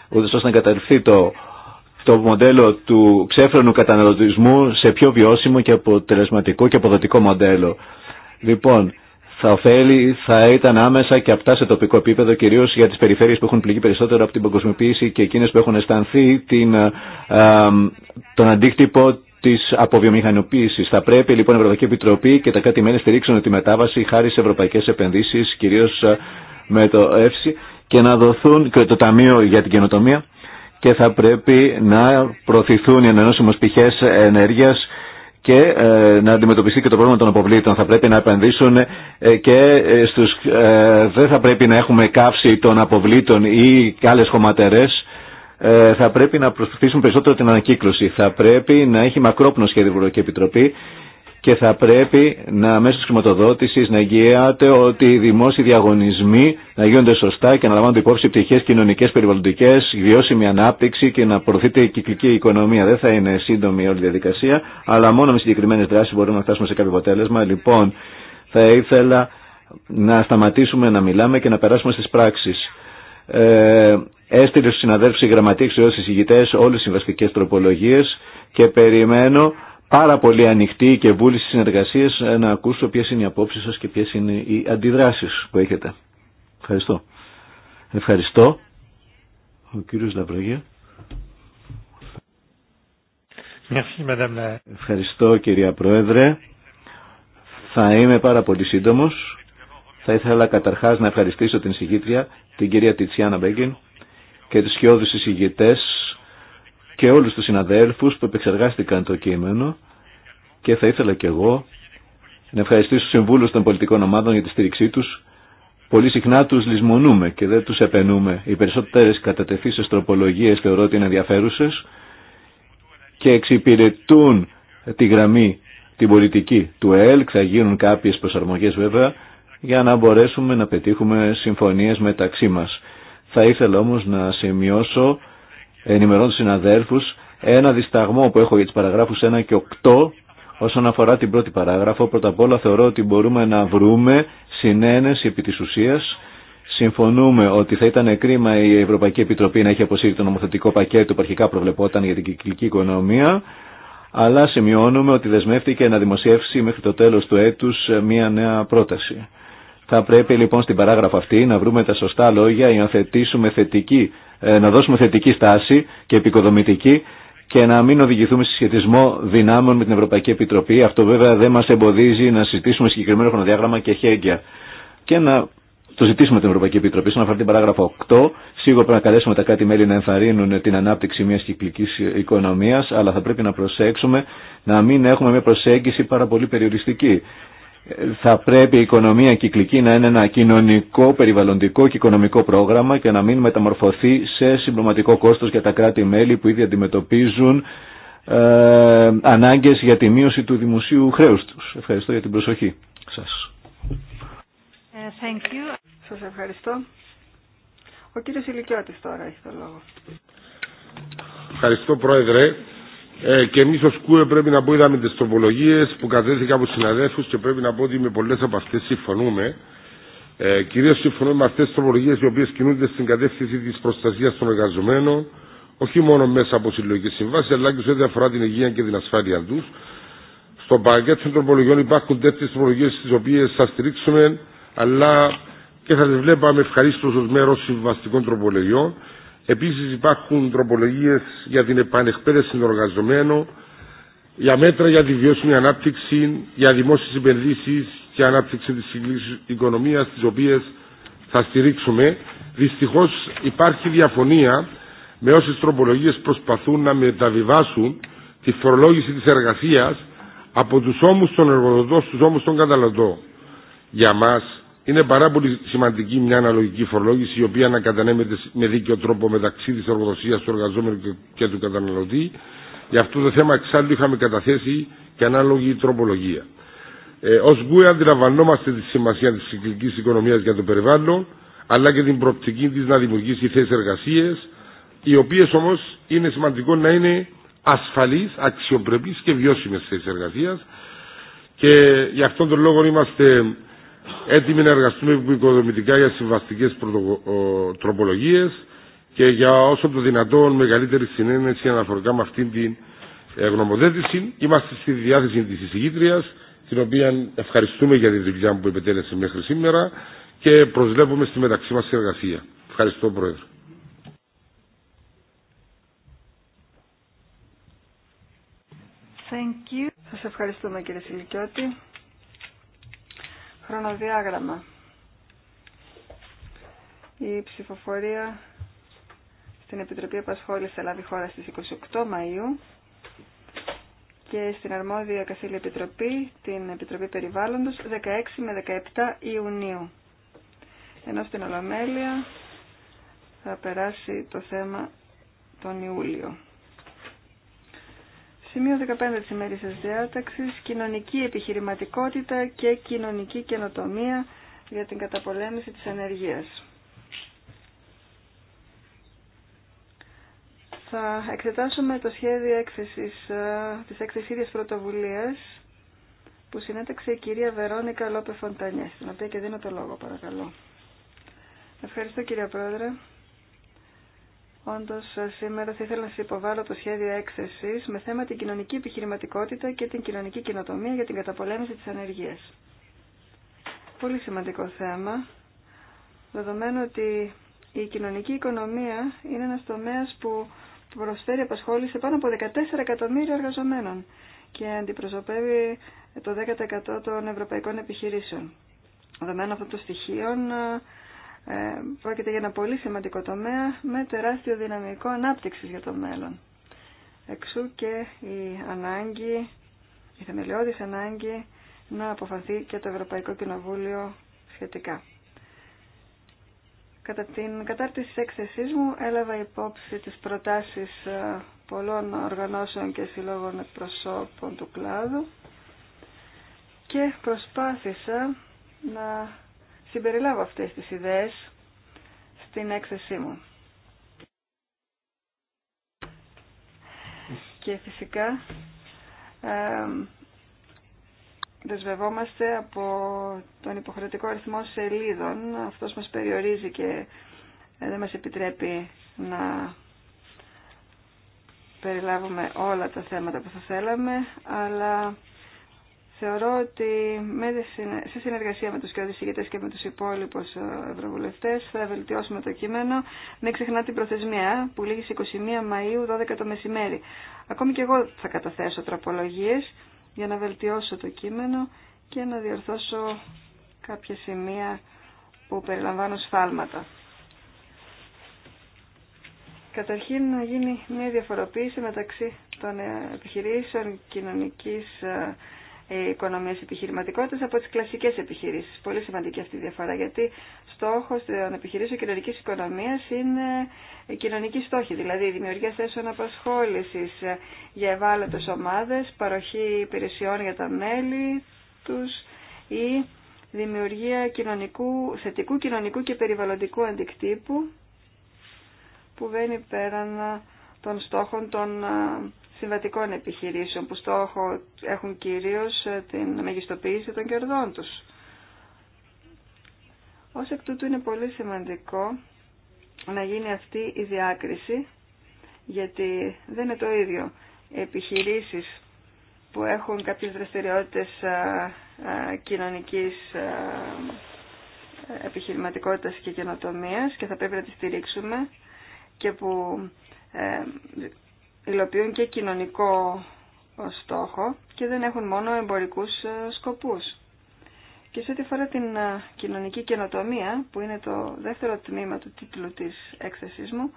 ούτως ώστε να καταρριφθεί το, το μοντέλο του ξέφρενου καταναλωτισμού σε πιο βιώσιμο και αποτελεσματικό και αποδοτικό μοντέλο. Λοιπόν, θα ωφέλει, θα ήταν άμεσα και αυτά σε τοπικό επίπεδο, κυρίω για τι περιφέρειες που έχουν πληγεί περισσότερο από την παγκοσμιοποίηση και εκείνες που έχουν αισθανθεί την, τον αντίκτυπο τη αποβιομηχανοποίηση. Θα πρέπει λοιπόν η Ευρωπαϊκή Επιτροπή και τα κάτι μέλη στηρίξουν τη μετάβαση χάρη σε ευρωπαϊκέ επενδύσει, κυρίω με το ΕΦΣΥ, και να δοθούν και το Ταμείο για την Καινοτομία και θα πρέπει να προωθηθούν οι ανανεώσιμες πηχές ενέργεια και ε, να αντιμετωπιστεί και το πρόβλημα των αποβλήτων. Θα πρέπει να επενδύσουν ε, και ε, στους, δεν θα πρέπει να έχουμε καύση των αποβλήτων ή άλλες χωματερές. θα πρέπει να προσπαθήσουν περισσότερο την ανακύκλωση. Θα πρέπει να έχει μακρόπνο σχέδιο Ευρωπαϊκή Επιτροπή και θα πρέπει να μέσω της χρηματοδότησης να εγγυάται ότι οι δημόσιοι διαγωνισμοί να γίνονται σωστά και να λαμβάνονται υπόψη πτυχές κοινωνικές, περιβαλλοντικές, βιώσιμη ανάπτυξη και να προωθείται η κυκλική οικονομία. Δεν θα είναι σύντομη όλη η διαδικασία, αλλά μόνο με συγκεκριμένες δράσεις μπορούμε να φτάσουμε σε κάποιο αποτέλεσμα. Λοιπόν, θα ήθελα να σταματήσουμε να μιλάμε και να περάσουμε στις πράξεις. Ε, έστειλε στους συναδέλφους οι γραμματεία όλες τις και περιμένω πάρα πολύ ανοιχτή και βούληση συνεργασίας ε, να ακούσω ποιε είναι οι απόψει σας και ποιε είναι οι αντιδράσει που έχετε. Ευχαριστώ. Ευχαριστώ. Ο κύριος Ευχαριστώ κυρία Πρόεδρε. Θα είμαι πάρα πολύ σύντομος. Θα ήθελα καταρχάς να ευχαριστήσω την συγγήτρια, την κυρία Τιτσιάνα Μπέγκιν και τους χειόδους συγγητές και όλους τους συναδέλφους που επεξεργάστηκαν το κείμενο και θα ήθελα και εγώ να ευχαριστήσω τους συμβούλους των πολιτικών ομάδων για τη στήριξή τους. Πολύ συχνά τους λησμονούμε και δεν τους επενούμε. Οι περισσότερες κατατεθήσεις τροπολογίες θεωρώ ότι είναι ενδιαφέρουσε και εξυπηρετούν τη γραμμή, την πολιτική του ΕΛΚ. Θα γίνουν κάποιες προσαρμογές βέβαια για να μπορέσουμε να πετύχουμε συμφωνίες μεταξύ μας. Θα ήθελα όμως να σημειώσω, ενημερώνω τους συναδέρφους, ένα δισταγμό που έχω για τις παραγράφου 1 και 8 Όσον αφορά την πρώτη παράγραφο, πρώτα απ' όλα θεωρώ ότι μπορούμε να βρούμε συνένεση επί της ουσίας. Συμφωνούμε ότι θα ήταν κρίμα η Ευρωπαϊκή Επιτροπή να έχει αποσύρει το νομοθετικό πακέτο που αρχικά προβλεπόταν για την κυκλική οικονομία, αλλά σημειώνουμε ότι δεσμεύτηκε να δημοσιεύσει μέχρι το τέλος του έτους μια νέα πρόταση. Θα πρέπει λοιπόν στην παράγραφο αυτή να βρούμε τα σωστά λόγια για να θετήσουμε θετική, ε, να δώσουμε θετική στάση και επικοδομητική και να μην οδηγηθούμε σε σχετισμό δυνάμεων με την Ευρωπαϊκή Επιτροπή. Αυτό βέβαια δεν μα εμποδίζει να συζητήσουμε συγκεκριμένο χρονοδιάγραμμα και χέρια και να το ζητήσουμε την Ευρωπαϊκή Επιτροπή. Στον αφορά την παράγραφο 8, σίγουρα πρέπει να καλέσουμε τα κράτη-μέλη να ενθαρρύνουν την ανάπτυξη μια κυκλική οικονομία, αλλά θα πρέπει να προσέξουμε να μην έχουμε μια προσέγγιση πάρα πολύ περιοριστική θα πρέπει η οικονομία κυκλική να είναι ένα κοινωνικό, περιβαλλοντικό και οικονομικό πρόγραμμα και να μην μεταμορφωθεί σε συμπληρωματικό κόστος για τα κράτη-μέλη που ήδη αντιμετωπίζουν ε, ανάγκες για τη μείωση του δημοσίου χρέους τους. Ευχαριστώ για την προσοχή σας. Ε, thank you. Σας ευχαριστώ. Ο κύριος Ηλικιώτης τώρα έχει το λόγο. Ευχαριστώ Πρόεδρε. Ε, και εμεί ω ΚΟΕ πρέπει να πω είδαμε τι τροπολογίε που κατέθηκα από συναδέλφου και πρέπει να πω ότι με πολλέ από αυτέ συμφωνούμε. Ε, Κυρίω συμφωνούμε με αυτέ τι τροπολογίε οι οποίε κινούνται στην κατεύθυνση τη προστασία των εργαζομένων, όχι μόνο μέσα από συλλογικέ συμβάσει, αλλά και σε ό,τι αφορά την υγεία και την ασφάλεια του. Στο πακέτο των τροπολογιών υπάρχουν τέτοιε τροπολογίε τι οποίε θα στηρίξουμε, αλλά και θα τι βλέπαμε ευχαρίστω ω μέρο συμβαστικών τροπολογιών. Επίσης υπάρχουν τροπολογίες για την επανεκπαίδευση των εργαζομένων, για μέτρα για τη βιώσιμη ανάπτυξη, για δημόσιες επενδύσεις και ανάπτυξη της οικονομίας, τις οποίες θα στηρίξουμε. Δυστυχώς υπάρχει διαφωνία με όσες τροπολογίες προσπαθούν να μεταβιβάσουν τη φορολόγηση της εργασίας από τους ώμους των εργοδοτών στους ώμους των καταναλωτών. Για μας είναι πάρα πολύ σημαντική μια αναλογική φορολόγηση η οποία να κατανέμεται με δίκαιο τρόπο μεταξύ τη εργοδοσία του εργαζόμενου και του καταναλωτή. Για αυτό το θέμα εξάλλου είχαμε καταθέσει και ανάλογη τροπολογία. Ε, Ω ΓΚΟΕ αντιλαμβανόμαστε τη σημασία τη κυκλική οικονομία για το περιβάλλον, αλλά και την προοπτική τη να δημιουργήσει θέσει εργασίε, οι οποίε όμω είναι σημαντικό να είναι ασφαλεί, αξιοπρεπεί και βιώσιμε θέσει εργασία. Και γι' αυτόν τον λόγο είμαστε έτοιμοι να εργαστούμε οικοδομητικά για συμβαστικές τροπολογίες και για όσο το δυνατόν μεγαλύτερη συνένεση αναφορικά με αυτήν την ε, γνωμοδέτηση. Είμαστε στη διάθεση της εισηγήτριας, την οποία ευχαριστούμε για τη δουλειά που επιτέλεσε μέχρι σήμερα και προσβλέπουμε στη μεταξύ μας εργασία. Ευχαριστώ Πρόεδρε. Thank Σας ευχαριστούμε κύριε Σιλικιώτη. Χρονοδιάγραμμα. Η ψηφοφορία στην Επιτροπή Επασχόληση Επασχόλησης χώρα στις 28 Μαΐου και στην αρμόδια καθήλια επιτροπή, την Επιτροπή Περιβάλλοντος, 16 με 17 Ιουνίου. Ενώ στην Ολομέλεια θα περάσει το θέμα τον Ιούλιο. Σημείο 15 της σα διάταξης, κοινωνική επιχειρηματικότητα και κοινωνική καινοτομία για την καταπολέμηση της ανεργίας. Θα εξετάσουμε το σχέδιο έκθεσης, ε, της έκθεσης ίδιας πρωτοβουλίας που συνέταξε η κυρία Βερόνικα Λόπε Φοντανιέ, στην οποία και δίνω το λόγο παρακαλώ. Ευχαριστώ κυρία Πρόεδρε. Όντω, ε, σήμερα θα ήθελα να σα υποβάλω το σχέδιο έκθεση με θέμα την κοινωνική επιχειρηματικότητα και την κοινωνική κοινοτομία για την καταπολέμηση τη ανεργία. Πολύ σημαντικό θέμα, δεδομένου ότι η κοινωνική οικονομία είναι ένα τομέα που προσφέρει απασχόληση πάνω από 14 εκατομμύρια εργαζομένων και αντιπροσωπεύει το 10% των ευρωπαϊκών επιχειρήσεων. Δεδομένου αυτών των στοιχείων, ε, πρόκειται για ένα πολύ σημαντικό τομέα με τεράστιο δυναμικό ανάπτυξης για το μέλλον. Εξού και η ανάγκη, η θεμελιώδης ανάγκη να αποφαθεί και το Ευρωπαϊκό Κοινοβούλιο σχετικά. Κατά την κατάρτιση της έκθεσής μου έλαβα υπόψη τις προτάσεις ε, πολλών οργανώσεων και συλλόγων εκπροσώπων του κλάδου και προσπάθησα να συμπεριλάβω αυτές τις ιδέες στην έκθεσή μου. Και φυσικά ε, δεσμευόμαστε από τον υποχρεωτικό αριθμό σελίδων. Αυτός μας περιορίζει και δεν μας επιτρέπει να περιλάβουμε όλα τα θέματα που θα θέλαμε, αλλά Θεωρώ ότι σε συνεργασία με τους κοιόδης και με τους υπόλοιπους ε, ευρωβουλευτές θα βελτιώσουμε το κείμενο. Μην ξεχνά την προθεσμία ε, που λήγει 21 Μαΐου 12 το μεσημέρι. Ακόμη και εγώ θα καταθέσω τραπολογίες για να βελτιώσω το κείμενο και να διορθώσω κάποια σημεία που περιλαμβάνουν σφάλματα. Καταρχήν να γίνει μια διαφοροποίηση μεταξύ των ε, επιχειρήσεων κοινωνικής ε, οικονομίας επιχειρηματικότητας από τις κλασικές επιχειρήσεις. Πολύ σημαντική αυτή η διαφορά γιατί στόχος των επιχειρήσεων κοινωνικής οικονομίας είναι κοινωνική στόχη, δηλαδή η δημιουργία θέσεων απασχόλησης για ευάλωτες ομάδες, παροχή υπηρεσιών για τα μέλη τους ή δημιουργία κοινωνικού, θετικού κοινωνικού και περιβαλλοντικού αντικτύπου που βαίνει πέραν των στόχων των ε, συμβατικών επιχειρήσεων που στόχο έχουν κυρίως ε, την μεγιστοποίηση των κερδών τους. Ως εκ τούτου είναι πολύ σημαντικό να γίνει αυτή η διάκριση γιατί δεν είναι το ίδιο επιχειρήσεις που έχουν κάποιες δραστηριότητες ε, κοινωνικής επιχειρηματικότητας και καινοτομίας και θα πρέπει να τις στηρίξουμε και που ε, υλοποιούν και κοινωνικό στόχο και δεν έχουν μόνο εμπορικούς ε, σκοπούς. Και σε ό,τι φορά την ε, κοινωνική καινοτομία, που είναι το δεύτερο τμήμα του τίτλου της έκθεσής μου,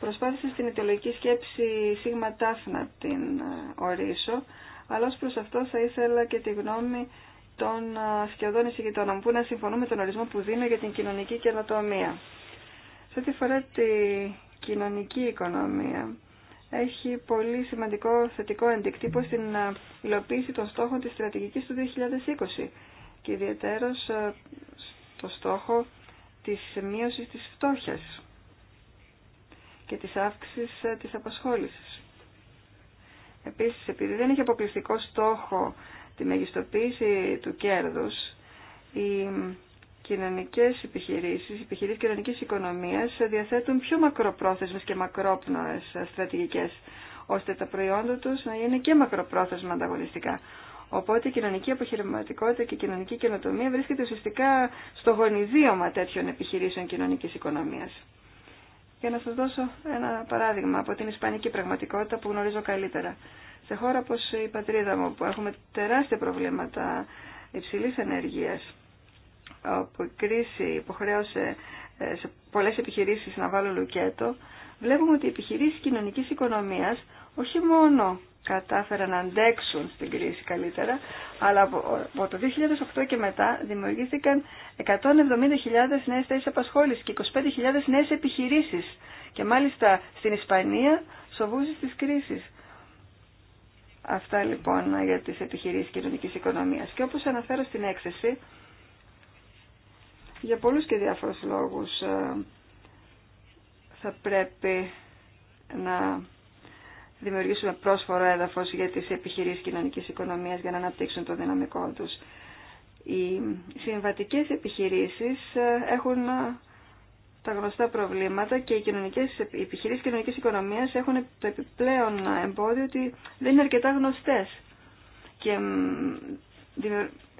προσπάθησα στην αιτιολογική σκέψη σίγμα τάφ την ορίσω, αλλά ως προς αυτό θα ήθελα και τη γνώμη των σχεδόν εισηγητών που να συμφωνούν με τον ορισμό που δίνω για την κοινωνική καινοτομία. Σε ό,τι τη κοινωνική οικονομία έχει πολύ σημαντικό θετικό αντικτύπο στην ε, υλοποίηση των στόχων της στρατηγικής του 2020 και ιδιαίτερα στο στόχο της μείωσης της φτώχειας και της αύξησης ε, της απασχόλησης. Επίσης, επειδή δεν έχει αποκλειστικό στόχο τη μεγιστοποίηση του κέρδους, η κοινωνικές επιχειρήσεις, επιχειρήσεις κοινωνικής οικονομίας διαθέτουν πιο μακροπρόθεσμες και μακρόπνοες στρατηγικές, ώστε τα προϊόντα τους να είναι και μακροπρόθεσμα ανταγωνιστικά. Οπότε η κοινωνική επιχειρηματικότητα και η κοινωνική καινοτομία βρίσκεται ουσιαστικά στο γονιδίωμα τέτοιων επιχειρήσεων κοινωνικής οικονομίας. Για να σας δώσω ένα παράδειγμα από την ισπανική πραγματικότητα που γνωρίζω καλύτερα. Σε χώρα όπω η πατρίδα μου που έχουμε τεράστια προβλήματα υψηλής ενέργειας, όπου η κρίση υποχρέωσε ε, σε πολλές επιχειρήσεις να βάλουν λουκέτο, βλέπουμε ότι οι επιχειρήσεις κοινωνικής οικονομίας όχι μόνο κατάφεραν να αντέξουν στην κρίση καλύτερα, αλλά από το 2008 και μετά δημιουργήθηκαν 170.000 νέες θέσεις απασχόλησης και 25.000 νέες επιχειρήσεις. Και μάλιστα στην Ισπανία σοβούζει της κρίσεις. Αυτά λοιπόν για τις επιχειρήσεις κοινωνικής οικονομίας. Και όπως αναφέρω στην έκθεση, για πολλούς και διάφορους λόγους ε, θα πρέπει να δημιουργήσουμε πρόσφορο έδαφος για τις επιχειρήσεις κοινωνικής οικονομίας για να αναπτύξουν το δυναμικό τους. Οι συμβατικές επιχειρήσεις ε, έχουν ε, τα γνωστά προβλήματα και οι, κοινωνικές, οι επιχειρήσεις κοινωνικής οικονομίας έχουν το επιπλέον εμπόδιο ότι δεν είναι αρκετά γνωστές και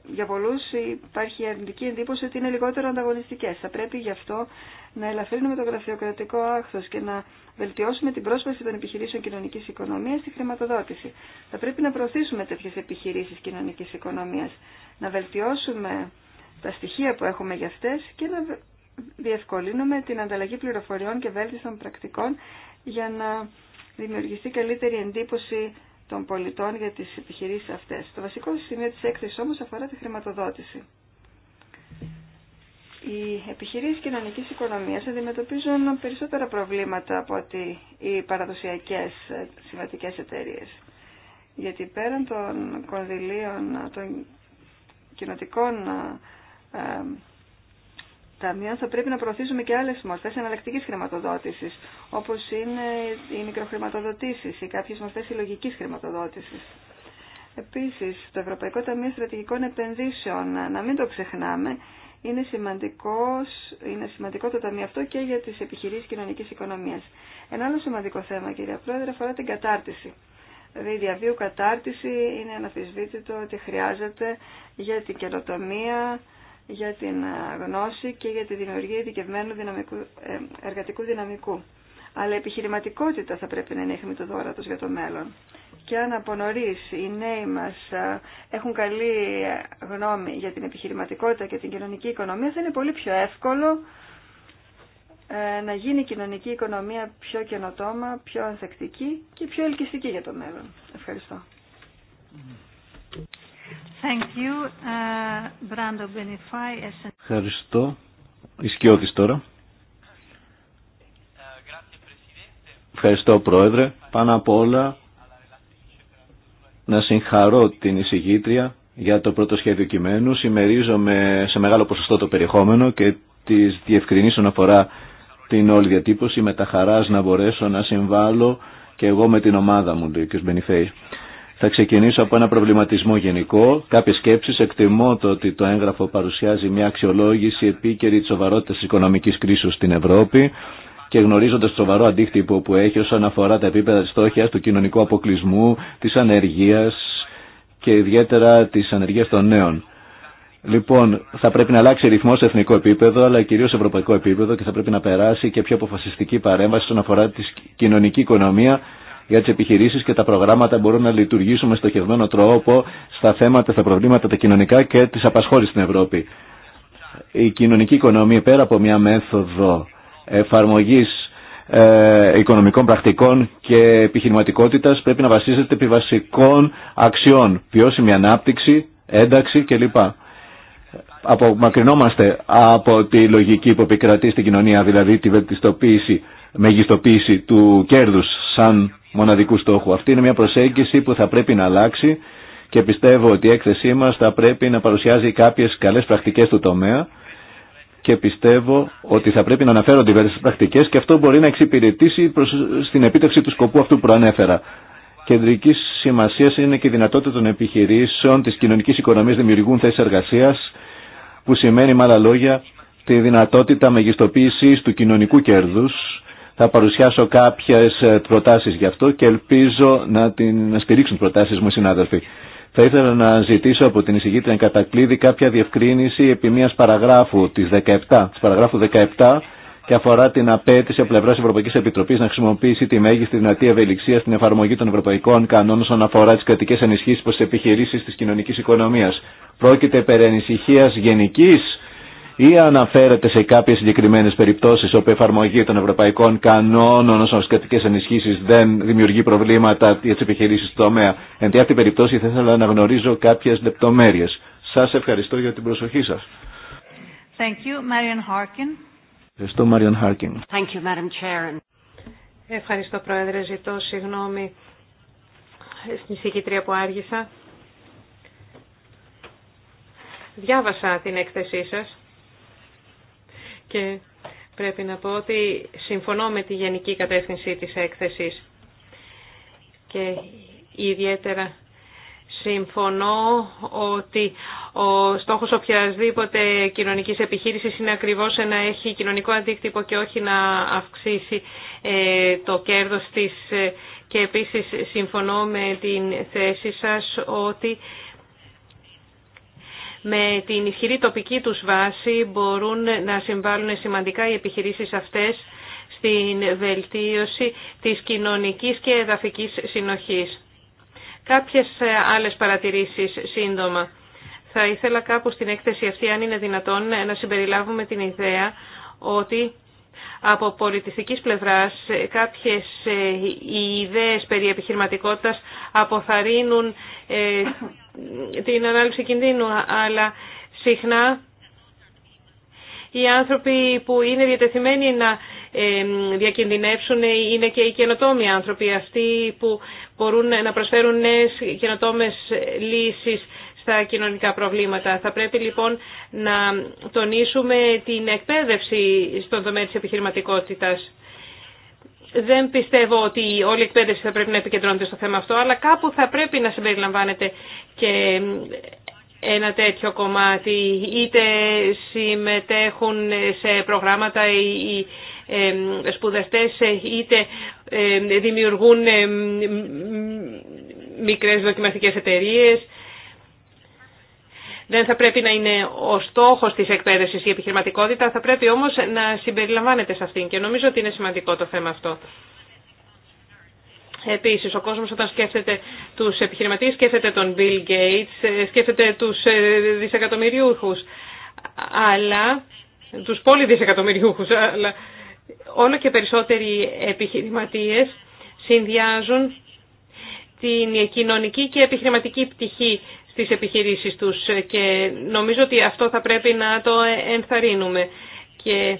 για πολλού υπάρχει αρνητική εντύπωση ότι είναι λιγότερο ανταγωνιστικέ. Θα πρέπει γι' αυτό να ελαφρύνουμε το γραφειοκρατικό άκθο και να βελτιώσουμε την πρόσβαση των επιχειρήσεων κοινωνική οικονομία στη χρηματοδότηση. Θα πρέπει να προωθήσουμε τέτοιε επιχειρήσει κοινωνική οικονομία, να βελτιώσουμε τα στοιχεία που έχουμε για αυτέ και να διευκολύνουμε την ανταλλαγή πληροφοριών και βέλτιστων πρακτικών για να δημιουργηθεί καλύτερη εντύπωση των πολιτών για τις επιχειρήσεις αυτές. Το βασικό σημείο της έκθεσης όμως αφορά τη χρηματοδότηση. Οι επιχειρήσεις κοινωνικής οικονομίας αντιμετωπίζουν περισσότερα προβλήματα από ότι οι παραδοσιακές συμβατικές εταιρείες. Γιατί πέραν των κονδυλίων των κοινοτικών ε, ταμείων θα πρέπει να προωθήσουμε και άλλες μορφές εναλλακτικής χρηματοδότησης, όπως είναι οι μικροχρηματοδοτήσεις ή κάποιες μορφές συλλογική χρηματοδότησης. Επίσης, το Ευρωπαϊκό Ταμείο Στρατηγικών Επενδύσεων, να μην το ξεχνάμε, είναι, είναι σημαντικό το ταμείο αυτό και για τις επιχειρήσεις κοινωνικής οικονομίας. Ένα άλλο σημαντικό θέμα, κυρία Πρόεδρε, αφορά την κατάρτιση. Δηλαδή, η διαβίου κατάρτιση είναι αναφυσβήτητο ότι χρειάζεται για την καινοτομία, για την γνώση και για τη δημιουργία ειδικευμένου δυναμικού, ε, εργατικού δυναμικού. Αλλά η επιχειρηματικότητα θα πρέπει να είναι η δόρατος για το μέλλον. Και αν από νωρί οι νέοι μας ε, έχουν καλή γνώμη για την επιχειρηματικότητα και την κοινωνική οικονομία, θα είναι πολύ πιο εύκολο ε, να γίνει η κοινωνική οικονομία πιο καινοτόμα, πιο ανθεκτική και πιο ελκυστική για το μέλλον. Ευχαριστώ. Uh, Ευχαριστώ. τώρα. Ευχαριστώ Πρόεδρε. Πάνω απ' όλα να συγχαρώ την εισηγήτρια για το πρώτο σχέδιο κειμένου. Συμμερίζομαι σε μεγάλο ποσοστό το περιεχόμενο και τις διευκρινήσεων αφορά την όλη διατύπωση. Με τα χαράς να μπορέσω να συμβάλλω και εγώ με την ομάδα μου, ο θα ξεκινήσω από ένα προβληματισμό γενικό. Κάποιε σκέψει. εκτιμώ το ότι το έγγραφο παρουσιάζει μια αξιολόγηση επίκαιρη τη σοβαρότητα τη οικονομικής κρίσης στην Ευρώπη και γνωρίζοντα το σοβαρό αντίκτυπο που έχει όσον αφορά τα επίπεδα τη στόχια, του κοινωνικού αποκλεισμού, τη ανεργία και ιδιαίτερα της ανεργίας των νέων. Λοιπόν, θα πρέπει να αλλάξει ρυθμό σε εθνικό επίπεδο, αλλά κυρίω σε ευρωπαϊκό επίπεδο και θα πρέπει να περάσει και πιο αποφασιστική παρέμβαση όσον αφορά τη κοινωνική οικονομία για τι επιχειρήσει και τα προγράμματα μπορούν να λειτουργήσουν με στοχευμένο τρόπο στα θέματα, στα προβλήματα τα κοινωνικά και της απασχόλησης στην Ευρώπη. Η κοινωνική οικονομία πέρα από μια μέθοδο εφαρμογή ε, οικονομικών πρακτικών και επιχειρηματικότητα, πρέπει να βασίζεται επί βασικών αξιών, βιώσιμη ανάπτυξη, ένταξη κλπ. Απομακρυνόμαστε από τη λογική που επικρατεί στην κοινωνία, δηλαδή τη βελτιστοποίηση μεγιστοποίηση του κέρδους σαν μοναδικού στόχου. Αυτή είναι μια προσέγγιση που θα πρέπει να αλλάξει και πιστεύω ότι η έκθεσή μας θα πρέπει να παρουσιάζει κάποιες καλές πρακτικές του τομέα και πιστεύω ότι θα πρέπει να αναφέρονται οι πρακτικές και αυτό μπορεί να εξυπηρετήσει στην επίτευξη του σκοπού αυτού που προανέφερα. Κεντρική σημασία είναι και η δυνατότητα των επιχειρήσεων τη κοινωνική οικονομία δημιουργούν θέσει εργασία, που σημαίνει με άλλα λόγια τη δυνατότητα μεγιστοποίηση του κοινωνικού κέρδου θα παρουσιάσω κάποιες ε, προτάσεις γι' αυτό και ελπίζω να, την, να στηρίξουν προτάσεις μου οι συνάδελφοι. Θα ήθελα να ζητήσω από την εισηγήτρια Κατακλείδη κάποια διευκρίνηση επί μιας παραγράφου της 17, της παραγράφου 17 και αφορά την απέτηση από πλευρά Ευρωπαϊκή Επιτροπή να χρησιμοποιήσει τη μέγιστη δυνατή ευελιξία στην εφαρμογή των ευρωπαϊκών κανόνων όσον αφορά τι κρατικέ ενισχύσει προ τι επιχειρήσει τη κοινωνική οικονομία. Πρόκειται περί ανησυχία γενική ή αναφέρεται σε κάποιες συγκεκριμένες περιπτώσεις όπου η εφαρμογή των ευρωπαϊκών κανόνων όσων σχετικές ενισχύσεις δεν δημιουργεί προβλήματα για τι επιχειρήσεις του τομέα. Εν τη αυτή περιπτώση θα ήθελα να γνωρίζω κάποιες λεπτομέρειες. Σας ευχαριστώ για την προσοχή σας. Thank you, Harkin. Ευχαριστώ, Marian Harkin. Thank you, Madam Chair. Ευχαριστώ, Πρόεδρε. Ζητώ συγγνώμη στην συγκητρία που άργησα. Διάβασα την έκθεσή σας και πρέπει να πω ότι συμφωνώ με τη γενική κατεύθυνση της έκθεσης και ιδιαίτερα συμφωνώ ότι ο στόχος οποιασδήποτε κοινωνικής επιχείρησης είναι ακριβώς να έχει κοινωνικό αντίκτυπο και όχι να αυξήσει ε, το κέρδος της. Ε, και επίσης συμφωνώ με την θέση σας ότι με την ισχυρή τοπική τους βάση μπορούν να συμβάλλουν σημαντικά οι επιχειρήσεις αυτές στην βελτίωση της κοινωνικής και εδαφικής συνοχής. Κάποιες άλλες παρατηρήσεις σύντομα. Θα ήθελα κάπου στην έκθεση αυτή, αν είναι δυνατόν, να συμπεριλάβουμε την ιδέα ότι από πολιτιστικής πλευράς κάποιες ε, ιδέες περί επιχειρηματικότητας αποθαρρύνουν ε, την ανάλυση κινδύνου, αλλά συχνά οι άνθρωποι που είναι διατεθειμένοι να διακινδυνεύσουν είναι και οι καινοτόμοι άνθρωποι, αυτοί που μπορούν να προσφέρουν νέες καινοτόμες λύσεις στα κοινωνικά προβλήματα. Θα πρέπει λοιπόν να τονίσουμε την εκπαίδευση στον τομέα της επιχειρηματικότητας δεν πιστεύω ότι όλη η εκπαίδευση θα πρέπει να επικεντρώνεται στο θέμα αυτό, αλλά κάπου θα πρέπει να συμπεριλαμβάνεται και ένα τέτοιο κομμάτι. Είτε συμμετέχουν σε προγράμματα οι σπουδαστές, είτε δημιουργούν μικρές δοκιμαστικές εταιρείες, δεν θα πρέπει να είναι ο στόχο τη εκπαίδευση η επιχειρηματικότητα, θα πρέπει όμως να συμπεριλαμβάνεται σε αυτήν και νομίζω ότι είναι σημαντικό το θέμα αυτό. Επίσης, ο κόσμος όταν σκέφτεται τους επιχειρηματίες, σκέφτεται τον Bill Gates, ε, σκέφτεται τους ε, δισεκατομμυριούχους, αλλά, τους πολυδισεκατομμυριούχους, αλλά όλο και περισσότεροι επιχειρηματίε συνδυάζουν την κοινωνική και επιχειρηματική πτυχή στις επιχειρήσεις τους ε, και νομίζω ότι αυτό θα πρέπει να το ενθαρρύνουμε και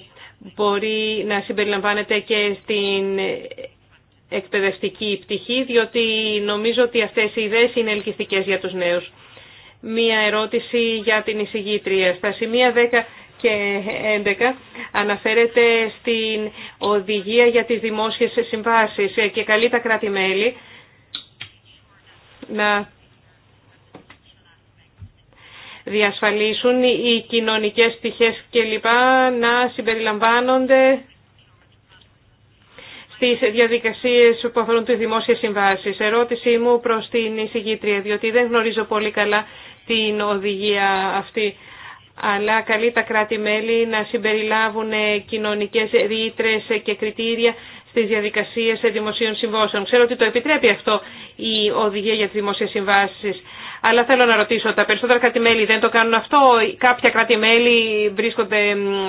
μπορεί να συμπεριλαμβάνεται και στην εκπαιδευτική πτυχή διότι νομίζω ότι αυτές οι ιδέες είναι ελκυστικές για τους νέους. Μία ερώτηση για την εισηγήτρια. Στα σημεία 10 και 11 αναφέρεται στην οδηγία για τις δημόσιες συμβάσεις ε, και καλεί τα κράτη-μέλη να διασφαλίσουν οι κοινωνικές και κλπ. να συμπεριλαμβάνονται στις διαδικασίες που αφορούν τις δημόσιες συμβάσεις. Ερώτησή μου προς την εισηγήτρια, διότι δεν γνωρίζω πολύ καλά την οδηγία αυτή αλλά καλεί τα κράτη-μέλη να συμπεριλάβουν κοινωνικές ρήτρε και κριτήρια τι διαδικασίε δημοσίων συμβάσεων. Ξέρω ότι το επιτρέπει αυτό η οδηγία για τι δημόσιε συμβάσει. Αλλά θέλω να ρωτήσω, τα περισσότερα κράτη-μέλη δεν το κάνουν αυτό. Κάποια κράτη-μέλη βρίσκονται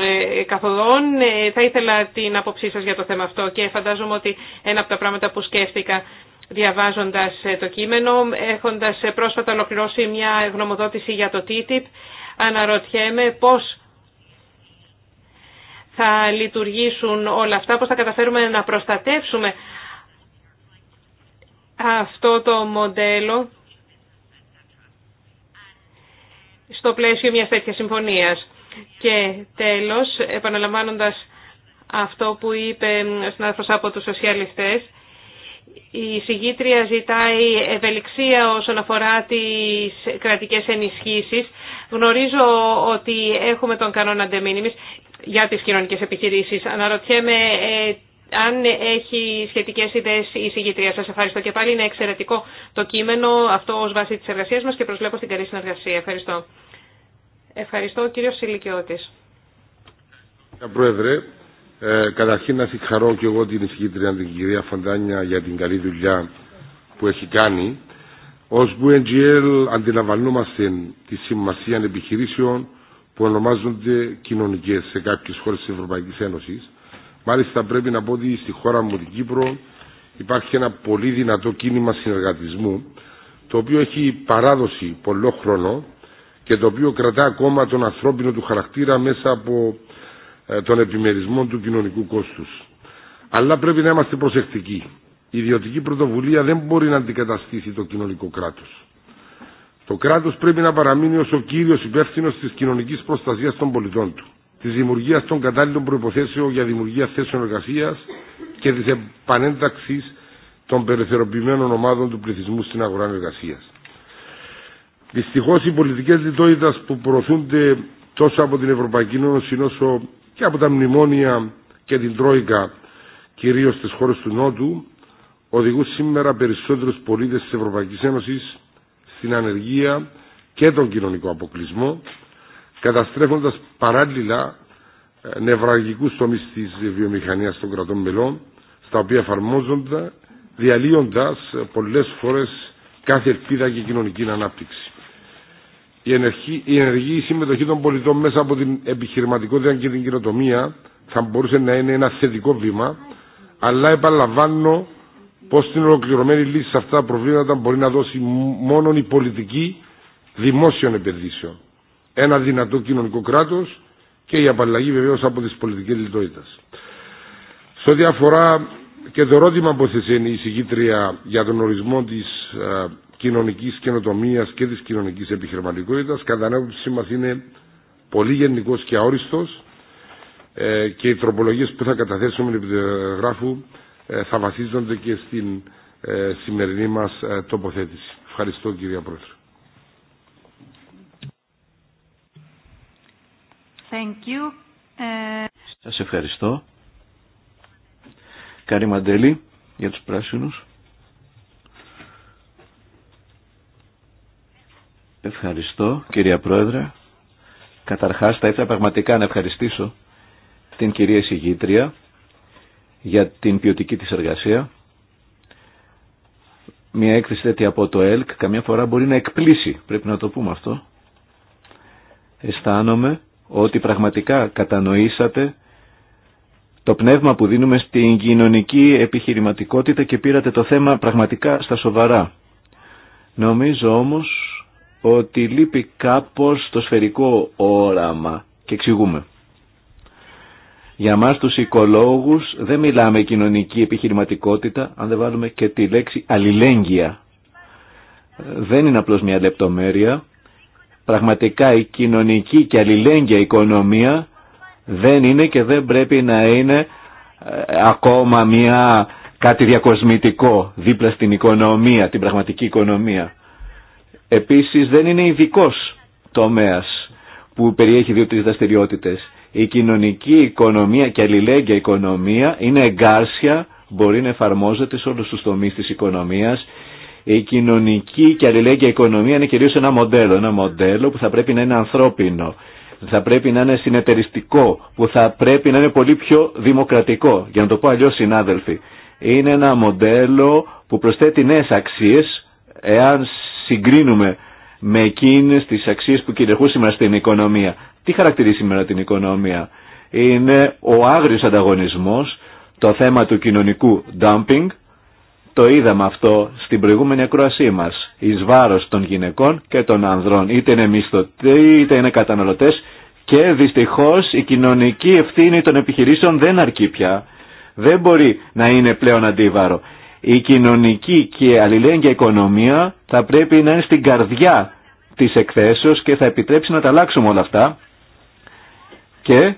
ε, καθοδόν. Ε, θα ήθελα την άποψή σα για το θέμα αυτό και φαντάζομαι ότι ένα από τα πράγματα που σκέφτηκα διαβάζοντας ε, το κείμενο, έχοντας πρόσφατα ολοκληρώσει μια γνωμοδότηση για το TTIP, αναρωτιέμαι πώς θα λειτουργήσουν όλα αυτά, πώς θα καταφέρουμε να προστατεύσουμε αυτό το μοντέλο στο πλαίσιο μιας τέτοιας συμφωνίας. Και τέλος, επαναλαμβάνοντας αυτό που είπε ο συνάδελφος από τους σοσιαλιστές, η συγγήτρια ζητάει ευελιξία όσον αφορά τις κρατικές ενισχύσεις, Γνωρίζω ότι έχουμε τον κανόνα αντεμήνυμης για τις κοινωνικές επιχειρήσεις. Αναρωτιέμαι ε, αν έχει σχετικές ιδέες η συγκητρία σας. ευχαριστώ και πάλι. Είναι εξαιρετικό το κείμενο αυτό ως βάση της εργασίας μας και προσλέπω στην καλή συνεργασία. Ευχαριστώ. Ευχαριστώ, κύριο Σιλικιώτη. Κύριε Πρόεδρε, ε, καταρχήν να συγχαρώ και εγώ την συγκητρία, την κυρία Φοντάνια, για την καλή δουλειά που έχει κάνει. Ως BNGL αντιλαμβανόμαστε τη σημασία επιχειρήσεων που ονομάζονται κοινωνικές σε κάποιες χώρες της Ευρωπαϊκής Ένωσης. Μάλιστα πρέπει να πω ότι στη χώρα μου την Κύπρο υπάρχει ένα πολύ δυνατό κίνημα συνεργατισμού το οποίο έχει παράδοση πολλό χρόνο και το οποίο κρατά ακόμα τον ανθρώπινο του χαρακτήρα μέσα από ε, τον επιμερισμό του κοινωνικού κόστους. Αλλά πρέπει να είμαστε προσεκτικοί. Η ιδιωτική πρωτοβουλία δεν μπορεί να αντικαταστήσει το κοινωνικό κράτο. Το κράτο πρέπει να παραμείνει ω ο κύριος υπεύθυνο τη κοινωνική προστασία των πολιτών του, τη δημιουργία των κατάλληλων προποθέσεων για δημιουργία θέσεων εργασία και τη επανένταξη των περιθεροποιημένων ομάδων του πληθυσμού στην αγορά εργασία. Δυστυχώ οι πολιτικέ λιτότητα που προωθούνται τόσο από την Ευρωπαϊκή Ένωση όσο και από τα μνημόνια και την Τρόικα, κυρίω στι χώρε του Νότου, οδηγούν σήμερα περισσότερου πολίτε τη Ευρωπαϊκή Ένωση στην ανεργία και τον κοινωνικό αποκλεισμό, καταστρέφοντα παράλληλα ε, νευραγικούς τομεί τη βιομηχανία των κρατών μελών, στα οποία εφαρμόζονται, διαλύοντα πολλέ φορέ κάθε ελπίδα και κοινωνική ανάπτυξη. Η ενεργή, η ενεργή συμμετοχή των πολιτών μέσα από την επιχειρηματικότητα και την κοινοτομία θα μπορούσε να είναι ένα θετικό βήμα, αλλά επαναλαμβάνω Πώ την ολοκληρωμένη λύση σε αυτά τα προβλήματα μπορεί να δώσει μόνο η πολιτική δημόσιων επενδύσεων, ένα δυνατό κοινωνικό κράτο και η απαλλαγή βεβαίω από τι πολιτικέ λιτότητε. Σε ό,τι αφορά και το ερώτημα που έθεσε η εισηγήτρια για τον ορισμό τη ε, κοινωνικής καινοτομία και τη κοινωνική επιχειρηματικότητα, κατά ανάποψή μας είναι πολύ γενικό και αόριστο ε, και οι τροπολογίε που θα καταθέσουμε επί του ε, θα βασίζονται και στην ε, σημερινή μας ε, τοποθέτηση. Ευχαριστώ κυρία Πρόεδρε. Thank you. Σας ευχαριστώ. Κάρι Μαντέλη για τους πράσινους. Ευχαριστώ κυρία Πρόεδρε. Καταρχάς θα ήθελα πραγματικά να ευχαριστήσω την κυρία Συγήτρια για την ποιοτική της εργασία. Μια έκθεση τέτοια από το ΕΛΚ καμιά φορά μπορεί να εκπλήσει, πρέπει να το πούμε αυτό. Αισθάνομαι ότι πραγματικά κατανοήσατε το πνεύμα που δίνουμε στην κοινωνική επιχειρηματικότητα και πήρατε το θέμα πραγματικά στα σοβαρά. Νομίζω όμως ότι λείπει κάπως το σφαιρικό όραμα και εξηγούμε. Για μας τους οικολόγους δεν μιλάμε κοινωνική επιχειρηματικότητα αν δεν βάλουμε και τη λέξη αλληλέγγυα. Δεν είναι απλώς μια λεπτομέρεια. Πραγματικά η κοινωνική και αλληλέγγυα οικονομία δεν είναι και δεν πρέπει να είναι ε, ακόμα μια κάτι διακοσμητικό δίπλα στην οικονομία, την πραγματική οικονομία. Επίσης δεν είναι ειδικό τομέας που περιέχει δύο-τρεις δραστηριότητες η κοινωνική οικονομία και αλληλέγγυα οικονομία είναι εγκάρσια, μπορεί να εφαρμόζεται σε όλους τους τομείς της οικονομίας. Η κοινωνική και αλληλέγγυα οικονομία είναι κυρίως ένα μοντέλο, ένα μοντέλο που θα πρέπει να είναι ανθρώπινο, θα πρέπει να είναι συνεταιριστικό, που θα πρέπει να είναι πολύ πιο δημοκρατικό, για να το πω αλλιώς συνάδελφοι. Είναι ένα μοντέλο που προσθέτει νέες αξίες, εάν συγκρίνουμε με εκείνες τις αξίες που κυριαρχούν σήμερα στην οικονομία. Τι χαρακτηρίζει σήμερα την οικονομία. Είναι ο άγριος ανταγωνισμός, το θέμα του κοινωνικού dumping, το είδαμε αυτό στην προηγούμενη ακροασή μας, εις βάρος των γυναικών και των ανδρών, είτε είναι μισθωτοί είτε είναι καταναλωτές και δυστυχώς η κοινωνική ευθύνη των επιχειρήσεων δεν αρκεί πια. Δεν μπορεί να είναι πλέον αντίβαρο. Η κοινωνική και αλληλέγγυα οικονομία θα πρέπει να είναι στην καρδιά της εκθέσεως και θα επιτρέψει να τα αλλάξουμε όλα αυτά και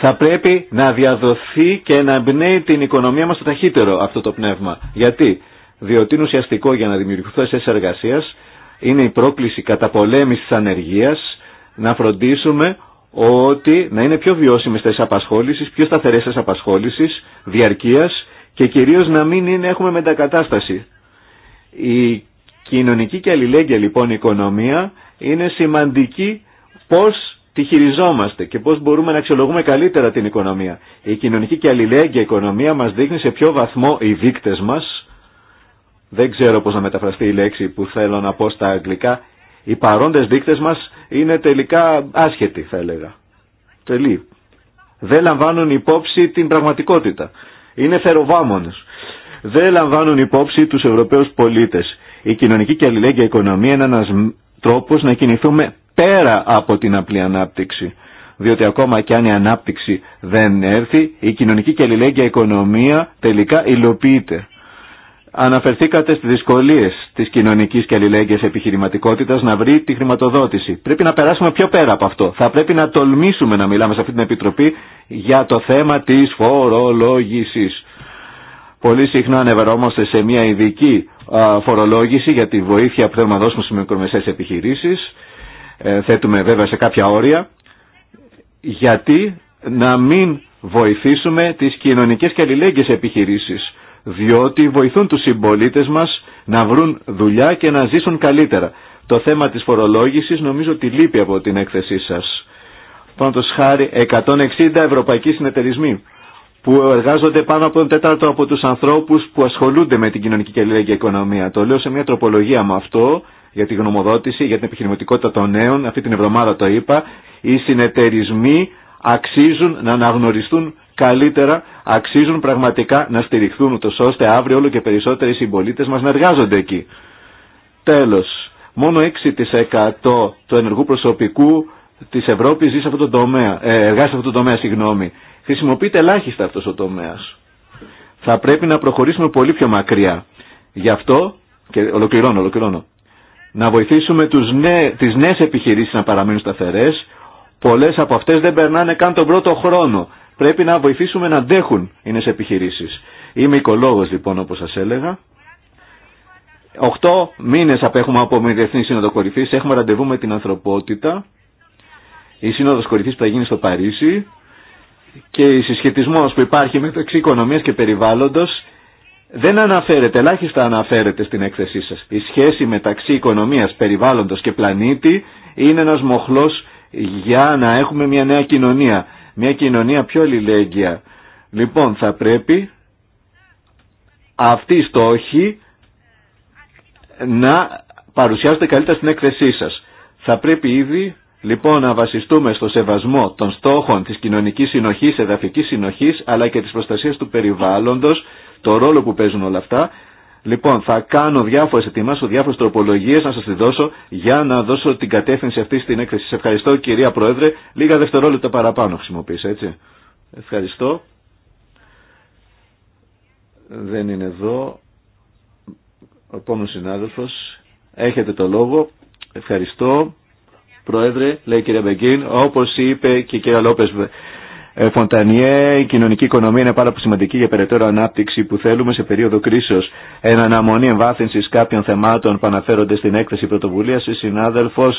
θα πρέπει να διαδοθεί και να εμπνέει την οικονομία μας το ταχύτερο αυτό το πνεύμα. Γιατί, διότι είναι ουσιαστικό για να δημιουργηθούν θέσεις εργασίας, είναι η πρόκληση καταπολέμησης της ανεργίας, να φροντίσουμε ότι να είναι πιο βιώσιμες θέσεις απασχόλησης, πιο σταθερές θέσεις απασχόλησης, διαρκείας και κυρίως να μην είναι, έχουμε μετακατάσταση. Η κοινωνική και αλληλέγγυα λοιπόν οικονομία είναι σημαντική πώς τι χειριζόμαστε και πώς μπορούμε να αξιολογούμε καλύτερα την οικονομία. Η κοινωνική και αλληλέγγυα οικονομία μας δείχνει σε ποιο βαθμό οι δείκτες μας, δεν ξέρω πώς να μεταφραστεί η λέξη που θέλω να πω στα αγγλικά, οι παρόντες δείκτες μας είναι τελικά άσχετοι θα έλεγα. Τελεί. Δεν λαμβάνουν υπόψη την πραγματικότητα. Είναι θεροβάμονες. Δεν λαμβάνουν υπόψη τους Ευρωπαίους πολίτες. Η κοινωνική και αλληλέγγυα οικονομία είναι ένας τρόπος να κινηθούμε πέρα από την απλή ανάπτυξη. Διότι ακόμα και αν η ανάπτυξη δεν έρθει, η κοινωνική και αλληλέγγυα οικονομία τελικά υλοποιείται. Αναφερθήκατε στις δυσκολίες της κοινωνικής και αλληλέγγυας επιχειρηματικότητας να βρει τη χρηματοδότηση. Πρέπει να περάσουμε πιο πέρα από αυτό. Θα πρέπει να τολμήσουμε να μιλάμε σε αυτή την Επιτροπή για το θέμα της φορολόγησης. Πολύ συχνά ανεβερόμαστε σε μια ειδική φορολόγηση για τη βοήθεια που θέλουμε να δώσουμε στις μικρομεσαίες επιχειρήσεις ε, θέτουμε βέβαια σε κάποια όρια, γιατί να μην βοηθήσουμε τις κοινωνικές και αλληλέγγυες επιχειρήσεις, διότι βοηθούν τους συμπολίτε μας να βρουν δουλειά και να ζήσουν καλύτερα. Το θέμα της φορολόγησης νομίζω ότι λείπει από την έκθεσή σας. Πάντως χάρη 160 ευρωπαϊκοί συνεταιρισμοί που εργάζονται πάνω από τον τέταρτο από τους ανθρώπους που ασχολούνται με την κοινωνική και αλληλέγγυα οικονομία. Το λέω σε μια τροπολογία με αυτό για την γνωμοδότηση, για την επιχειρηματικότητα των νέων, αυτή την εβδομάδα το είπα, οι συνεταιρισμοί αξίζουν να αναγνωριστούν καλύτερα, αξίζουν πραγματικά να στηριχθούν ούτως ώστε αύριο όλο και περισσότεροι συμπολίτε μας να εργάζονται εκεί. Τέλος, μόνο 6% του ενεργού προσωπικού της Ευρώπης ζει σε αυτό το τομέα, ε, εργάζεται σε αυτό το τομέα, συγγνώμη. Χρησιμοποιείται ελάχιστα αυτός ο τομέας. Θα πρέπει να προχωρήσουμε πολύ πιο μακριά. Γι' αυτό, και ολοκληρώνω, ολοκληρώνω, να βοηθήσουμε τους νέ, τις νέες επιχειρήσεις να παραμείνουν σταθερές. Πολλές από αυτές δεν περνάνε καν τον πρώτο χρόνο. Πρέπει να βοηθήσουμε να αντέχουν οι νέες επιχειρήσεις. Είμαι οικολόγος λοιπόν όπως σας έλεγα. Οχτώ μήνες απέχουμε από μια Διεθνή Σύνοδο Κορυφής. Έχουμε ραντεβού με την ανθρωπότητα. Η Σύνοδος Κορυφής που θα γίνει στο Παρίσι και η συσχετισμός που υπάρχει μεταξύ οικονομίας και περιβάλλοντος δεν αναφέρεται, ελάχιστα αναφέρεται στην έκθεσή σας. Η σχέση μεταξύ οικονομίας, περιβάλλοντος και πλανήτη είναι ένας μοχλός για να έχουμε μια νέα κοινωνία. Μια κοινωνία πιο αλληλέγγυα. Λοιπόν, θα πρέπει αυτοί οι στόχοι να παρουσιάζονται καλύτερα στην έκθεσή σας. Θα πρέπει ήδη λοιπόν να βασιστούμε στο σεβασμό των στόχων της κοινωνικής συνοχής, εδαφικής συνοχής, αλλά και της προστασίας του περιβάλλοντος το ρόλο που παίζουν όλα αυτά. Λοιπόν, θα κάνω διάφορε ετοιμάσει, διάφορε τροπολογίε να σα τη δώσω για να δώσω την κατεύθυνση αυτή στην έκθεση. Σε ευχαριστώ κυρία Πρόεδρε. Λίγα δευτερόλεπτα παραπάνω χρησιμοποίησα, έτσι. Ευχαριστώ. Δεν είναι εδώ. Ο επόμενο συνάδελφο. Έχετε το λόγο. Ευχαριστώ. Πρόεδρε, λέει η κυρία Μπεγκίν, όπω είπε και η κυρία ε, Φωντανιέ, η κοινωνική οικονομία είναι πάρα πολύ σημαντική για περαιτέρω ανάπτυξη που θέλουμε σε περίοδο κρίσεω. Εν αναμονή εμβάθυνση κάποιων θεμάτων που αναφέρονται στην έκθεση πρωτοβουλία η συνάδελφο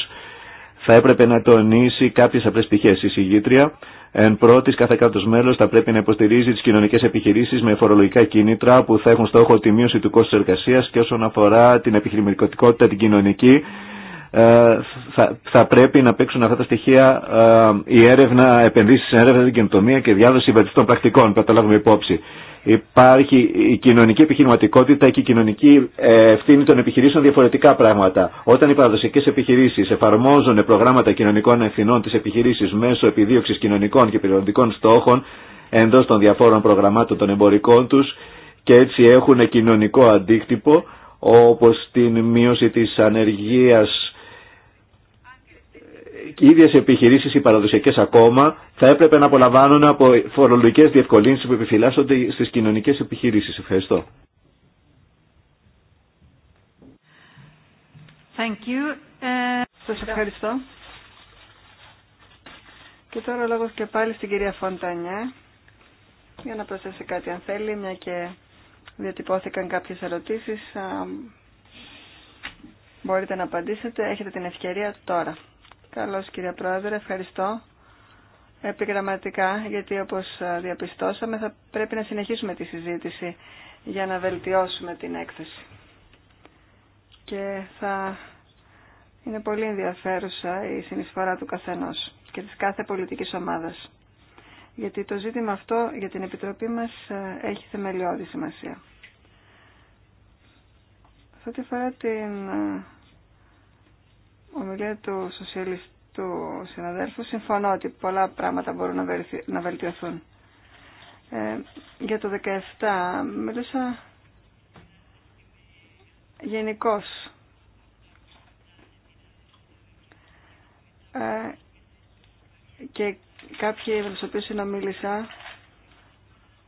θα έπρεπε να τονίσει κάποιε απλέ πτυχέ. Η συγγήτρια Εν πρώτη, κάθε κράτο μέλο θα πρέπει να υποστηρίζει τι κοινωνικέ επιχειρήσει με φορολογικά κίνητρα που θα έχουν στόχο τη μείωση του κόστου εργασία και όσον αφορά την επιχειρηματικότητα την κοινωνική ε, θα, θα πρέπει να παίξουν αυτά τα στοιχεία ε, η έρευνα, επενδύσει σε έρευνα, την καινοτομία και διάδοση βελτιστών πρακτικών, που θα λάβουμε υπόψη. Υπάρχει η κοινωνική επιχειρηματικότητα και η κοινωνική ε, ευθύνη των επιχειρήσεων διαφορετικά πράγματα. Όταν οι παραδοσιακέ επιχειρήσει εφαρμόζουν προγράμματα κοινωνικών ευθυνών τη επιχειρήση μέσω επιδίωξη κοινωνικών και περιοδικών στόχων εντό των διαφόρων προγραμμάτων των εμπορικών του και έτσι έχουν κοινωνικό αντίκτυπο όπως την μείωση της ανεργίας ίδιες επιχειρήσεις, οι παραδοσιακές ακόμα, θα έπρεπε να απολαμβάνουν από φορολογικές διευκολύνσεις που επιφυλάσσονται στις κοινωνικές επιχειρήσεις. Ευχαριστώ. Thank you. Ε, Σας ευχαριστώ. Και τώρα λόγο και πάλι στην κυρία Φοντανιά για να προσθέσει κάτι αν θέλει, μια και διατυπώθηκαν κάποιες ερωτήσεις. Μπορείτε να απαντήσετε. Έχετε την ευκαιρία τώρα. Καλώς κύριε Πρόεδρε, ευχαριστώ επιγραμματικά γιατί όπως διαπιστώσαμε θα πρέπει να συνεχίσουμε τη συζήτηση για να βελτιώσουμε την έκθεση. Και θα είναι πολύ ενδιαφέρουσα η συνεισφορά του καθενός και της κάθε πολιτικής ομάδας. Γιατί το ζήτημα αυτό για την Επιτροπή μας ε, έχει θεμελιώδη σημασία. Σε ό,τι αφορά την ε, ομιλία του σοσιαλιστού συναδέλφου συμφωνώ ότι πολλά πράγματα μπορούν να βελτιωθούν. Ε, για το 17 μίλησα γενικώ. Ε, και κάποιοι με του οποίου συνομίλησα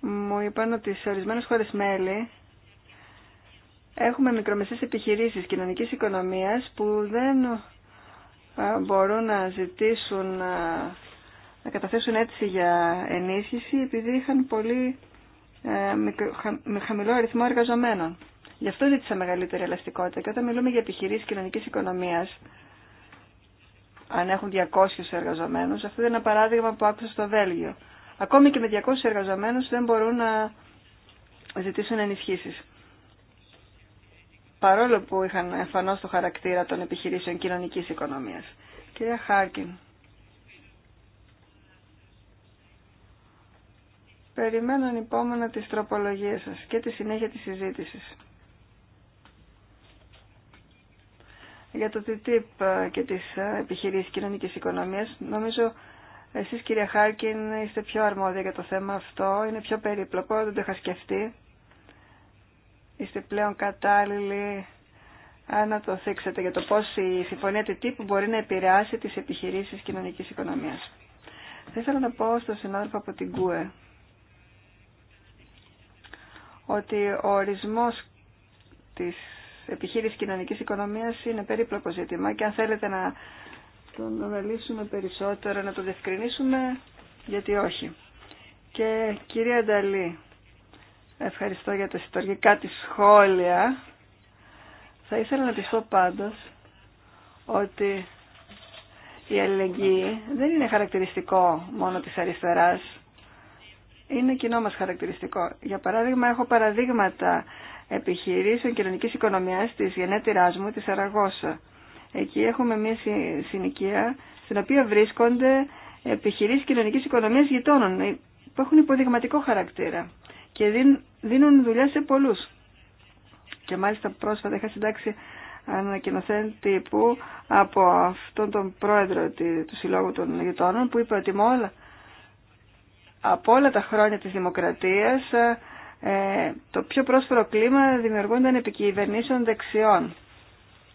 μου είπαν ότι σε ορισμένε χώρες μέλη έχουμε μικρομεσαίες επιχειρήσεις κοινωνικής οικονομίας που δεν ε, μπορούν να ζητήσουν ε, να καταθέσουν έτσι για ενίσχυση επειδή είχαν πολύ ε, χαμηλό αριθμό εργαζομένων. Γι' αυτό ζήτησα μεγαλύτερη ελαστικότητα. Και όταν μιλούμε για επιχειρήσεις κοινωνικής οικονομίας, αν έχουν 200 εργαζομένους, αυτό είναι ένα παράδειγμα που άκουσα στο Βέλγιο. Ακόμη και με 200 εργαζομένους δεν μπορούν να ζητήσουν ενισχύσεις παρόλο που είχαν εμφανώς το χαρακτήρα των επιχειρήσεων κοινωνικής οικονομίας. Κυρία Χάρκιν. Περιμένω ανυπόμονα τις τροπολογίες σας και τη συνέχεια της συζήτησης. Για το TTIP και τις επιχειρήσεις κοινωνικής οικονομίας, νομίζω εσείς κυρία Χάρκιν είστε πιο αρμόδια για το θέμα αυτό, είναι πιο περίπλοκο, δεν το είχα σκεφτεί είστε πλέον κατάλληλοι να το θίξετε για το πώς η συμφωνία του τύπου μπορεί να επηρεάσει τις επιχειρήσεις κοινωνικής οικονομίας. Θα ήθελα να πω στον συνάδελφο από την ΚΟΕ ότι ο ορισμός της επιχείρησης κοινωνικής οικονομίας είναι περίπλοκο ζήτημα και αν θέλετε να τον αναλύσουμε περισσότερο, να το διευκρινίσουμε, γιατί όχι. Και κυρία Νταλή, Ευχαριστώ για τα ιστορικά της σχόλια. Θα ήθελα να πιστώ πω πάντως ότι η αλληλεγγύη δεν είναι χαρακτηριστικό μόνο της αριστεράς. Είναι κοινό μας χαρακτηριστικό. Για παράδειγμα, έχω παραδείγματα επιχειρήσεων κοινωνική οικονομίας της γενέτηράς μου, της Αραγώσα. Εκεί έχουμε μια συνοικία στην οποία βρίσκονται επιχειρήσεις κοινωνικής οικονομίας γειτόνων που έχουν υποδειγματικό χαρακτήρα και δίνουν δουλειά σε πολλούς. Και μάλιστα πρόσφατα είχα συντάξει ανακοινωθέν τύπου από αυτόν τον πρόεδρο του Συλλόγου των Γειτόνων που είπε ότι από όλα τα χρόνια της δημοκρατίας ε, το πιο πρόσφορο κλίμα δημιουργούνταν επί κυβερνήσεων δεξιών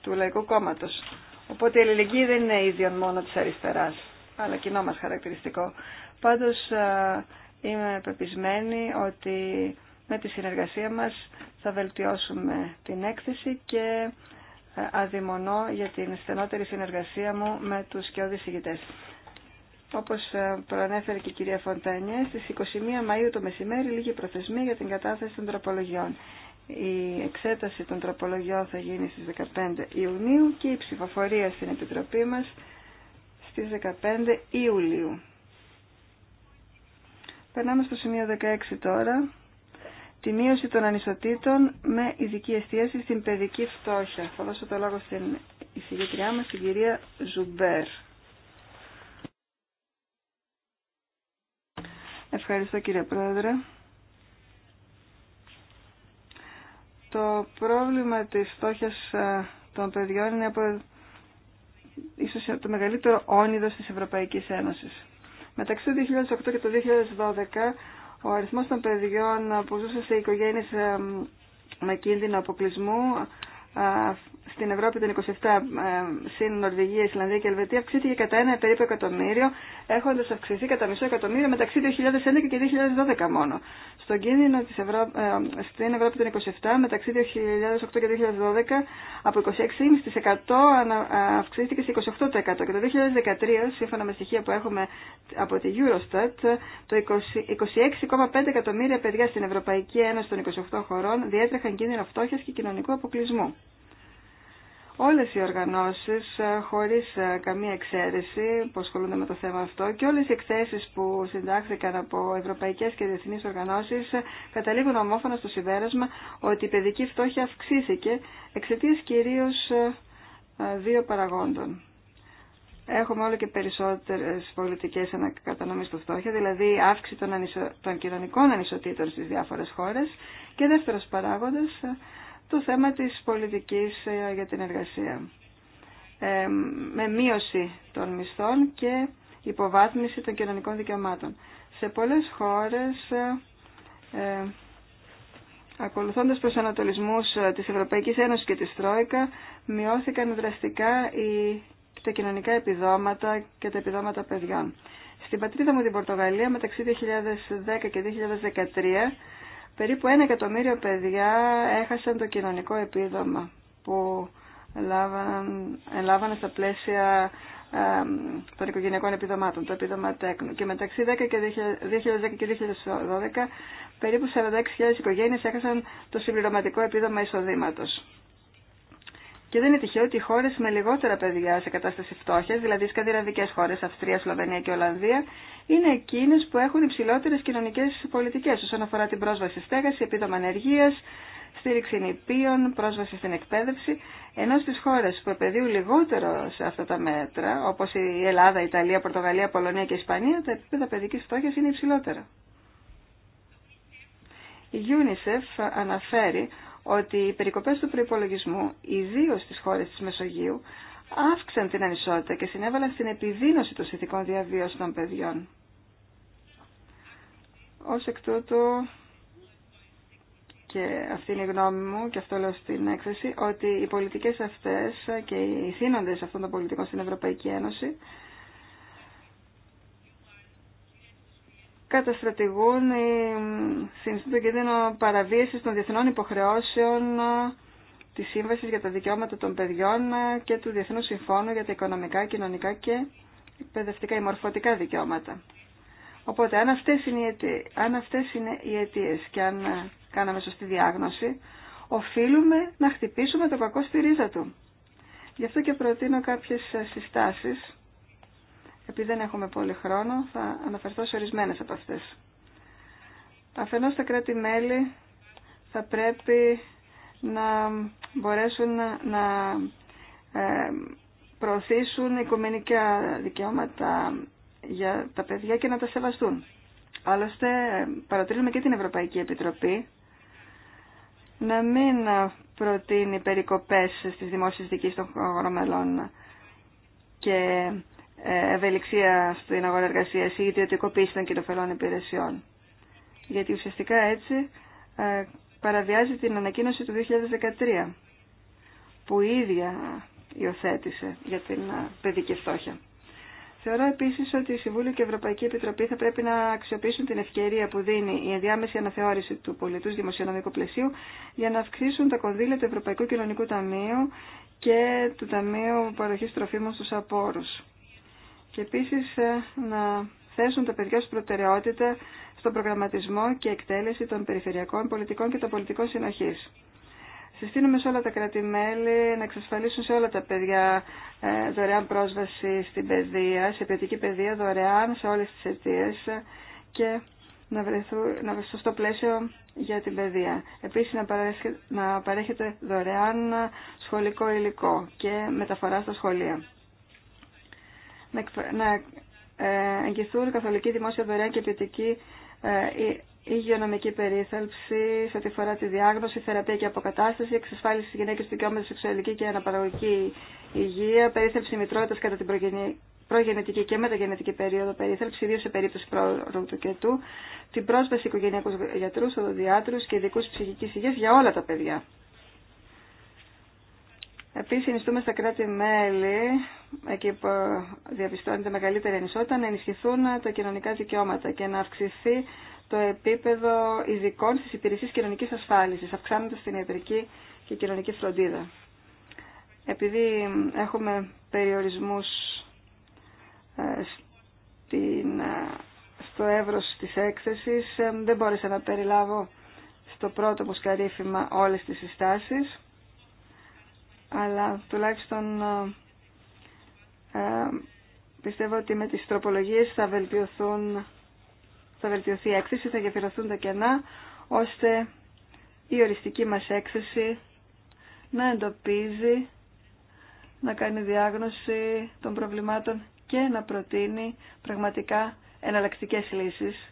του Λαϊκού Κόμματος. Οπότε η ελληνική δεν είναι ίδιον μόνο της αριστεράς, αλλά κοινό μας χαρακτηριστικό. Πάντως ε, Είμαι πεπισμένη ότι με τη συνεργασία μας θα βελτιώσουμε την έκθεση και ε, αδειμονώ για την στενότερη συνεργασία μου με τους και ηγητές. Όπως ε, προανέφερε και η κυρία Φοντανιέ, στις 21 Μαΐου το μεσημέρι λίγη προθεσμία για την κατάθεση των τροπολογιών. Η εξέταση των τροπολογιών θα γίνει στις 15 Ιουνίου και η ψηφοφορία στην Επιτροπή μας στις 15 Ιουλίου. Περνάμε στο σημείο 16 τώρα. Τη μείωση των ανισοτήτων με ειδική εστίαση στην παιδική φτώχεια. Θα δώσω το λόγο στην εισηγητριά μας, την κυρία Ζουμπέρ. Ευχαριστώ κύριε Πρόεδρε. Το πρόβλημα της φτώχειας ε, των παιδιών είναι από ίσως το μεγαλύτερο όνειδος της Ευρωπαϊκής Ένωσης. Μεταξύ του 2008 και του 2012 ο αριθμός των παιδιών που ζούσαν σε οικογένειες με κίνδυνο αποκλεισμού στην Ευρώπη των 27 ε, συν Νορβηγία, Ισλανδία και Ελβετία αυξήθηκε κατά ένα περίπου εκατομμύριο, έχοντα αυξηθεί κατά μισό εκατομμύριο μεταξύ 2011 και 2012 μόνο. Στον κίνδυνο της Ευρώ... Ε, στην Ευρώπη των 27 μεταξύ 2008 και 2012 από 26,5% αυξήθηκε σε 28%. Και το 2013, σύμφωνα με στοιχεία που έχουμε από τη Eurostat, το 26,5 εκατομμύρια παιδιά στην Ευρωπαϊκή Ένωση των 28 χωρών διέτρεχαν κίνδυνο φτώχεια και κοινωνικού αποκλεισμού όλες οι οργανώσεις ε, χωρίς ε, καμία εξαίρεση που ασχολούνται με το θέμα αυτό και όλες οι εκθέσεις που συντάχθηκαν από ευρωπαϊκές και διεθνείς οργανώσεις ε, καταλήγουν ομόφωνα στο συμπέρασμα ότι η παιδική φτώχεια αυξήθηκε εξαιτίας κυρίως δύο παραγόντων. Έχουμε όλο και περισσότερες πολιτικές ανακατανομής του φτώχεια, δηλαδή αύξηση των, ανισο... των κοινωνικών ανισοτήτων στις διάφορες χώρες και δεύτερος παράγοντας το θέμα της πολιτικής ε, για την εργασία. Ε, με μείωση των μισθών και υποβάθμιση των κοινωνικών δικαιωμάτων. Σε πολλές χώρες, ε, ε ακολουθώντας προσανατολισμούς της Ευρωπαϊκής Ένωσης και της Τρόικα, μειώθηκαν δραστικά οι, τα κοινωνικά επιδόματα και τα επιδόματα παιδιών. Στην πατρίδα μου την Πορτογαλία μεταξύ 2010 και 2013 Περίπου ένα εκατομμύριο παιδιά έχασαν το κοινωνικό επίδομα που ελάβαν, στα πλαίσια των οικογενειακών επιδομάτων, το επίδομα τέκνου. Και μεταξύ 10 και 2010 και 2012 περίπου 46.000 οικογένειες έχασαν το συμπληρωματικό επίδομα εισοδήματος. Και δεν είναι τυχαίο ότι οι χώρες με λιγότερα παιδιά σε κατάσταση φτώχεια, δηλαδή οι χώρες, Αυστρία, Σλοβενία και Ολλανδία, είναι εκείνες που έχουν υψηλότερες κοινωνικές πολιτικές όσον αφορά την πρόσβαση στέγαση, επίδομα ανεργίας, στήριξη νηπίων, πρόσβαση στην εκπαίδευση, ενώ στις χώρες που επαιδείουν λιγότερο σε αυτά τα μέτρα, όπως η Ελλάδα, η Ιταλία, Πορτογαλία, Πολωνία και η Ισπανία, τα επίπεδα παιδικής φτώχειας είναι υψηλότερα. Η UNICEF αναφέρει ότι οι περικοπές του προϋπολογισμού, ιδίως στις χώρες της Μεσογείου, αύξαν την ανισότητα και συνέβαλαν στην επιδείνωση των συνθηκών διαβίωσης των παιδιών. Ως εκ τούτου, και αυτή είναι η γνώμη μου και αυτό λέω στην έκθεση, ότι οι πολιτικές αυτές και οι θύνοντες αυτών των πολιτικών στην Ευρωπαϊκή Ένωση καταστρατηγούν ή συνιστούν τον κίνδυνο παραβίασης των διεθνών υποχρεώσεων τη Σύμβαση για τα Δικαιώματα των Παιδιών ε, και του Διεθνού Συμφώνου για τα Οικονομικά, Κοινωνικά και Εκπαιδευτικά ή Μορφωτικά Δικαιώματα. Οπότε, αν αυτές είναι οι αιτίες, είναι και αν ε, κάναμε σωστή διάγνωση, οφείλουμε να χτυπήσουμε το κακό στη ρίζα του. Γι' αυτό και προτείνω κάποιες ε, συστάσεις. Επειδή δεν έχουμε πολύ χρόνο, θα αναφερθώ σε ορισμένες από αυτές. Αφενός τα κράτη-μέλη θα πρέπει να μπορέσουν να ε, προωθήσουν οικομενικά δικαιώματα για τα παιδιά και να τα σεβαστούν. Άλλωστε παρατηρούμε και την Ευρωπαϊκή Επιτροπή να μην προτείνει περικοπές στις δημόσιες δικής των αγορομελών και ε, ευελιξία στην αγορά εργασία ή ιδιωτικοποίηση των κοινοφελών υπηρεσιών. Γιατί ουσιαστικά έτσι ε, παραβιάζει την ανακοίνωση του 2013 που η ίδια υιοθέτησε για την παιδική φτώχεια. Θεωρώ επίση ότι η Συμβούλιο και η Ευρωπαϊκή Επιτροπή θα πρέπει να αξιοποιήσουν την ευκαιρία που δίνει η ενδιάμεση αναθεώρηση του πολιτού δημοσιονομικού πλαισίου για να αυξήσουν τα κονδύλια του Ευρωπαϊκού Κοινωνικού Ταμείου και του Ταμείου Παροχή Τροφίμων στου Απόρου. Και επίση ε, να θέσουν τα παιδιά ως προτεραιότητα στον προγραμματισμό και εκτέλεση των περιφερειακών πολιτικών και των πολιτικών συνοχής. Συστήνουμε σε όλα τα κράτη-μέλη να εξασφαλίσουν σε όλα τα παιδιά ε, δωρεάν πρόσβαση στην παιδεία, σε παιδική παιδεία δωρεάν σε όλες τις αιτίες και να βρεθούν να βρεθού στο πλαίσιο για την παιδεία. Επίσης να, παρέχεται, να παρέχεται δωρεάν σχολικό υλικό και μεταφορά στα σχολεία. Να, να ε, εγγυθούν καθολική δημόσια δωρεάν και ποιοτική ε, υγειονομική περίθαλψη σε ό,τι αφορά τη διάγνωση, θεραπεία και αποκατάσταση, εξασφάλιση τη γυναίκα δικαιώματα σεξουαλική και αναπαραγωγική υγεία, περίθαλψη μητρότητα κατά την προγενετική και μεταγενετική περίοδο περίθαλψη, ιδίω σε περίπτωση πρόορου του κετού, την πρόσβαση οικογενειακού γιατρού, οδοδιάτρου και ειδικού ψυχική υγεία για όλα τα παιδιά. Επίση, συνιστούμε στα κράτη-μέλη εκεί που διαπιστώνεται μεγαλύτερη ανισότητα, να ενισχυθούν τα κοινωνικά δικαιώματα και να αυξηθεί το επίπεδο ειδικών στις υπηρεσίες κοινωνικής ασφάλισης, αυξάνοντας την ιατρική και κοινωνική φροντίδα. Επειδή έχουμε περιορισμούς ε, ε, στο εύρος της έκθεσης, ε, δεν μπόρεσα να περιλάβω στο πρώτο μου σκαρίφημα όλες τις συστάσεις, αλλά τουλάχιστον ε, πιστεύω ότι με τις τροπολογίες θα, βελτιωθούν, θα βελτιωθεί η έκθεση, θα γεφυρωθούν τα κενά, ώστε η οριστική μας έκθεση να εντοπίζει, να κάνει διάγνωση των προβλημάτων και να προτείνει πραγματικά εναλλακτικές λύσεις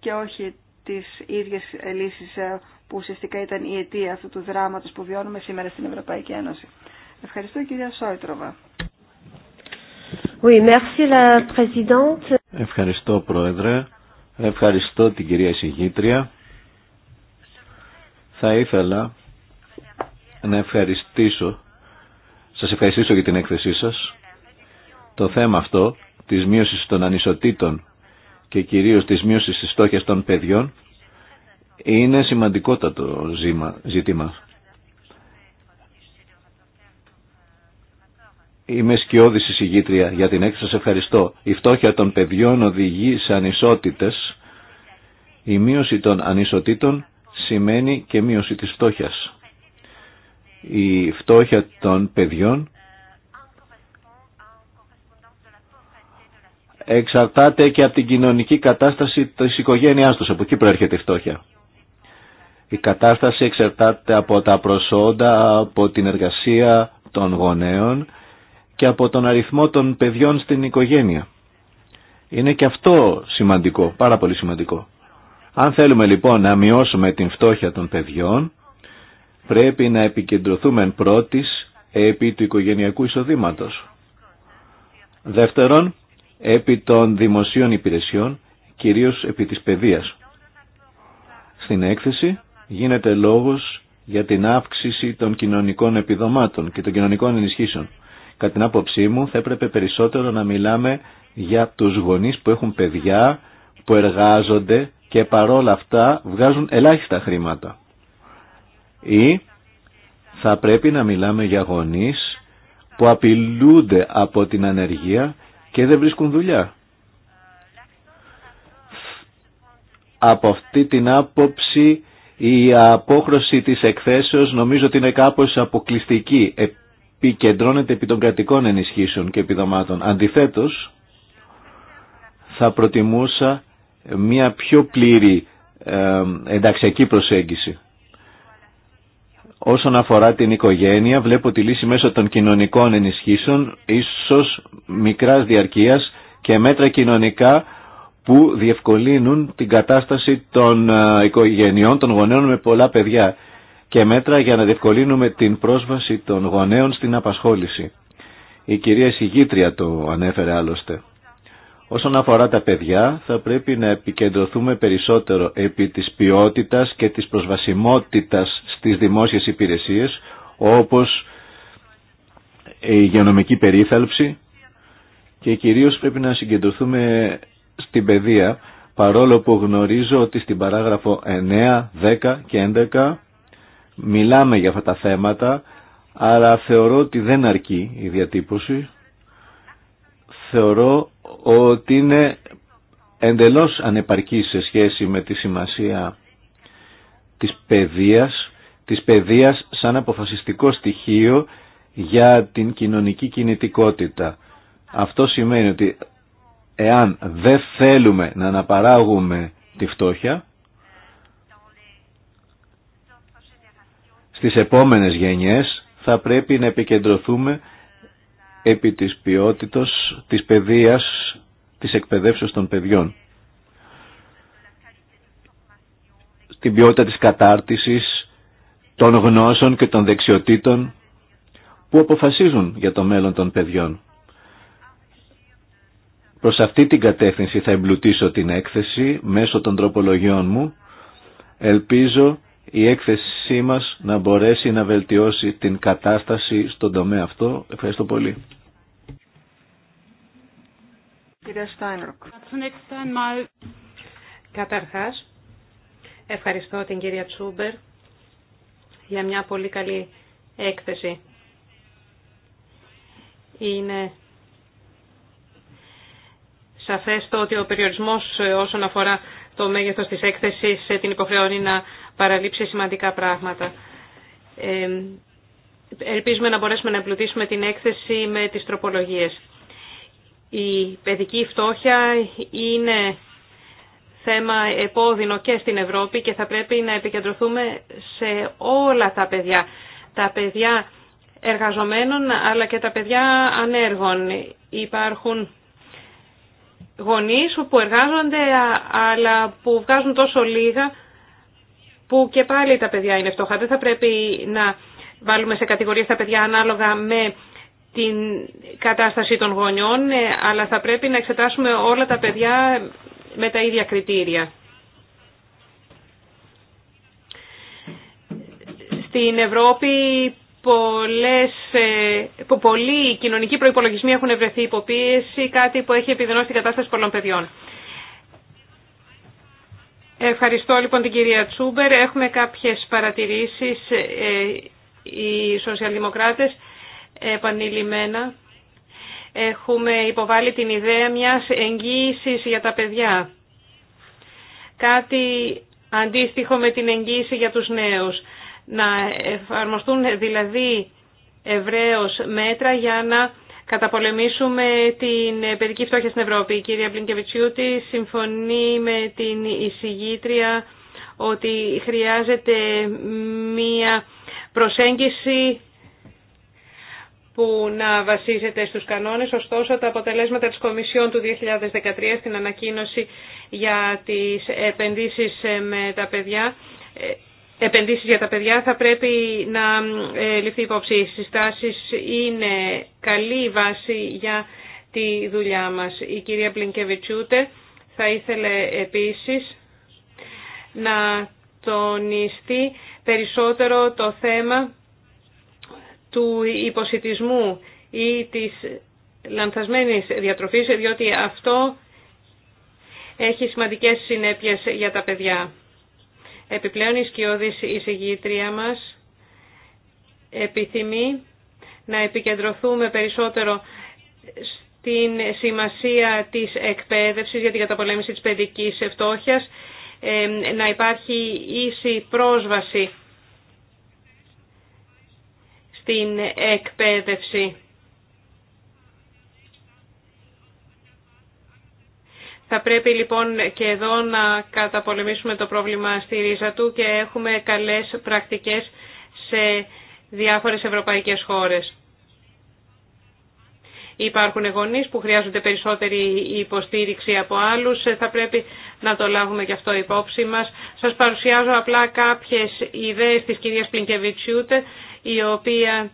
και όχι τις ίδιες λύσεις ε, που ουσιαστικά ήταν η αιτία αυτού του δράματος που βιώνουμε σήμερα στην Ευρωπαϊκή Ένωση. Ευχαριστώ κυρία Σόιτροβα. Oui, merci, la présidente. Ευχαριστώ Πρόεδρε. Ευχαριστώ την κυρία Συγήτρια. Θα ήθελα να ευχαριστήσω, σας ευχαριστήσω για την έκθεσή σας. Το θέμα αυτό της μείωσης των ανισοτήτων και κυρίως της μείωσης της στόχης των παιδιών είναι σημαντικότατο ζήτημα. Είμαι σκιώδης εισηγήτρια για την έκθεση. Σας ευχαριστώ. Η φτώχεια των παιδιών οδηγεί σε ανισότητες. Η μείωση των ανισοτήτων σημαίνει και μείωση της φτώχειας. Η φτώχεια των παιδιών εξαρτάται και από την κοινωνική κατάσταση της οικογένειάς τους. Από εκεί προέρχεται η φτώχεια. Η κατάσταση εξαρτάται από τα προσόντα, από την εργασία των γονέων και από τον αριθμό των παιδιών στην οικογένεια. Είναι και αυτό σημαντικό, πάρα πολύ σημαντικό. Αν θέλουμε λοιπόν να μειώσουμε την φτώχεια των παιδιών, πρέπει να επικεντρωθούμε πρώτης επί του οικογενειακού εισοδήματος. Δεύτερον, επί των δημοσίων υπηρεσιών, κυρίως επί της παιδείας. Στην έκθεση γίνεται λόγος για την αύξηση των κοινωνικών επιδομάτων και των κοινωνικών ενισχύσεων. Κατά την άποψή μου θα έπρεπε περισσότερο να μιλάμε για τους γονείς που έχουν παιδιά, που εργάζονται και παρόλα αυτά βγάζουν ελάχιστα χρήματα. Ή θα πρέπει να μιλάμε για γονείς που απειλούνται από την ανεργία και δεν βρίσκουν δουλειά. Από αυτή την άποψη η απόχρωση της εκθέσεως νομίζω ότι είναι κάπως αποκλειστική ε, επικεντρώνεται επί των κρατικών ενισχύσεων και επιδομάτων. Αντιθέτως, θα προτιμούσα μια πιο πλήρη ενταξιακή προσέγγιση. Όσον αφορά την οικογένεια, βλέπω τη λύση μέσω των κοινωνικών ενισχύσεων, ίσως μικράς διαρκείας και μέτρα κοινωνικά που διευκολύνουν την κατάσταση των ε, οικογενειών, των γονέων με πολλά παιδιά και μέτρα για να διευκολύνουμε την πρόσβαση των γονέων στην απασχόληση. Η κυρία Συγήτρια το ανέφερε άλλωστε. Όσον αφορά τα παιδιά, θα πρέπει να επικεντρωθούμε περισσότερο επί της ποιότητας και της προσβασιμότητας στις δημόσιες υπηρεσίες, όπως η υγειονομική περίθαλψη και κυρίως πρέπει να συγκεντρωθούμε στην παιδεία, παρόλο που γνωρίζω ότι στην παράγραφο 9, 10 και 11 Μιλάμε για αυτά τα θέματα, αλλά θεωρώ ότι δεν αρκεί η διατύπωση. Θεωρώ ότι είναι εντελώς ανεπαρκή σε σχέση με τη σημασία της παιδείας, της παιδείας σαν αποφασιστικό στοιχείο για την κοινωνική κινητικότητα. Αυτό σημαίνει ότι εάν δεν θέλουμε να αναπαράγουμε τη φτώχεια, στις επόμενες γενιές θα πρέπει να επικεντρωθούμε επί της ποιότητος της παιδείας, της εκπαιδεύσεως των παιδιών. Στην ποιότητα της κατάρτισης, των γνώσεων και των δεξιοτήτων που αποφασίζουν για το μέλλον των παιδιών. Προς αυτή την κατεύθυνση θα εμπλουτίσω την έκθεση μέσω των τροπολογιών μου. Ελπίζω η έκθεσή μας να μπορέσει να βελτιώσει την κατάσταση στον τομέα αυτό. Ευχαριστώ πολύ. Καταρχάς, ευχαριστώ την κυρία Τσούμπερ για μια πολύ καλή έκθεση. Είναι σαφές το ότι ο περιορισμός όσον αφορά το μέγεθος της έκθεσης ε, την υποχρεώνει να παραλείψει σημαντικά πράγματα. Ε, ελπίζουμε να μπορέσουμε να εμπλουτίσουμε την έκθεση με τις τροπολογίες. Η παιδική φτώχεια είναι θέμα επώδυνο και στην Ευρώπη και θα πρέπει να επικεντρωθούμε σε όλα τα παιδιά. Τα παιδιά εργαζομένων αλλά και τα παιδιά ανέργων. Υπάρχουν γονείς που εργάζονται αλλά που βγάζουν τόσο λίγα που και πάλι τα παιδιά είναι φτωχά. Δεν θα πρέπει να βάλουμε σε κατηγορία τα παιδιά ανάλογα με την κατάσταση των γονιών, ε, αλλά θα πρέπει να εξετάσουμε όλα τα παιδιά με τα ίδια κριτήρια. Στην Ευρώπη πολλές, ε, πολλοί κοινωνικοί προϋπολογισμοί έχουν βρεθεί υποπίεση, κάτι που έχει επιδεινώσει την κατάσταση πολλών παιδιών. Ευχαριστώ λοιπόν την κυρία Τσούμπερ. Έχουμε κάποιες παρατηρήσεις. Ε, οι σοσιαλδημοκράτες επανειλημμένα έχουμε υποβάλει την ιδέα μιας εγγύησης για τα παιδιά. Κάτι αντίστοιχο με την εγγύηση για τους νέους να εφαρμοστούν δηλαδή ευρέως μέτρα για να καταπολεμήσουμε την παιδική φτώχεια στην Ευρώπη. Η κυρία Μπλινκεβιτσιούτη συμφωνεί με την εισηγήτρια ότι χρειάζεται μία προσέγγιση που να βασίζεται στους κανόνες, ωστόσο τα αποτελέσματα της Κομισιόν του 2013 στην ανακοίνωση για τις επενδύσεις με τα παιδιά ε, επενδύσεις για τα παιδιά θα πρέπει να ε, ληφθεί υπόψη. Οι συστάσεις είναι καλή βάση για τη δουλειά μας. Η κυρία Μπλινκεβιτσούτε θα ήθελε επίσης να τονιστεί περισσότερο το θέμα του υποσυτισμού ή της λανθασμένης διατροφής, διότι αυτό έχει σημαντικές συνέπειες για τα παιδιά. Επιπλέον η σκιώδης εισηγήτρια μας επιθυμεί να επικεντρωθούμε περισσότερο στην σημασία της εκπαίδευσης για την καταπολέμηση της παιδικής φτώχειας, ε, να υπάρχει ίση πρόσβαση στην εκπαίδευση. Θα πρέπει λοιπόν και εδώ να καταπολεμήσουμε το πρόβλημα στη ρίζα του και έχουμε καλές πρακτικές σε διάφορες ευρωπαϊκές χώρες. Υπάρχουν γονείς που χρειάζονται περισσότερη υποστήριξη από άλλους. Ε, θα πρέπει να το λάβουμε και αυτό υπόψη μας. Σας παρουσιάζω απλά κάποιες ιδέες της κυρίας Πλινκεβιτσιούτε, η οποία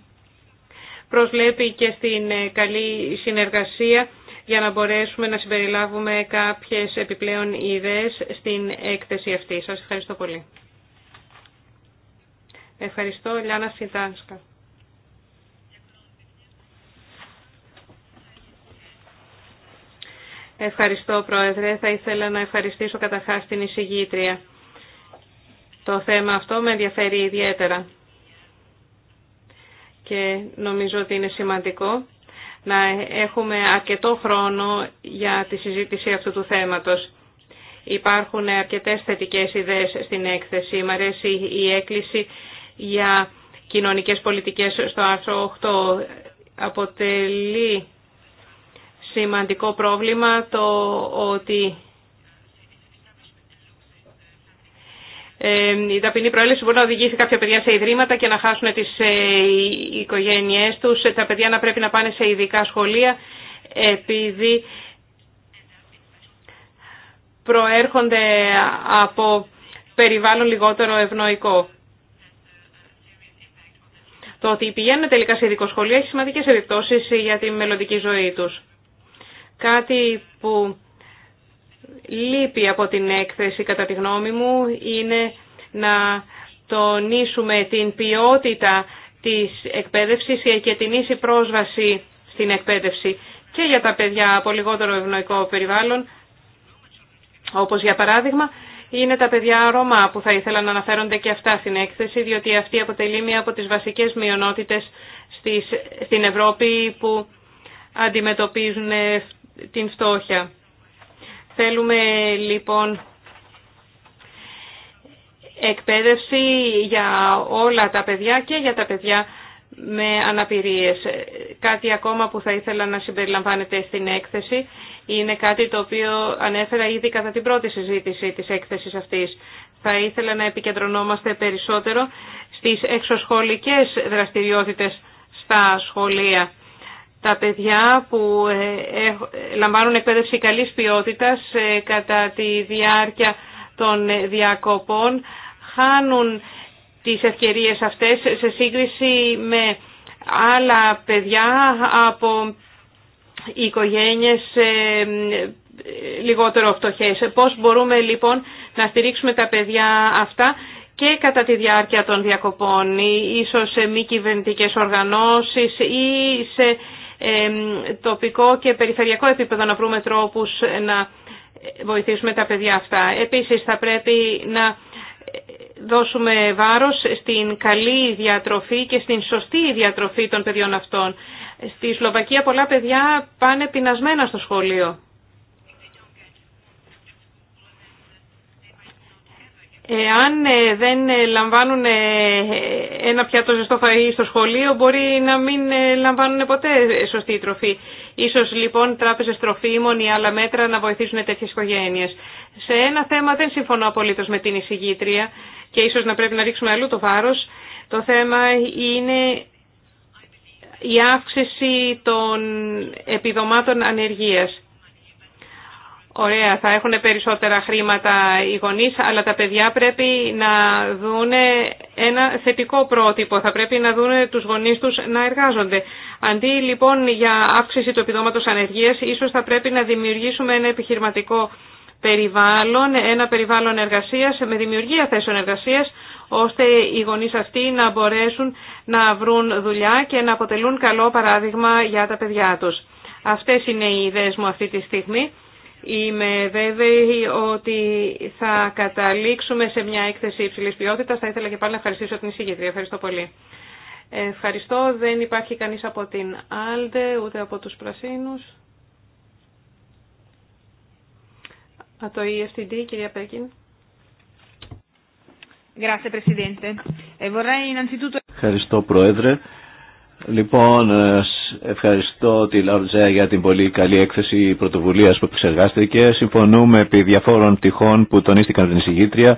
προσλέπει και στην ε, καλή συνεργασία για να μπορέσουμε να συμπεριλάβουμε κάποιες επιπλέον ιδέες στην έκθεση αυτή. Σας ευχαριστώ πολύ. Ευχαριστώ, Λιάννα Σιντάνσκα. Ευχαριστώ, Πρόεδρε. Θα ήθελα να ευχαριστήσω καταρχάς την εισηγήτρια. Το θέμα αυτό με ενδιαφέρει ιδιαίτερα και νομίζω ότι είναι σημαντικό να έχουμε αρκετό χρόνο για τη συζήτηση αυτού του θέματος. Υπάρχουν αρκετές θετικές ιδέες στην έκθεση. Μ' αρέσει η έκκληση για κοινωνικές πολιτικές στο άρθρο 8. Αποτελεί σημαντικό πρόβλημα το ότι Ε, η ταπεινή προέλευση μπορεί να οδηγήσει κάποια παιδιά σε ιδρύματα και να χάσουν τις ε, οικογένειές τους. Ε, τα παιδιά να πρέπει να πάνε σε ειδικά σχολεία επειδή προέρχονται από περιβάλλον λιγότερο ευνοϊκό. Το ότι πηγαίνουν τελικά σε ειδικό σχολείο έχει σημαντικές επιπτώσεις για τη μελλοντική ζωή τους. Κάτι που λείπει από την έκθεση κατά τη γνώμη μου είναι να τονίσουμε την ποιότητα της εκπαίδευσης και την ίση πρόσβαση στην εκπαίδευση και για τα παιδιά από λιγότερο ευνοϊκό περιβάλλον, όπως για παράδειγμα είναι τα παιδιά Ρωμά που θα ήθελα να αναφέρονται και αυτά στην έκθεση, διότι αυτή αποτελεί μία από τις βασικές μειονότητες στην Ευρώπη που αντιμετωπίζουν ε, την φτώχεια. Θέλουμε λοιπόν εκπαίδευση για όλα τα παιδιά και για τα παιδιά με αναπηρίες. Κάτι ακόμα που θα ήθελα να συμπεριλαμβάνεται στην έκθεση είναι κάτι το οποίο ανέφερα ήδη κατά την πρώτη συζήτηση της έκθεσης αυτής. Θα ήθελα να επικεντρωνόμαστε περισσότερο στις εξωσχολικές δραστηριότητες στα σχολεία τα παιδιά που ε, λαμβάνουν εκπαίδευση καλής ποιότητας ε, κατά τη διάρκεια των διακοπών χάνουν τις ευκαιρίες αυτές σε σύγκριση με άλλα παιδιά από οικογένειες ε, λιγότερο φτωχές. Πώς μπορούμε λοιπόν να στηρίξουμε τα παιδιά αυτά και κατά τη διάρκεια των διακοπών, ίσως σε μη κυβερνητικέ οργανώσεις ή σε τοπικό και περιφερειακό επίπεδο να βρούμε τρόπους να βοηθήσουμε τα παιδιά αυτά. Επίσης θα πρέπει να δώσουμε βάρος στην καλή διατροφή και στην σωστή διατροφή των παιδιών αυτών. Στη Σλοβακία πολλά παιδιά πάνε πεινασμένα στο σχολείο. Αν ε, δεν ε, λαμβάνουν ε, ένα πιάτο ζεστό φαΐ στο σχολείο, μπορεί να μην λαμβάνουν ποτέ σωστή τροφή. Ίσως λοιπόν τράπεζες τροφίμων ή άλλα μέτρα να βοηθήσουν τέτοιες οικογένειες. Σε ένα θέμα δεν συμφωνώ απολύτως με την εισηγήτρια και ίσως να πρέπει να ρίξουμε αλλού το βάρος. Το θέμα είναι η αύξηση των επιδομάτων ανεργίας. Ωραία, θα έχουν περισσότερα χρήματα οι γονείς, αλλά τα παιδιά πρέπει να δούνε ένα θετικό πρότυπο. Θα πρέπει να δούνε τους γονείς τους να εργάζονται. Αντί λοιπόν για αύξηση του επιδόματος ανεργίας, ίσως θα πρέπει να δημιουργήσουμε ένα επιχειρηματικό περιβάλλον, ένα περιβάλλον εργασίας με δημιουργία θέσεων εργασίας, ώστε οι γονείς αυτοί να μπορέσουν να βρουν δουλειά και να αποτελούν καλό παράδειγμα για τα παιδιά τους. Αυτές είναι οι ιδέες μου αυτή τη στιγμή. Είμαι βέβαιη ότι θα καταλήξουμε σε μια έκθεση υψηλή ποιότητα. Θα ήθελα και πάλι να ευχαριστήσω την εισηγήτρια. Ευχαριστώ πολύ. Ευχαριστώ. Δεν υπάρχει κανείς από την Άλντε, ούτε από τους Πρασίνους. Από το EFTD, κυρία Πέκιν. Ε, Ευχαριστώ, Πρόεδρε. Λοιπόν, ε, ευχαριστώ τη Λαουρτζέα για την πολύ καλή έκθεση πρωτοβουλία που επεξεργάστηκε. Συμφωνούμε επί διαφόρων πτυχών που τονίστηκαν την εισηγήτρια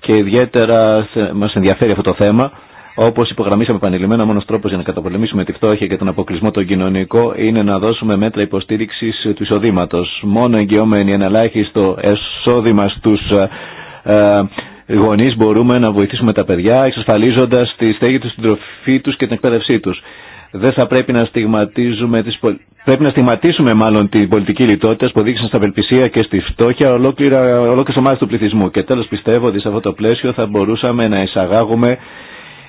και ιδιαίτερα μα ενδιαφέρει αυτό το θέμα. Όπω υπογραμμίσαμε επανειλημμένα, ο μόνο τρόπο για να καταπολεμήσουμε τη φτώχεια και τον αποκλεισμό τον κοινωνικό είναι να δώσουμε μέτρα υποστήριξη του εισοδήματο. Μόνο εγγυόμενοι ένα ελάχιστο εισόδημα στου ε, γονείς μπορούμε να βοηθήσουμε τα παιδιά εξασφαλίζοντας τη στέγη τους, την τροφή τους και την εκπαίδευσή τους. Δεν θα πρέπει να στιγματίζουμε τις Πρέπει να στιγματίσουμε μάλλον την πολιτική λιτότητα που οδήγησαν στα απελπισία και στη φτώχεια ολόκληρα, ολόκληρες ομάδες του πληθυσμού. Και τέλος πιστεύω ότι σε αυτό το πλαίσιο θα μπορούσαμε να εισαγάγουμε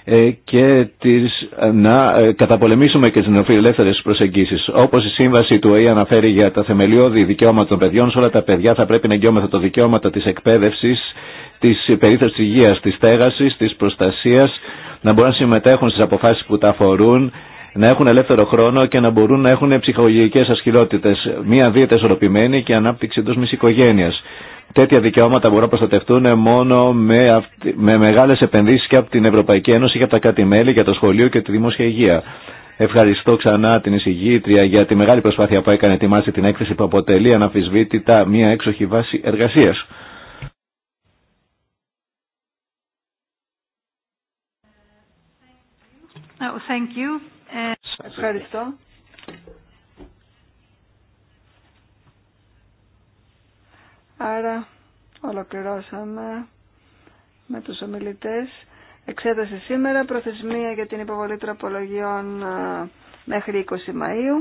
ε, και τις, να ε, καταπολεμήσουμε και τις νεοφιλελεύθερες προσεγγίσεις. Όπως η σύμβαση του αναφέρει για τα θεμελιώδη δικαιώματα των παιδιών, σε όλα τα παιδιά θα πρέπει να εγγυόμεθα το δικαιώματα της εκπαίδευσης της περίθαλψης της υγείας, της στέγασης, της προστασίας, να μπορούν να συμμετέχουν στις αποφάσεις που τα αφορούν, να έχουν ελεύθερο χρόνο και να μπορούν να έχουν ψυχολογικές ασχηλότητες, μία δίαιτα ισορροπημένη και ανάπτυξη εντός μιας οικογένειας. Τέτοια δικαιώματα μπορούν να προστατευτούν μόνο με, με μεγάλες επενδύσεις και από την Ευρωπαϊκή Ένωση και από τα κράτη-μέλη για το σχολείο και τη δημόσια υγεία. Ευχαριστώ ξανά την εισηγήτρια για τη μεγάλη προσπάθεια που έκανε ετοιμάσει την έκθεση που αποτελεί αναφυσβήτητα μια έξοχη βάση εργασίας. Oh, ε, ευχαριστώ. Άρα ολοκληρώσαμε με τους ομιλητές. Εξέταση σήμερα, προθεσμία για την υποβολή τροπολογιών ε, μέχρι 20 Μαΐου,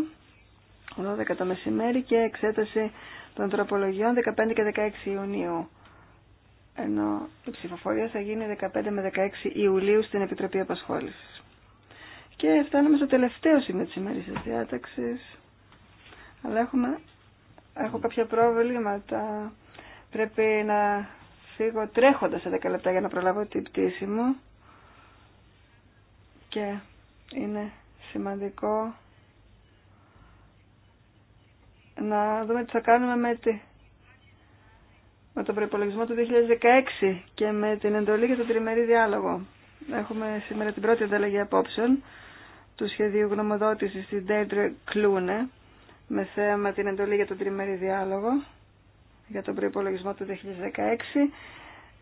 12 το μεσημέρι και εξέταση των τροπολογιών 15 και 16 Ιουνίου. Ενώ η ψηφοφορία θα γίνει 15 με 16 Ιουλίου στην Επιτροπή Απασχόλησης. Και φτάνουμε στο τελευταίο σημείο της ημερήσιας διάταξης. Αλλά έχουμε, έχω κάποια προβλήματα. Πρέπει να φύγω τρέχοντας σε 10 λεπτά για να προλάβω την πτήση μου. Και είναι σημαντικό να δούμε τι θα κάνουμε με, τη, με τον προπολογισμό του 2016 και με την εντολή για τον τριμερή διάλογο. Έχουμε σήμερα την πρώτη ανταλλαγή απόψεων του σχεδίου γνωμοδότησης της Τέντρε Κλούνε με θέμα την εντολή για τον τριμερή διάλογο για τον προϋπολογισμό του 2016.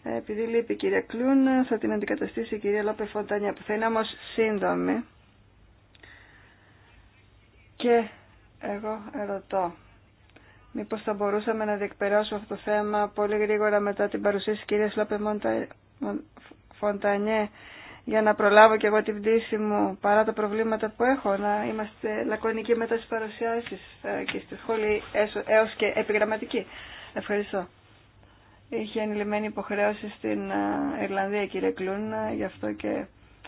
Επειδή λείπει η κυρία Κλούν, θα την αντικαταστήσει η κυρία Λόπε Φοντανιά, που θα είναι όμως σύντομη. Και εγώ ερωτώ, μήπως θα μπορούσαμε να διεκπαιρεώσουμε αυτό το θέμα πολύ γρήγορα μετά την παρουσίαση της κυρίας Λόπε Φοντανιέ για να προλάβω και εγώ την πτήση μου παρά τα προβλήματα που έχω, να είμαστε λακωνικοί μετά τις παρουσιάσεις ε, και στη σχόλη έως και επιγραμματική. Ευχαριστώ. Είχε ανηλημένη υποχρέωση στην ε, Ιρλανδία κύριε Κλούν, ε, γι' αυτό και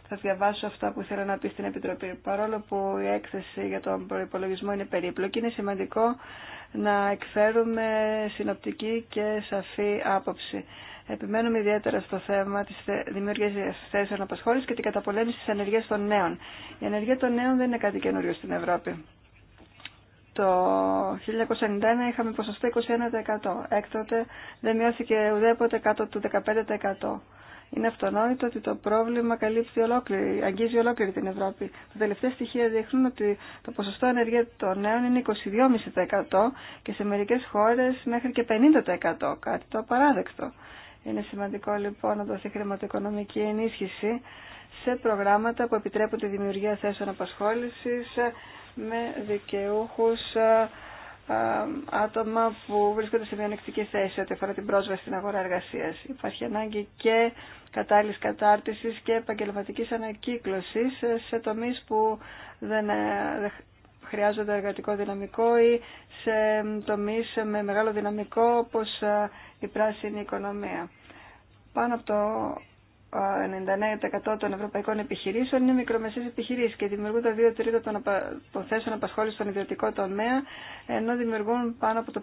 θα διαβάσω αυτά που θέλω να πει στην Επιτροπή. Παρόλο που η έκθεση για τον προπολογισμό είναι περίπλοκη, είναι σημαντικό να εκφέρουμε συνοπτική και σαφή άποψη. Επιμένουμε ιδιαίτερα στο θέμα τη δημιουργία θέσεων απασχόληση και την καταπολέμηση τη ανεργία των νέων. Η ανεργία των νέων δεν είναι κάτι καινούριο στην Ευρώπη. Το 1991 είχαμε ποσοστό 21%. Έκτοτε δεν μειώθηκε ουδέποτε κάτω του 15%. Είναι αυτονόητο ότι το πρόβλημα καλύπτει ολόκληρη, αγγίζει ολόκληρη την Ευρώπη. Τα τελευταία στοιχεία δείχνουν ότι το ποσοστό ανεργία των νέων είναι 22,5% και σε μερικές χώρες μέχρι και 50%, κάτι το απαράδεκτο. Είναι σημαντικό λοιπόν να δοθεί χρηματοοικονομική ενίσχυση σε προγράμματα που επιτρέπουν τη δημιουργία θέσεων απασχόλησης με δικαιούχους ε, ε, άτομα που βρίσκονται σε μειονεκτική θέση ό,τι αφορά την πρόσβαση στην αγορά εργασίας. Υπάρχει ανάγκη και κατάλληλη κατάρτιση και επαγγελματική ανακύκλωση σε τομεί που δεν ε, χρειάζονται εργατικό δυναμικό ή σε τομείς με μεγάλο δυναμικό όπως η πράσινη οικονομία. Πάνω από το 99% των ευρωπαϊκών επιχειρήσεων είναι μικρομεσαίες επιχειρήσεις και δημιουργούν τα 2 τρίτα των, των θέσεων απασχόλησης στον ιδιωτικό τομέα, ενώ δημιουργούν πάνω από το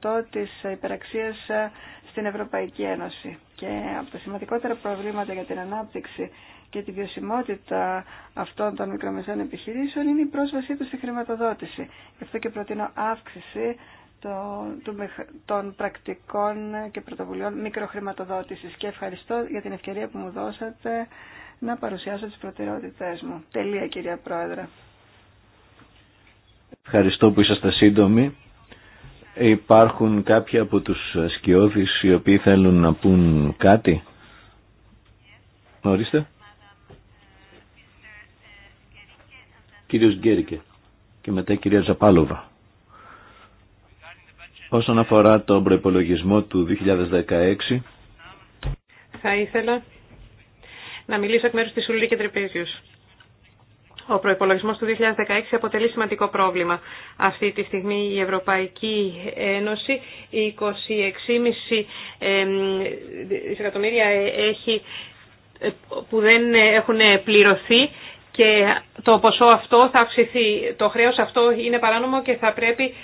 50% της υπεραξίας ε, στην Ευρωπαϊκή Ένωση. Και από τα σημαντικότερα προβλήματα για την ανάπτυξη και τη βιωσιμότητα αυτών των μικρομεσαίων επιχειρήσεων είναι η πρόσβασή τους στη χρηματοδότηση. Γι' αυτό και προτείνω αύξηση των πρακτικών και πρωτοβουλειών μικροχρηματοδότησης και ευχαριστώ για την ευκαιρία που μου δώσατε να παρουσιάσω τις προτεραιότητές μου. Τελεία κυρία Πρόεδρε. Ευχαριστώ που είσαστε σύντομοι. Υπάρχουν κάποιοι από τους σκιώδεις οι οποίοι θέλουν να πούν κάτι. Ορίστε. Κύριος Γκέρικε και μετά η κυρία Ζαπάλοβα. Όσον αφορά τον προπολογισμό του 2016, θα ήθελα να μιλήσω εκ μέρους της Ουλή και Τρεπέζιους. Ο προϋπολογισμός του 2016 αποτελεί σημαντικό πρόβλημα. Αυτή τη στιγμή η Ευρωπαϊκή Ένωση 26,5 δισεκατομμύρια ε, έχει ε, που δεν έχουν πληρωθεί και το ποσό αυτό θα αυξηθεί. Το χρέος αυτό είναι παράνομο και θα πρέπει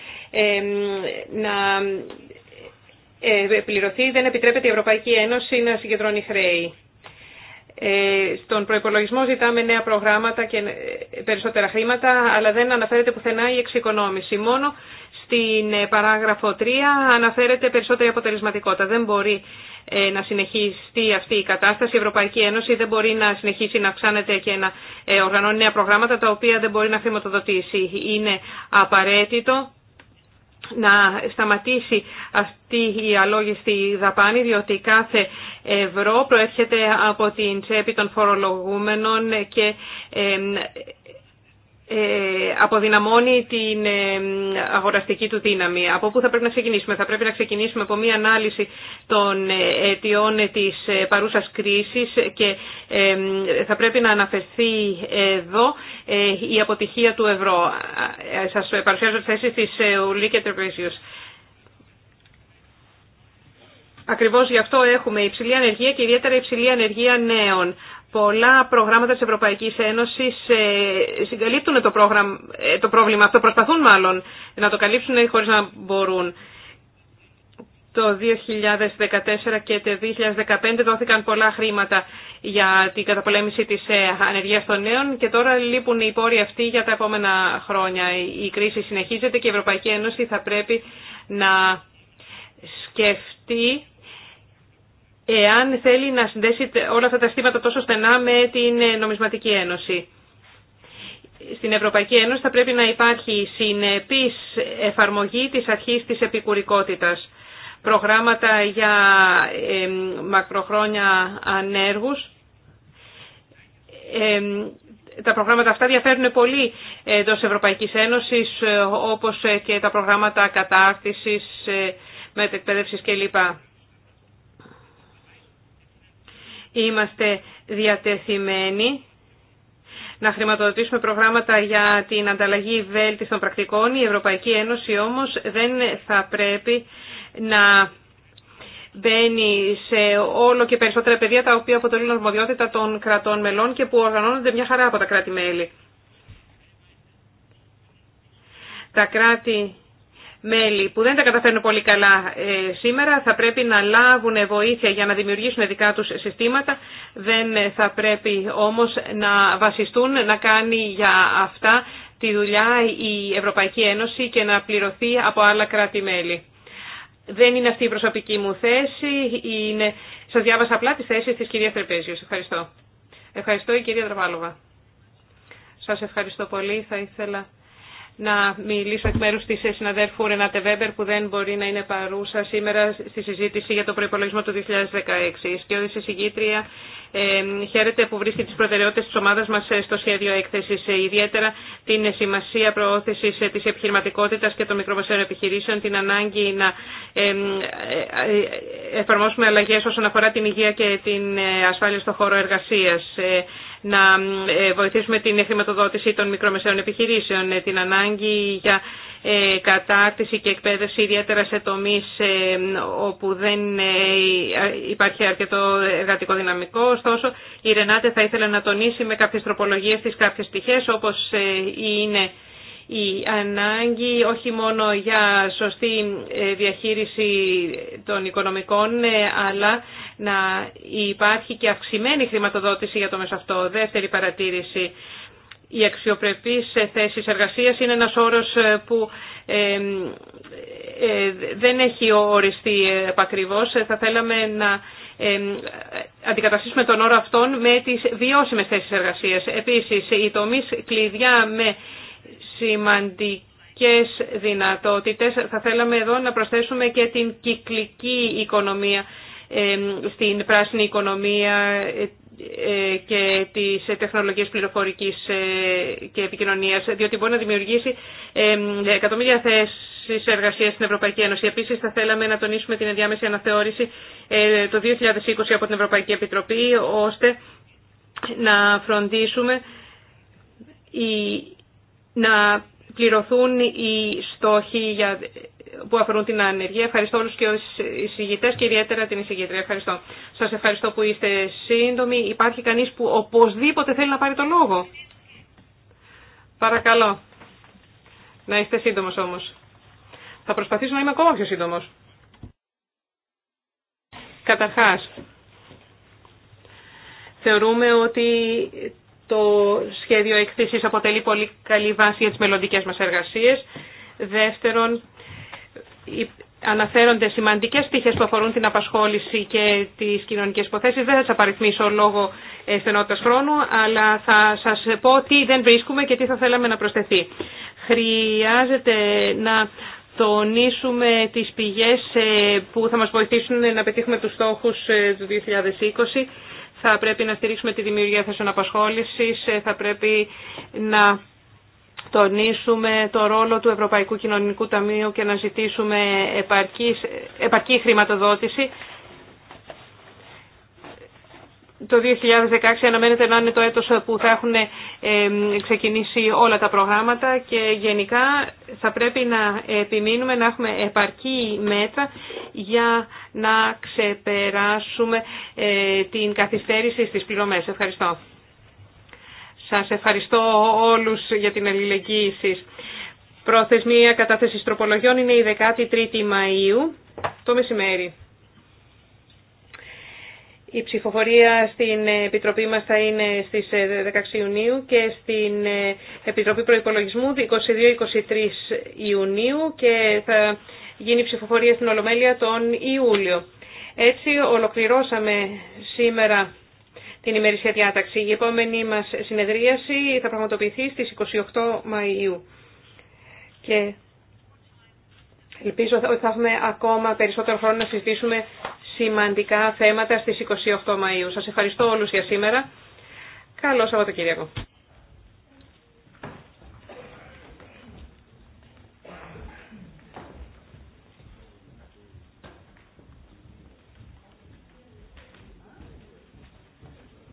να ε, πληρωθεί. Δεν επιτρέπεται η Ευρωπαϊκή Ένωση να συγκεντρώνει χρέη. Ε, στον προϋπολογισμό ζητάμε νέα προγράμματα και ε, περισσότερα χρήματα, αλλά δεν αναφέρεται πουθενά η εξοικονόμηση. Μόνο στην ε, παράγραφο 3 αναφέρεται περισσότερη αποτελεσματικότητα. Ε, να συνεχιστεί αυτή η κατάσταση. Η Ευρωπαϊκή Ένωση δεν μπορεί να συνεχίσει να αυξάνεται και να ε, οργανώνει νέα προγράμματα τα οποία δεν μπορεί να χρηματοδοτήσει. Είναι απαραίτητο να σταματήσει αυτή η αλόγιστη δαπάνη, διότι κάθε ευρώ προέρχεται από την τσέπη των φορολογούμενων και ε, ε, αποδυναμώνει την ε, αγοραστική του δύναμη. Από πού θα πρέπει να ξεκινήσουμε. Θα πρέπει να ξεκινήσουμε από μία ανάλυση των ε, αιτιών της παρούσας κρίσης και θα πρέπει να αναφερθεί εδώ η αποτυχία του ευρώ. Σας παρουσιάζω τις θέσεις της και Τρεπέζιος. Ακριβώς γι' αυτό έχουμε υψηλή ανεργία και ιδιαίτερα υψηλή ανεργία νέων. Πολλά προγράμματα της Ευρωπαϊκής Ένωσης ε, συγκαλύπτουν το, ε, το πρόβλημα αυτό, προσπαθούν μάλλον να το καλύψουν χωρίς να μπορούν. Το 2014 και το 2015 δόθηκαν πολλά χρήματα για την καταπολέμηση της ε, ανεργίας των νέων και τώρα λείπουν οι πόροι αυτοί για τα επόμενα χρόνια. Η κρίση συνεχίζεται και η Ευρωπαϊκή Ένωση θα πρέπει να σκεφτεί εάν θέλει να συνδέσει όλα αυτά τα στήματα τόσο στενά με την ε, νομισματική ένωση. Στην Ευρωπαϊκή Ένωση θα πρέπει να υπάρχει συνεπής εφαρμογή της αρχής της επικουρικότητας. Προγράμματα για μακροχρόνια ανέργους. Τα προγράμματα αυτά διαφέρουν πολύ εντό Ευρωπαϊκής Ένωσης ε, όπως ε, και τα προγράμματα κατάρτισης, μετεκπαίδευσης κλπ. Είμαστε διατεθειμένοι να χρηματοδοτήσουμε προγράμματα για την ανταλλαγή βέλτιστων πρακτικών. Η Ευρωπαϊκή Ένωση όμως δεν θα πρέπει να μπαίνει σε όλο και περισσότερα παιδιά τα οποία αποτελούν αρμοδιότητα των κρατών μελών και που οργανώνονται μια χαρά από τα κράτη-μέλη. Τα κράτη μέλη που δεν τα καταφέρνουν πολύ καλά ε, σήμερα θα πρέπει να λάβουν βοήθεια για να δημιουργήσουν δικά τους συστήματα. Δεν ε, θα πρέπει όμως να βασιστούν να κάνει για αυτά τη δουλειά η Ευρωπαϊκή Ένωση και να πληρωθεί από άλλα κράτη-μέλη. Δεν είναι αυτή η προσωπική μου θέση. Είναι... Σας διάβασα απλά τις θέση της κυρίας Τρεπέζιος. Ευχαριστώ. Ευχαριστώ η κυρία Τραβάλοβα. Σας ευχαριστώ πολύ. Θα ήθελα να μιλήσω εκ μέρου τη συναδέρφου Ρενάτε Βέμπερ που δεν μπορεί να είναι παρούσα σήμερα στη συζήτηση για το προϋπολογισμό του 2016. Η Συγκήτρια, ε, χαίρεται που βρίσκει τι προτεραιότητε τη ομάδα μα ε, στο σχέδιο έκθεση. Ε, ιδιαίτερα την σημασία προώθηση ε, τη επιχειρηματικότητα και των μικροβασίων επιχειρήσεων, την ανάγκη να εφαρμόσουμε αλλαγέ όσον αφορά την υγεία και την ασφάλεια στον χώρο εργασία να ε, βοηθήσουμε την χρηματοδότηση των μικρομεσαίων επιχειρήσεων, ε, την ανάγκη για ε, κατάρτιση και εκπαίδευση ιδιαίτερα σε τομείς όπου δεν υπάρχει αρκετό εργατικό δυναμικό. Ωστόσο, η Ρενάτε θα ήθελε να τονίσει με κάποιες τροπολογίες τις κάποιες πτυχές όπως είναι η ανάγκη όχι μόνο για σωστή ε, διαχείριση των οικονομικών, ε, αλλά να υπάρχει και αυξημένη χρηματοδότηση για το μέσο αυτό. Δεύτερη παρατήρηση. Η αξιοπρεπής ε, θέση εργασίας είναι ένας όρος που δεν έχει οριστεί επακριβώς. Θα θέλαμε να αντικαταστήσουμε τον όρο αυτόν με τις βιώσιμες θέσεις εργασίας. Επίσης, οι τομείς κλειδιά με σημαντικές δυνατότητες. Θα θέλαμε εδώ να προσθέσουμε και την κυκλική οικονομία στην πράσινη οικονομία ε, ε, και τις τεχνολογίες πληροφορικής ε, και επικοινωνίας, διότι μπορεί να δημιουργήσει εκατομμύρια θέσεις εργασίας στην Ευρωπαϊκή Ένωση. Επίσης, θα θέλαμε να τονίσουμε την ενδιάμεση αναθεώρηση το 2020 από την Ευρωπαϊκή Επιτροπή, ώστε να φροντίσουμε η να πληρωθούν οι στόχοι που αφορούν την ανεργία. Ευχαριστώ όλους και τους εισηγητές και ιδιαίτερα την εισηγήτρια. Ευχαριστώ. Σας ευχαριστώ που είστε σύντομοι. Υπάρχει κανείς που οπωσδήποτε θέλει να πάρει το λόγο. Παρακαλώ. Να είστε σύντομος όμως. Θα προσπαθήσω να είμαι ακόμα πιο σύντομος. Καταρχάς, θεωρούμε ότι το σχέδιο εκθέσεις αποτελεί πολύ καλή βάση για τις μελλοντικές μας εργασίες. Δεύτερον, αναφέρονται σημαντικές πτυχέ που αφορούν την απασχόληση και τις κοινωνικές υποθέσει. Δεν θα σας απαριθμίσω λόγω στενότητας χρόνου, αλλά θα σας πω τι δεν βρίσκουμε και τι θα θέλαμε να προσθεθεί. Χρειάζεται να τονίσουμε τις πηγές ε, που θα μας βοηθήσουν να πετύχουμε τους στόχους ε, του 2020 θα πρέπει να στηρίξουμε τη δημιουργία θέσεων απασχόλησης, ε, θα πρέπει να τονίσουμε το ρόλο του Ευρωπαϊκού Κοινωνικού Ταμείου και να ζητήσουμε επαρκή, επαρκή χρηματοδότηση το 2016 αναμένεται να είναι το έτος που θα έχουν ε, ξεκινήσει όλα τα προγράμματα και γενικά θα πρέπει να επιμείνουμε να έχουμε επαρκή μέτρα για να ξεπεράσουμε ε, την καθυστέρηση στις πληρωμές. Ευχαριστώ. Σας ευχαριστώ όλους για την αλληλεγγύη σας. Προθεσμία κατάθεσης τροπολογιών είναι η 13η Μαΐου το μεσημέρι. Η ψηφοφορία στην Επιτροπή μας θα είναι στις 16 ε, Ιουνίου και στην ε, Επιτροπή Προϋπολογισμού 22-23 Ιουνίου και θα γίνει ψηφοφορία στην Ολομέλεια τον Ιούλιο. Έτσι ολοκληρώσαμε σήμερα την ημερησία διάταξη. Η επόμενη μας συνεδρίαση θα πραγματοποιηθεί στις 28 Μαΐου. Και ελπίζω ότι θα έχουμε ακόμα περισσότερο χρόνο να συζητήσουμε σημαντικά θέματα στις 28 Μαΐου. Σας ευχαριστώ όλους για σήμερα. Καλό Σαββατοκύριακο.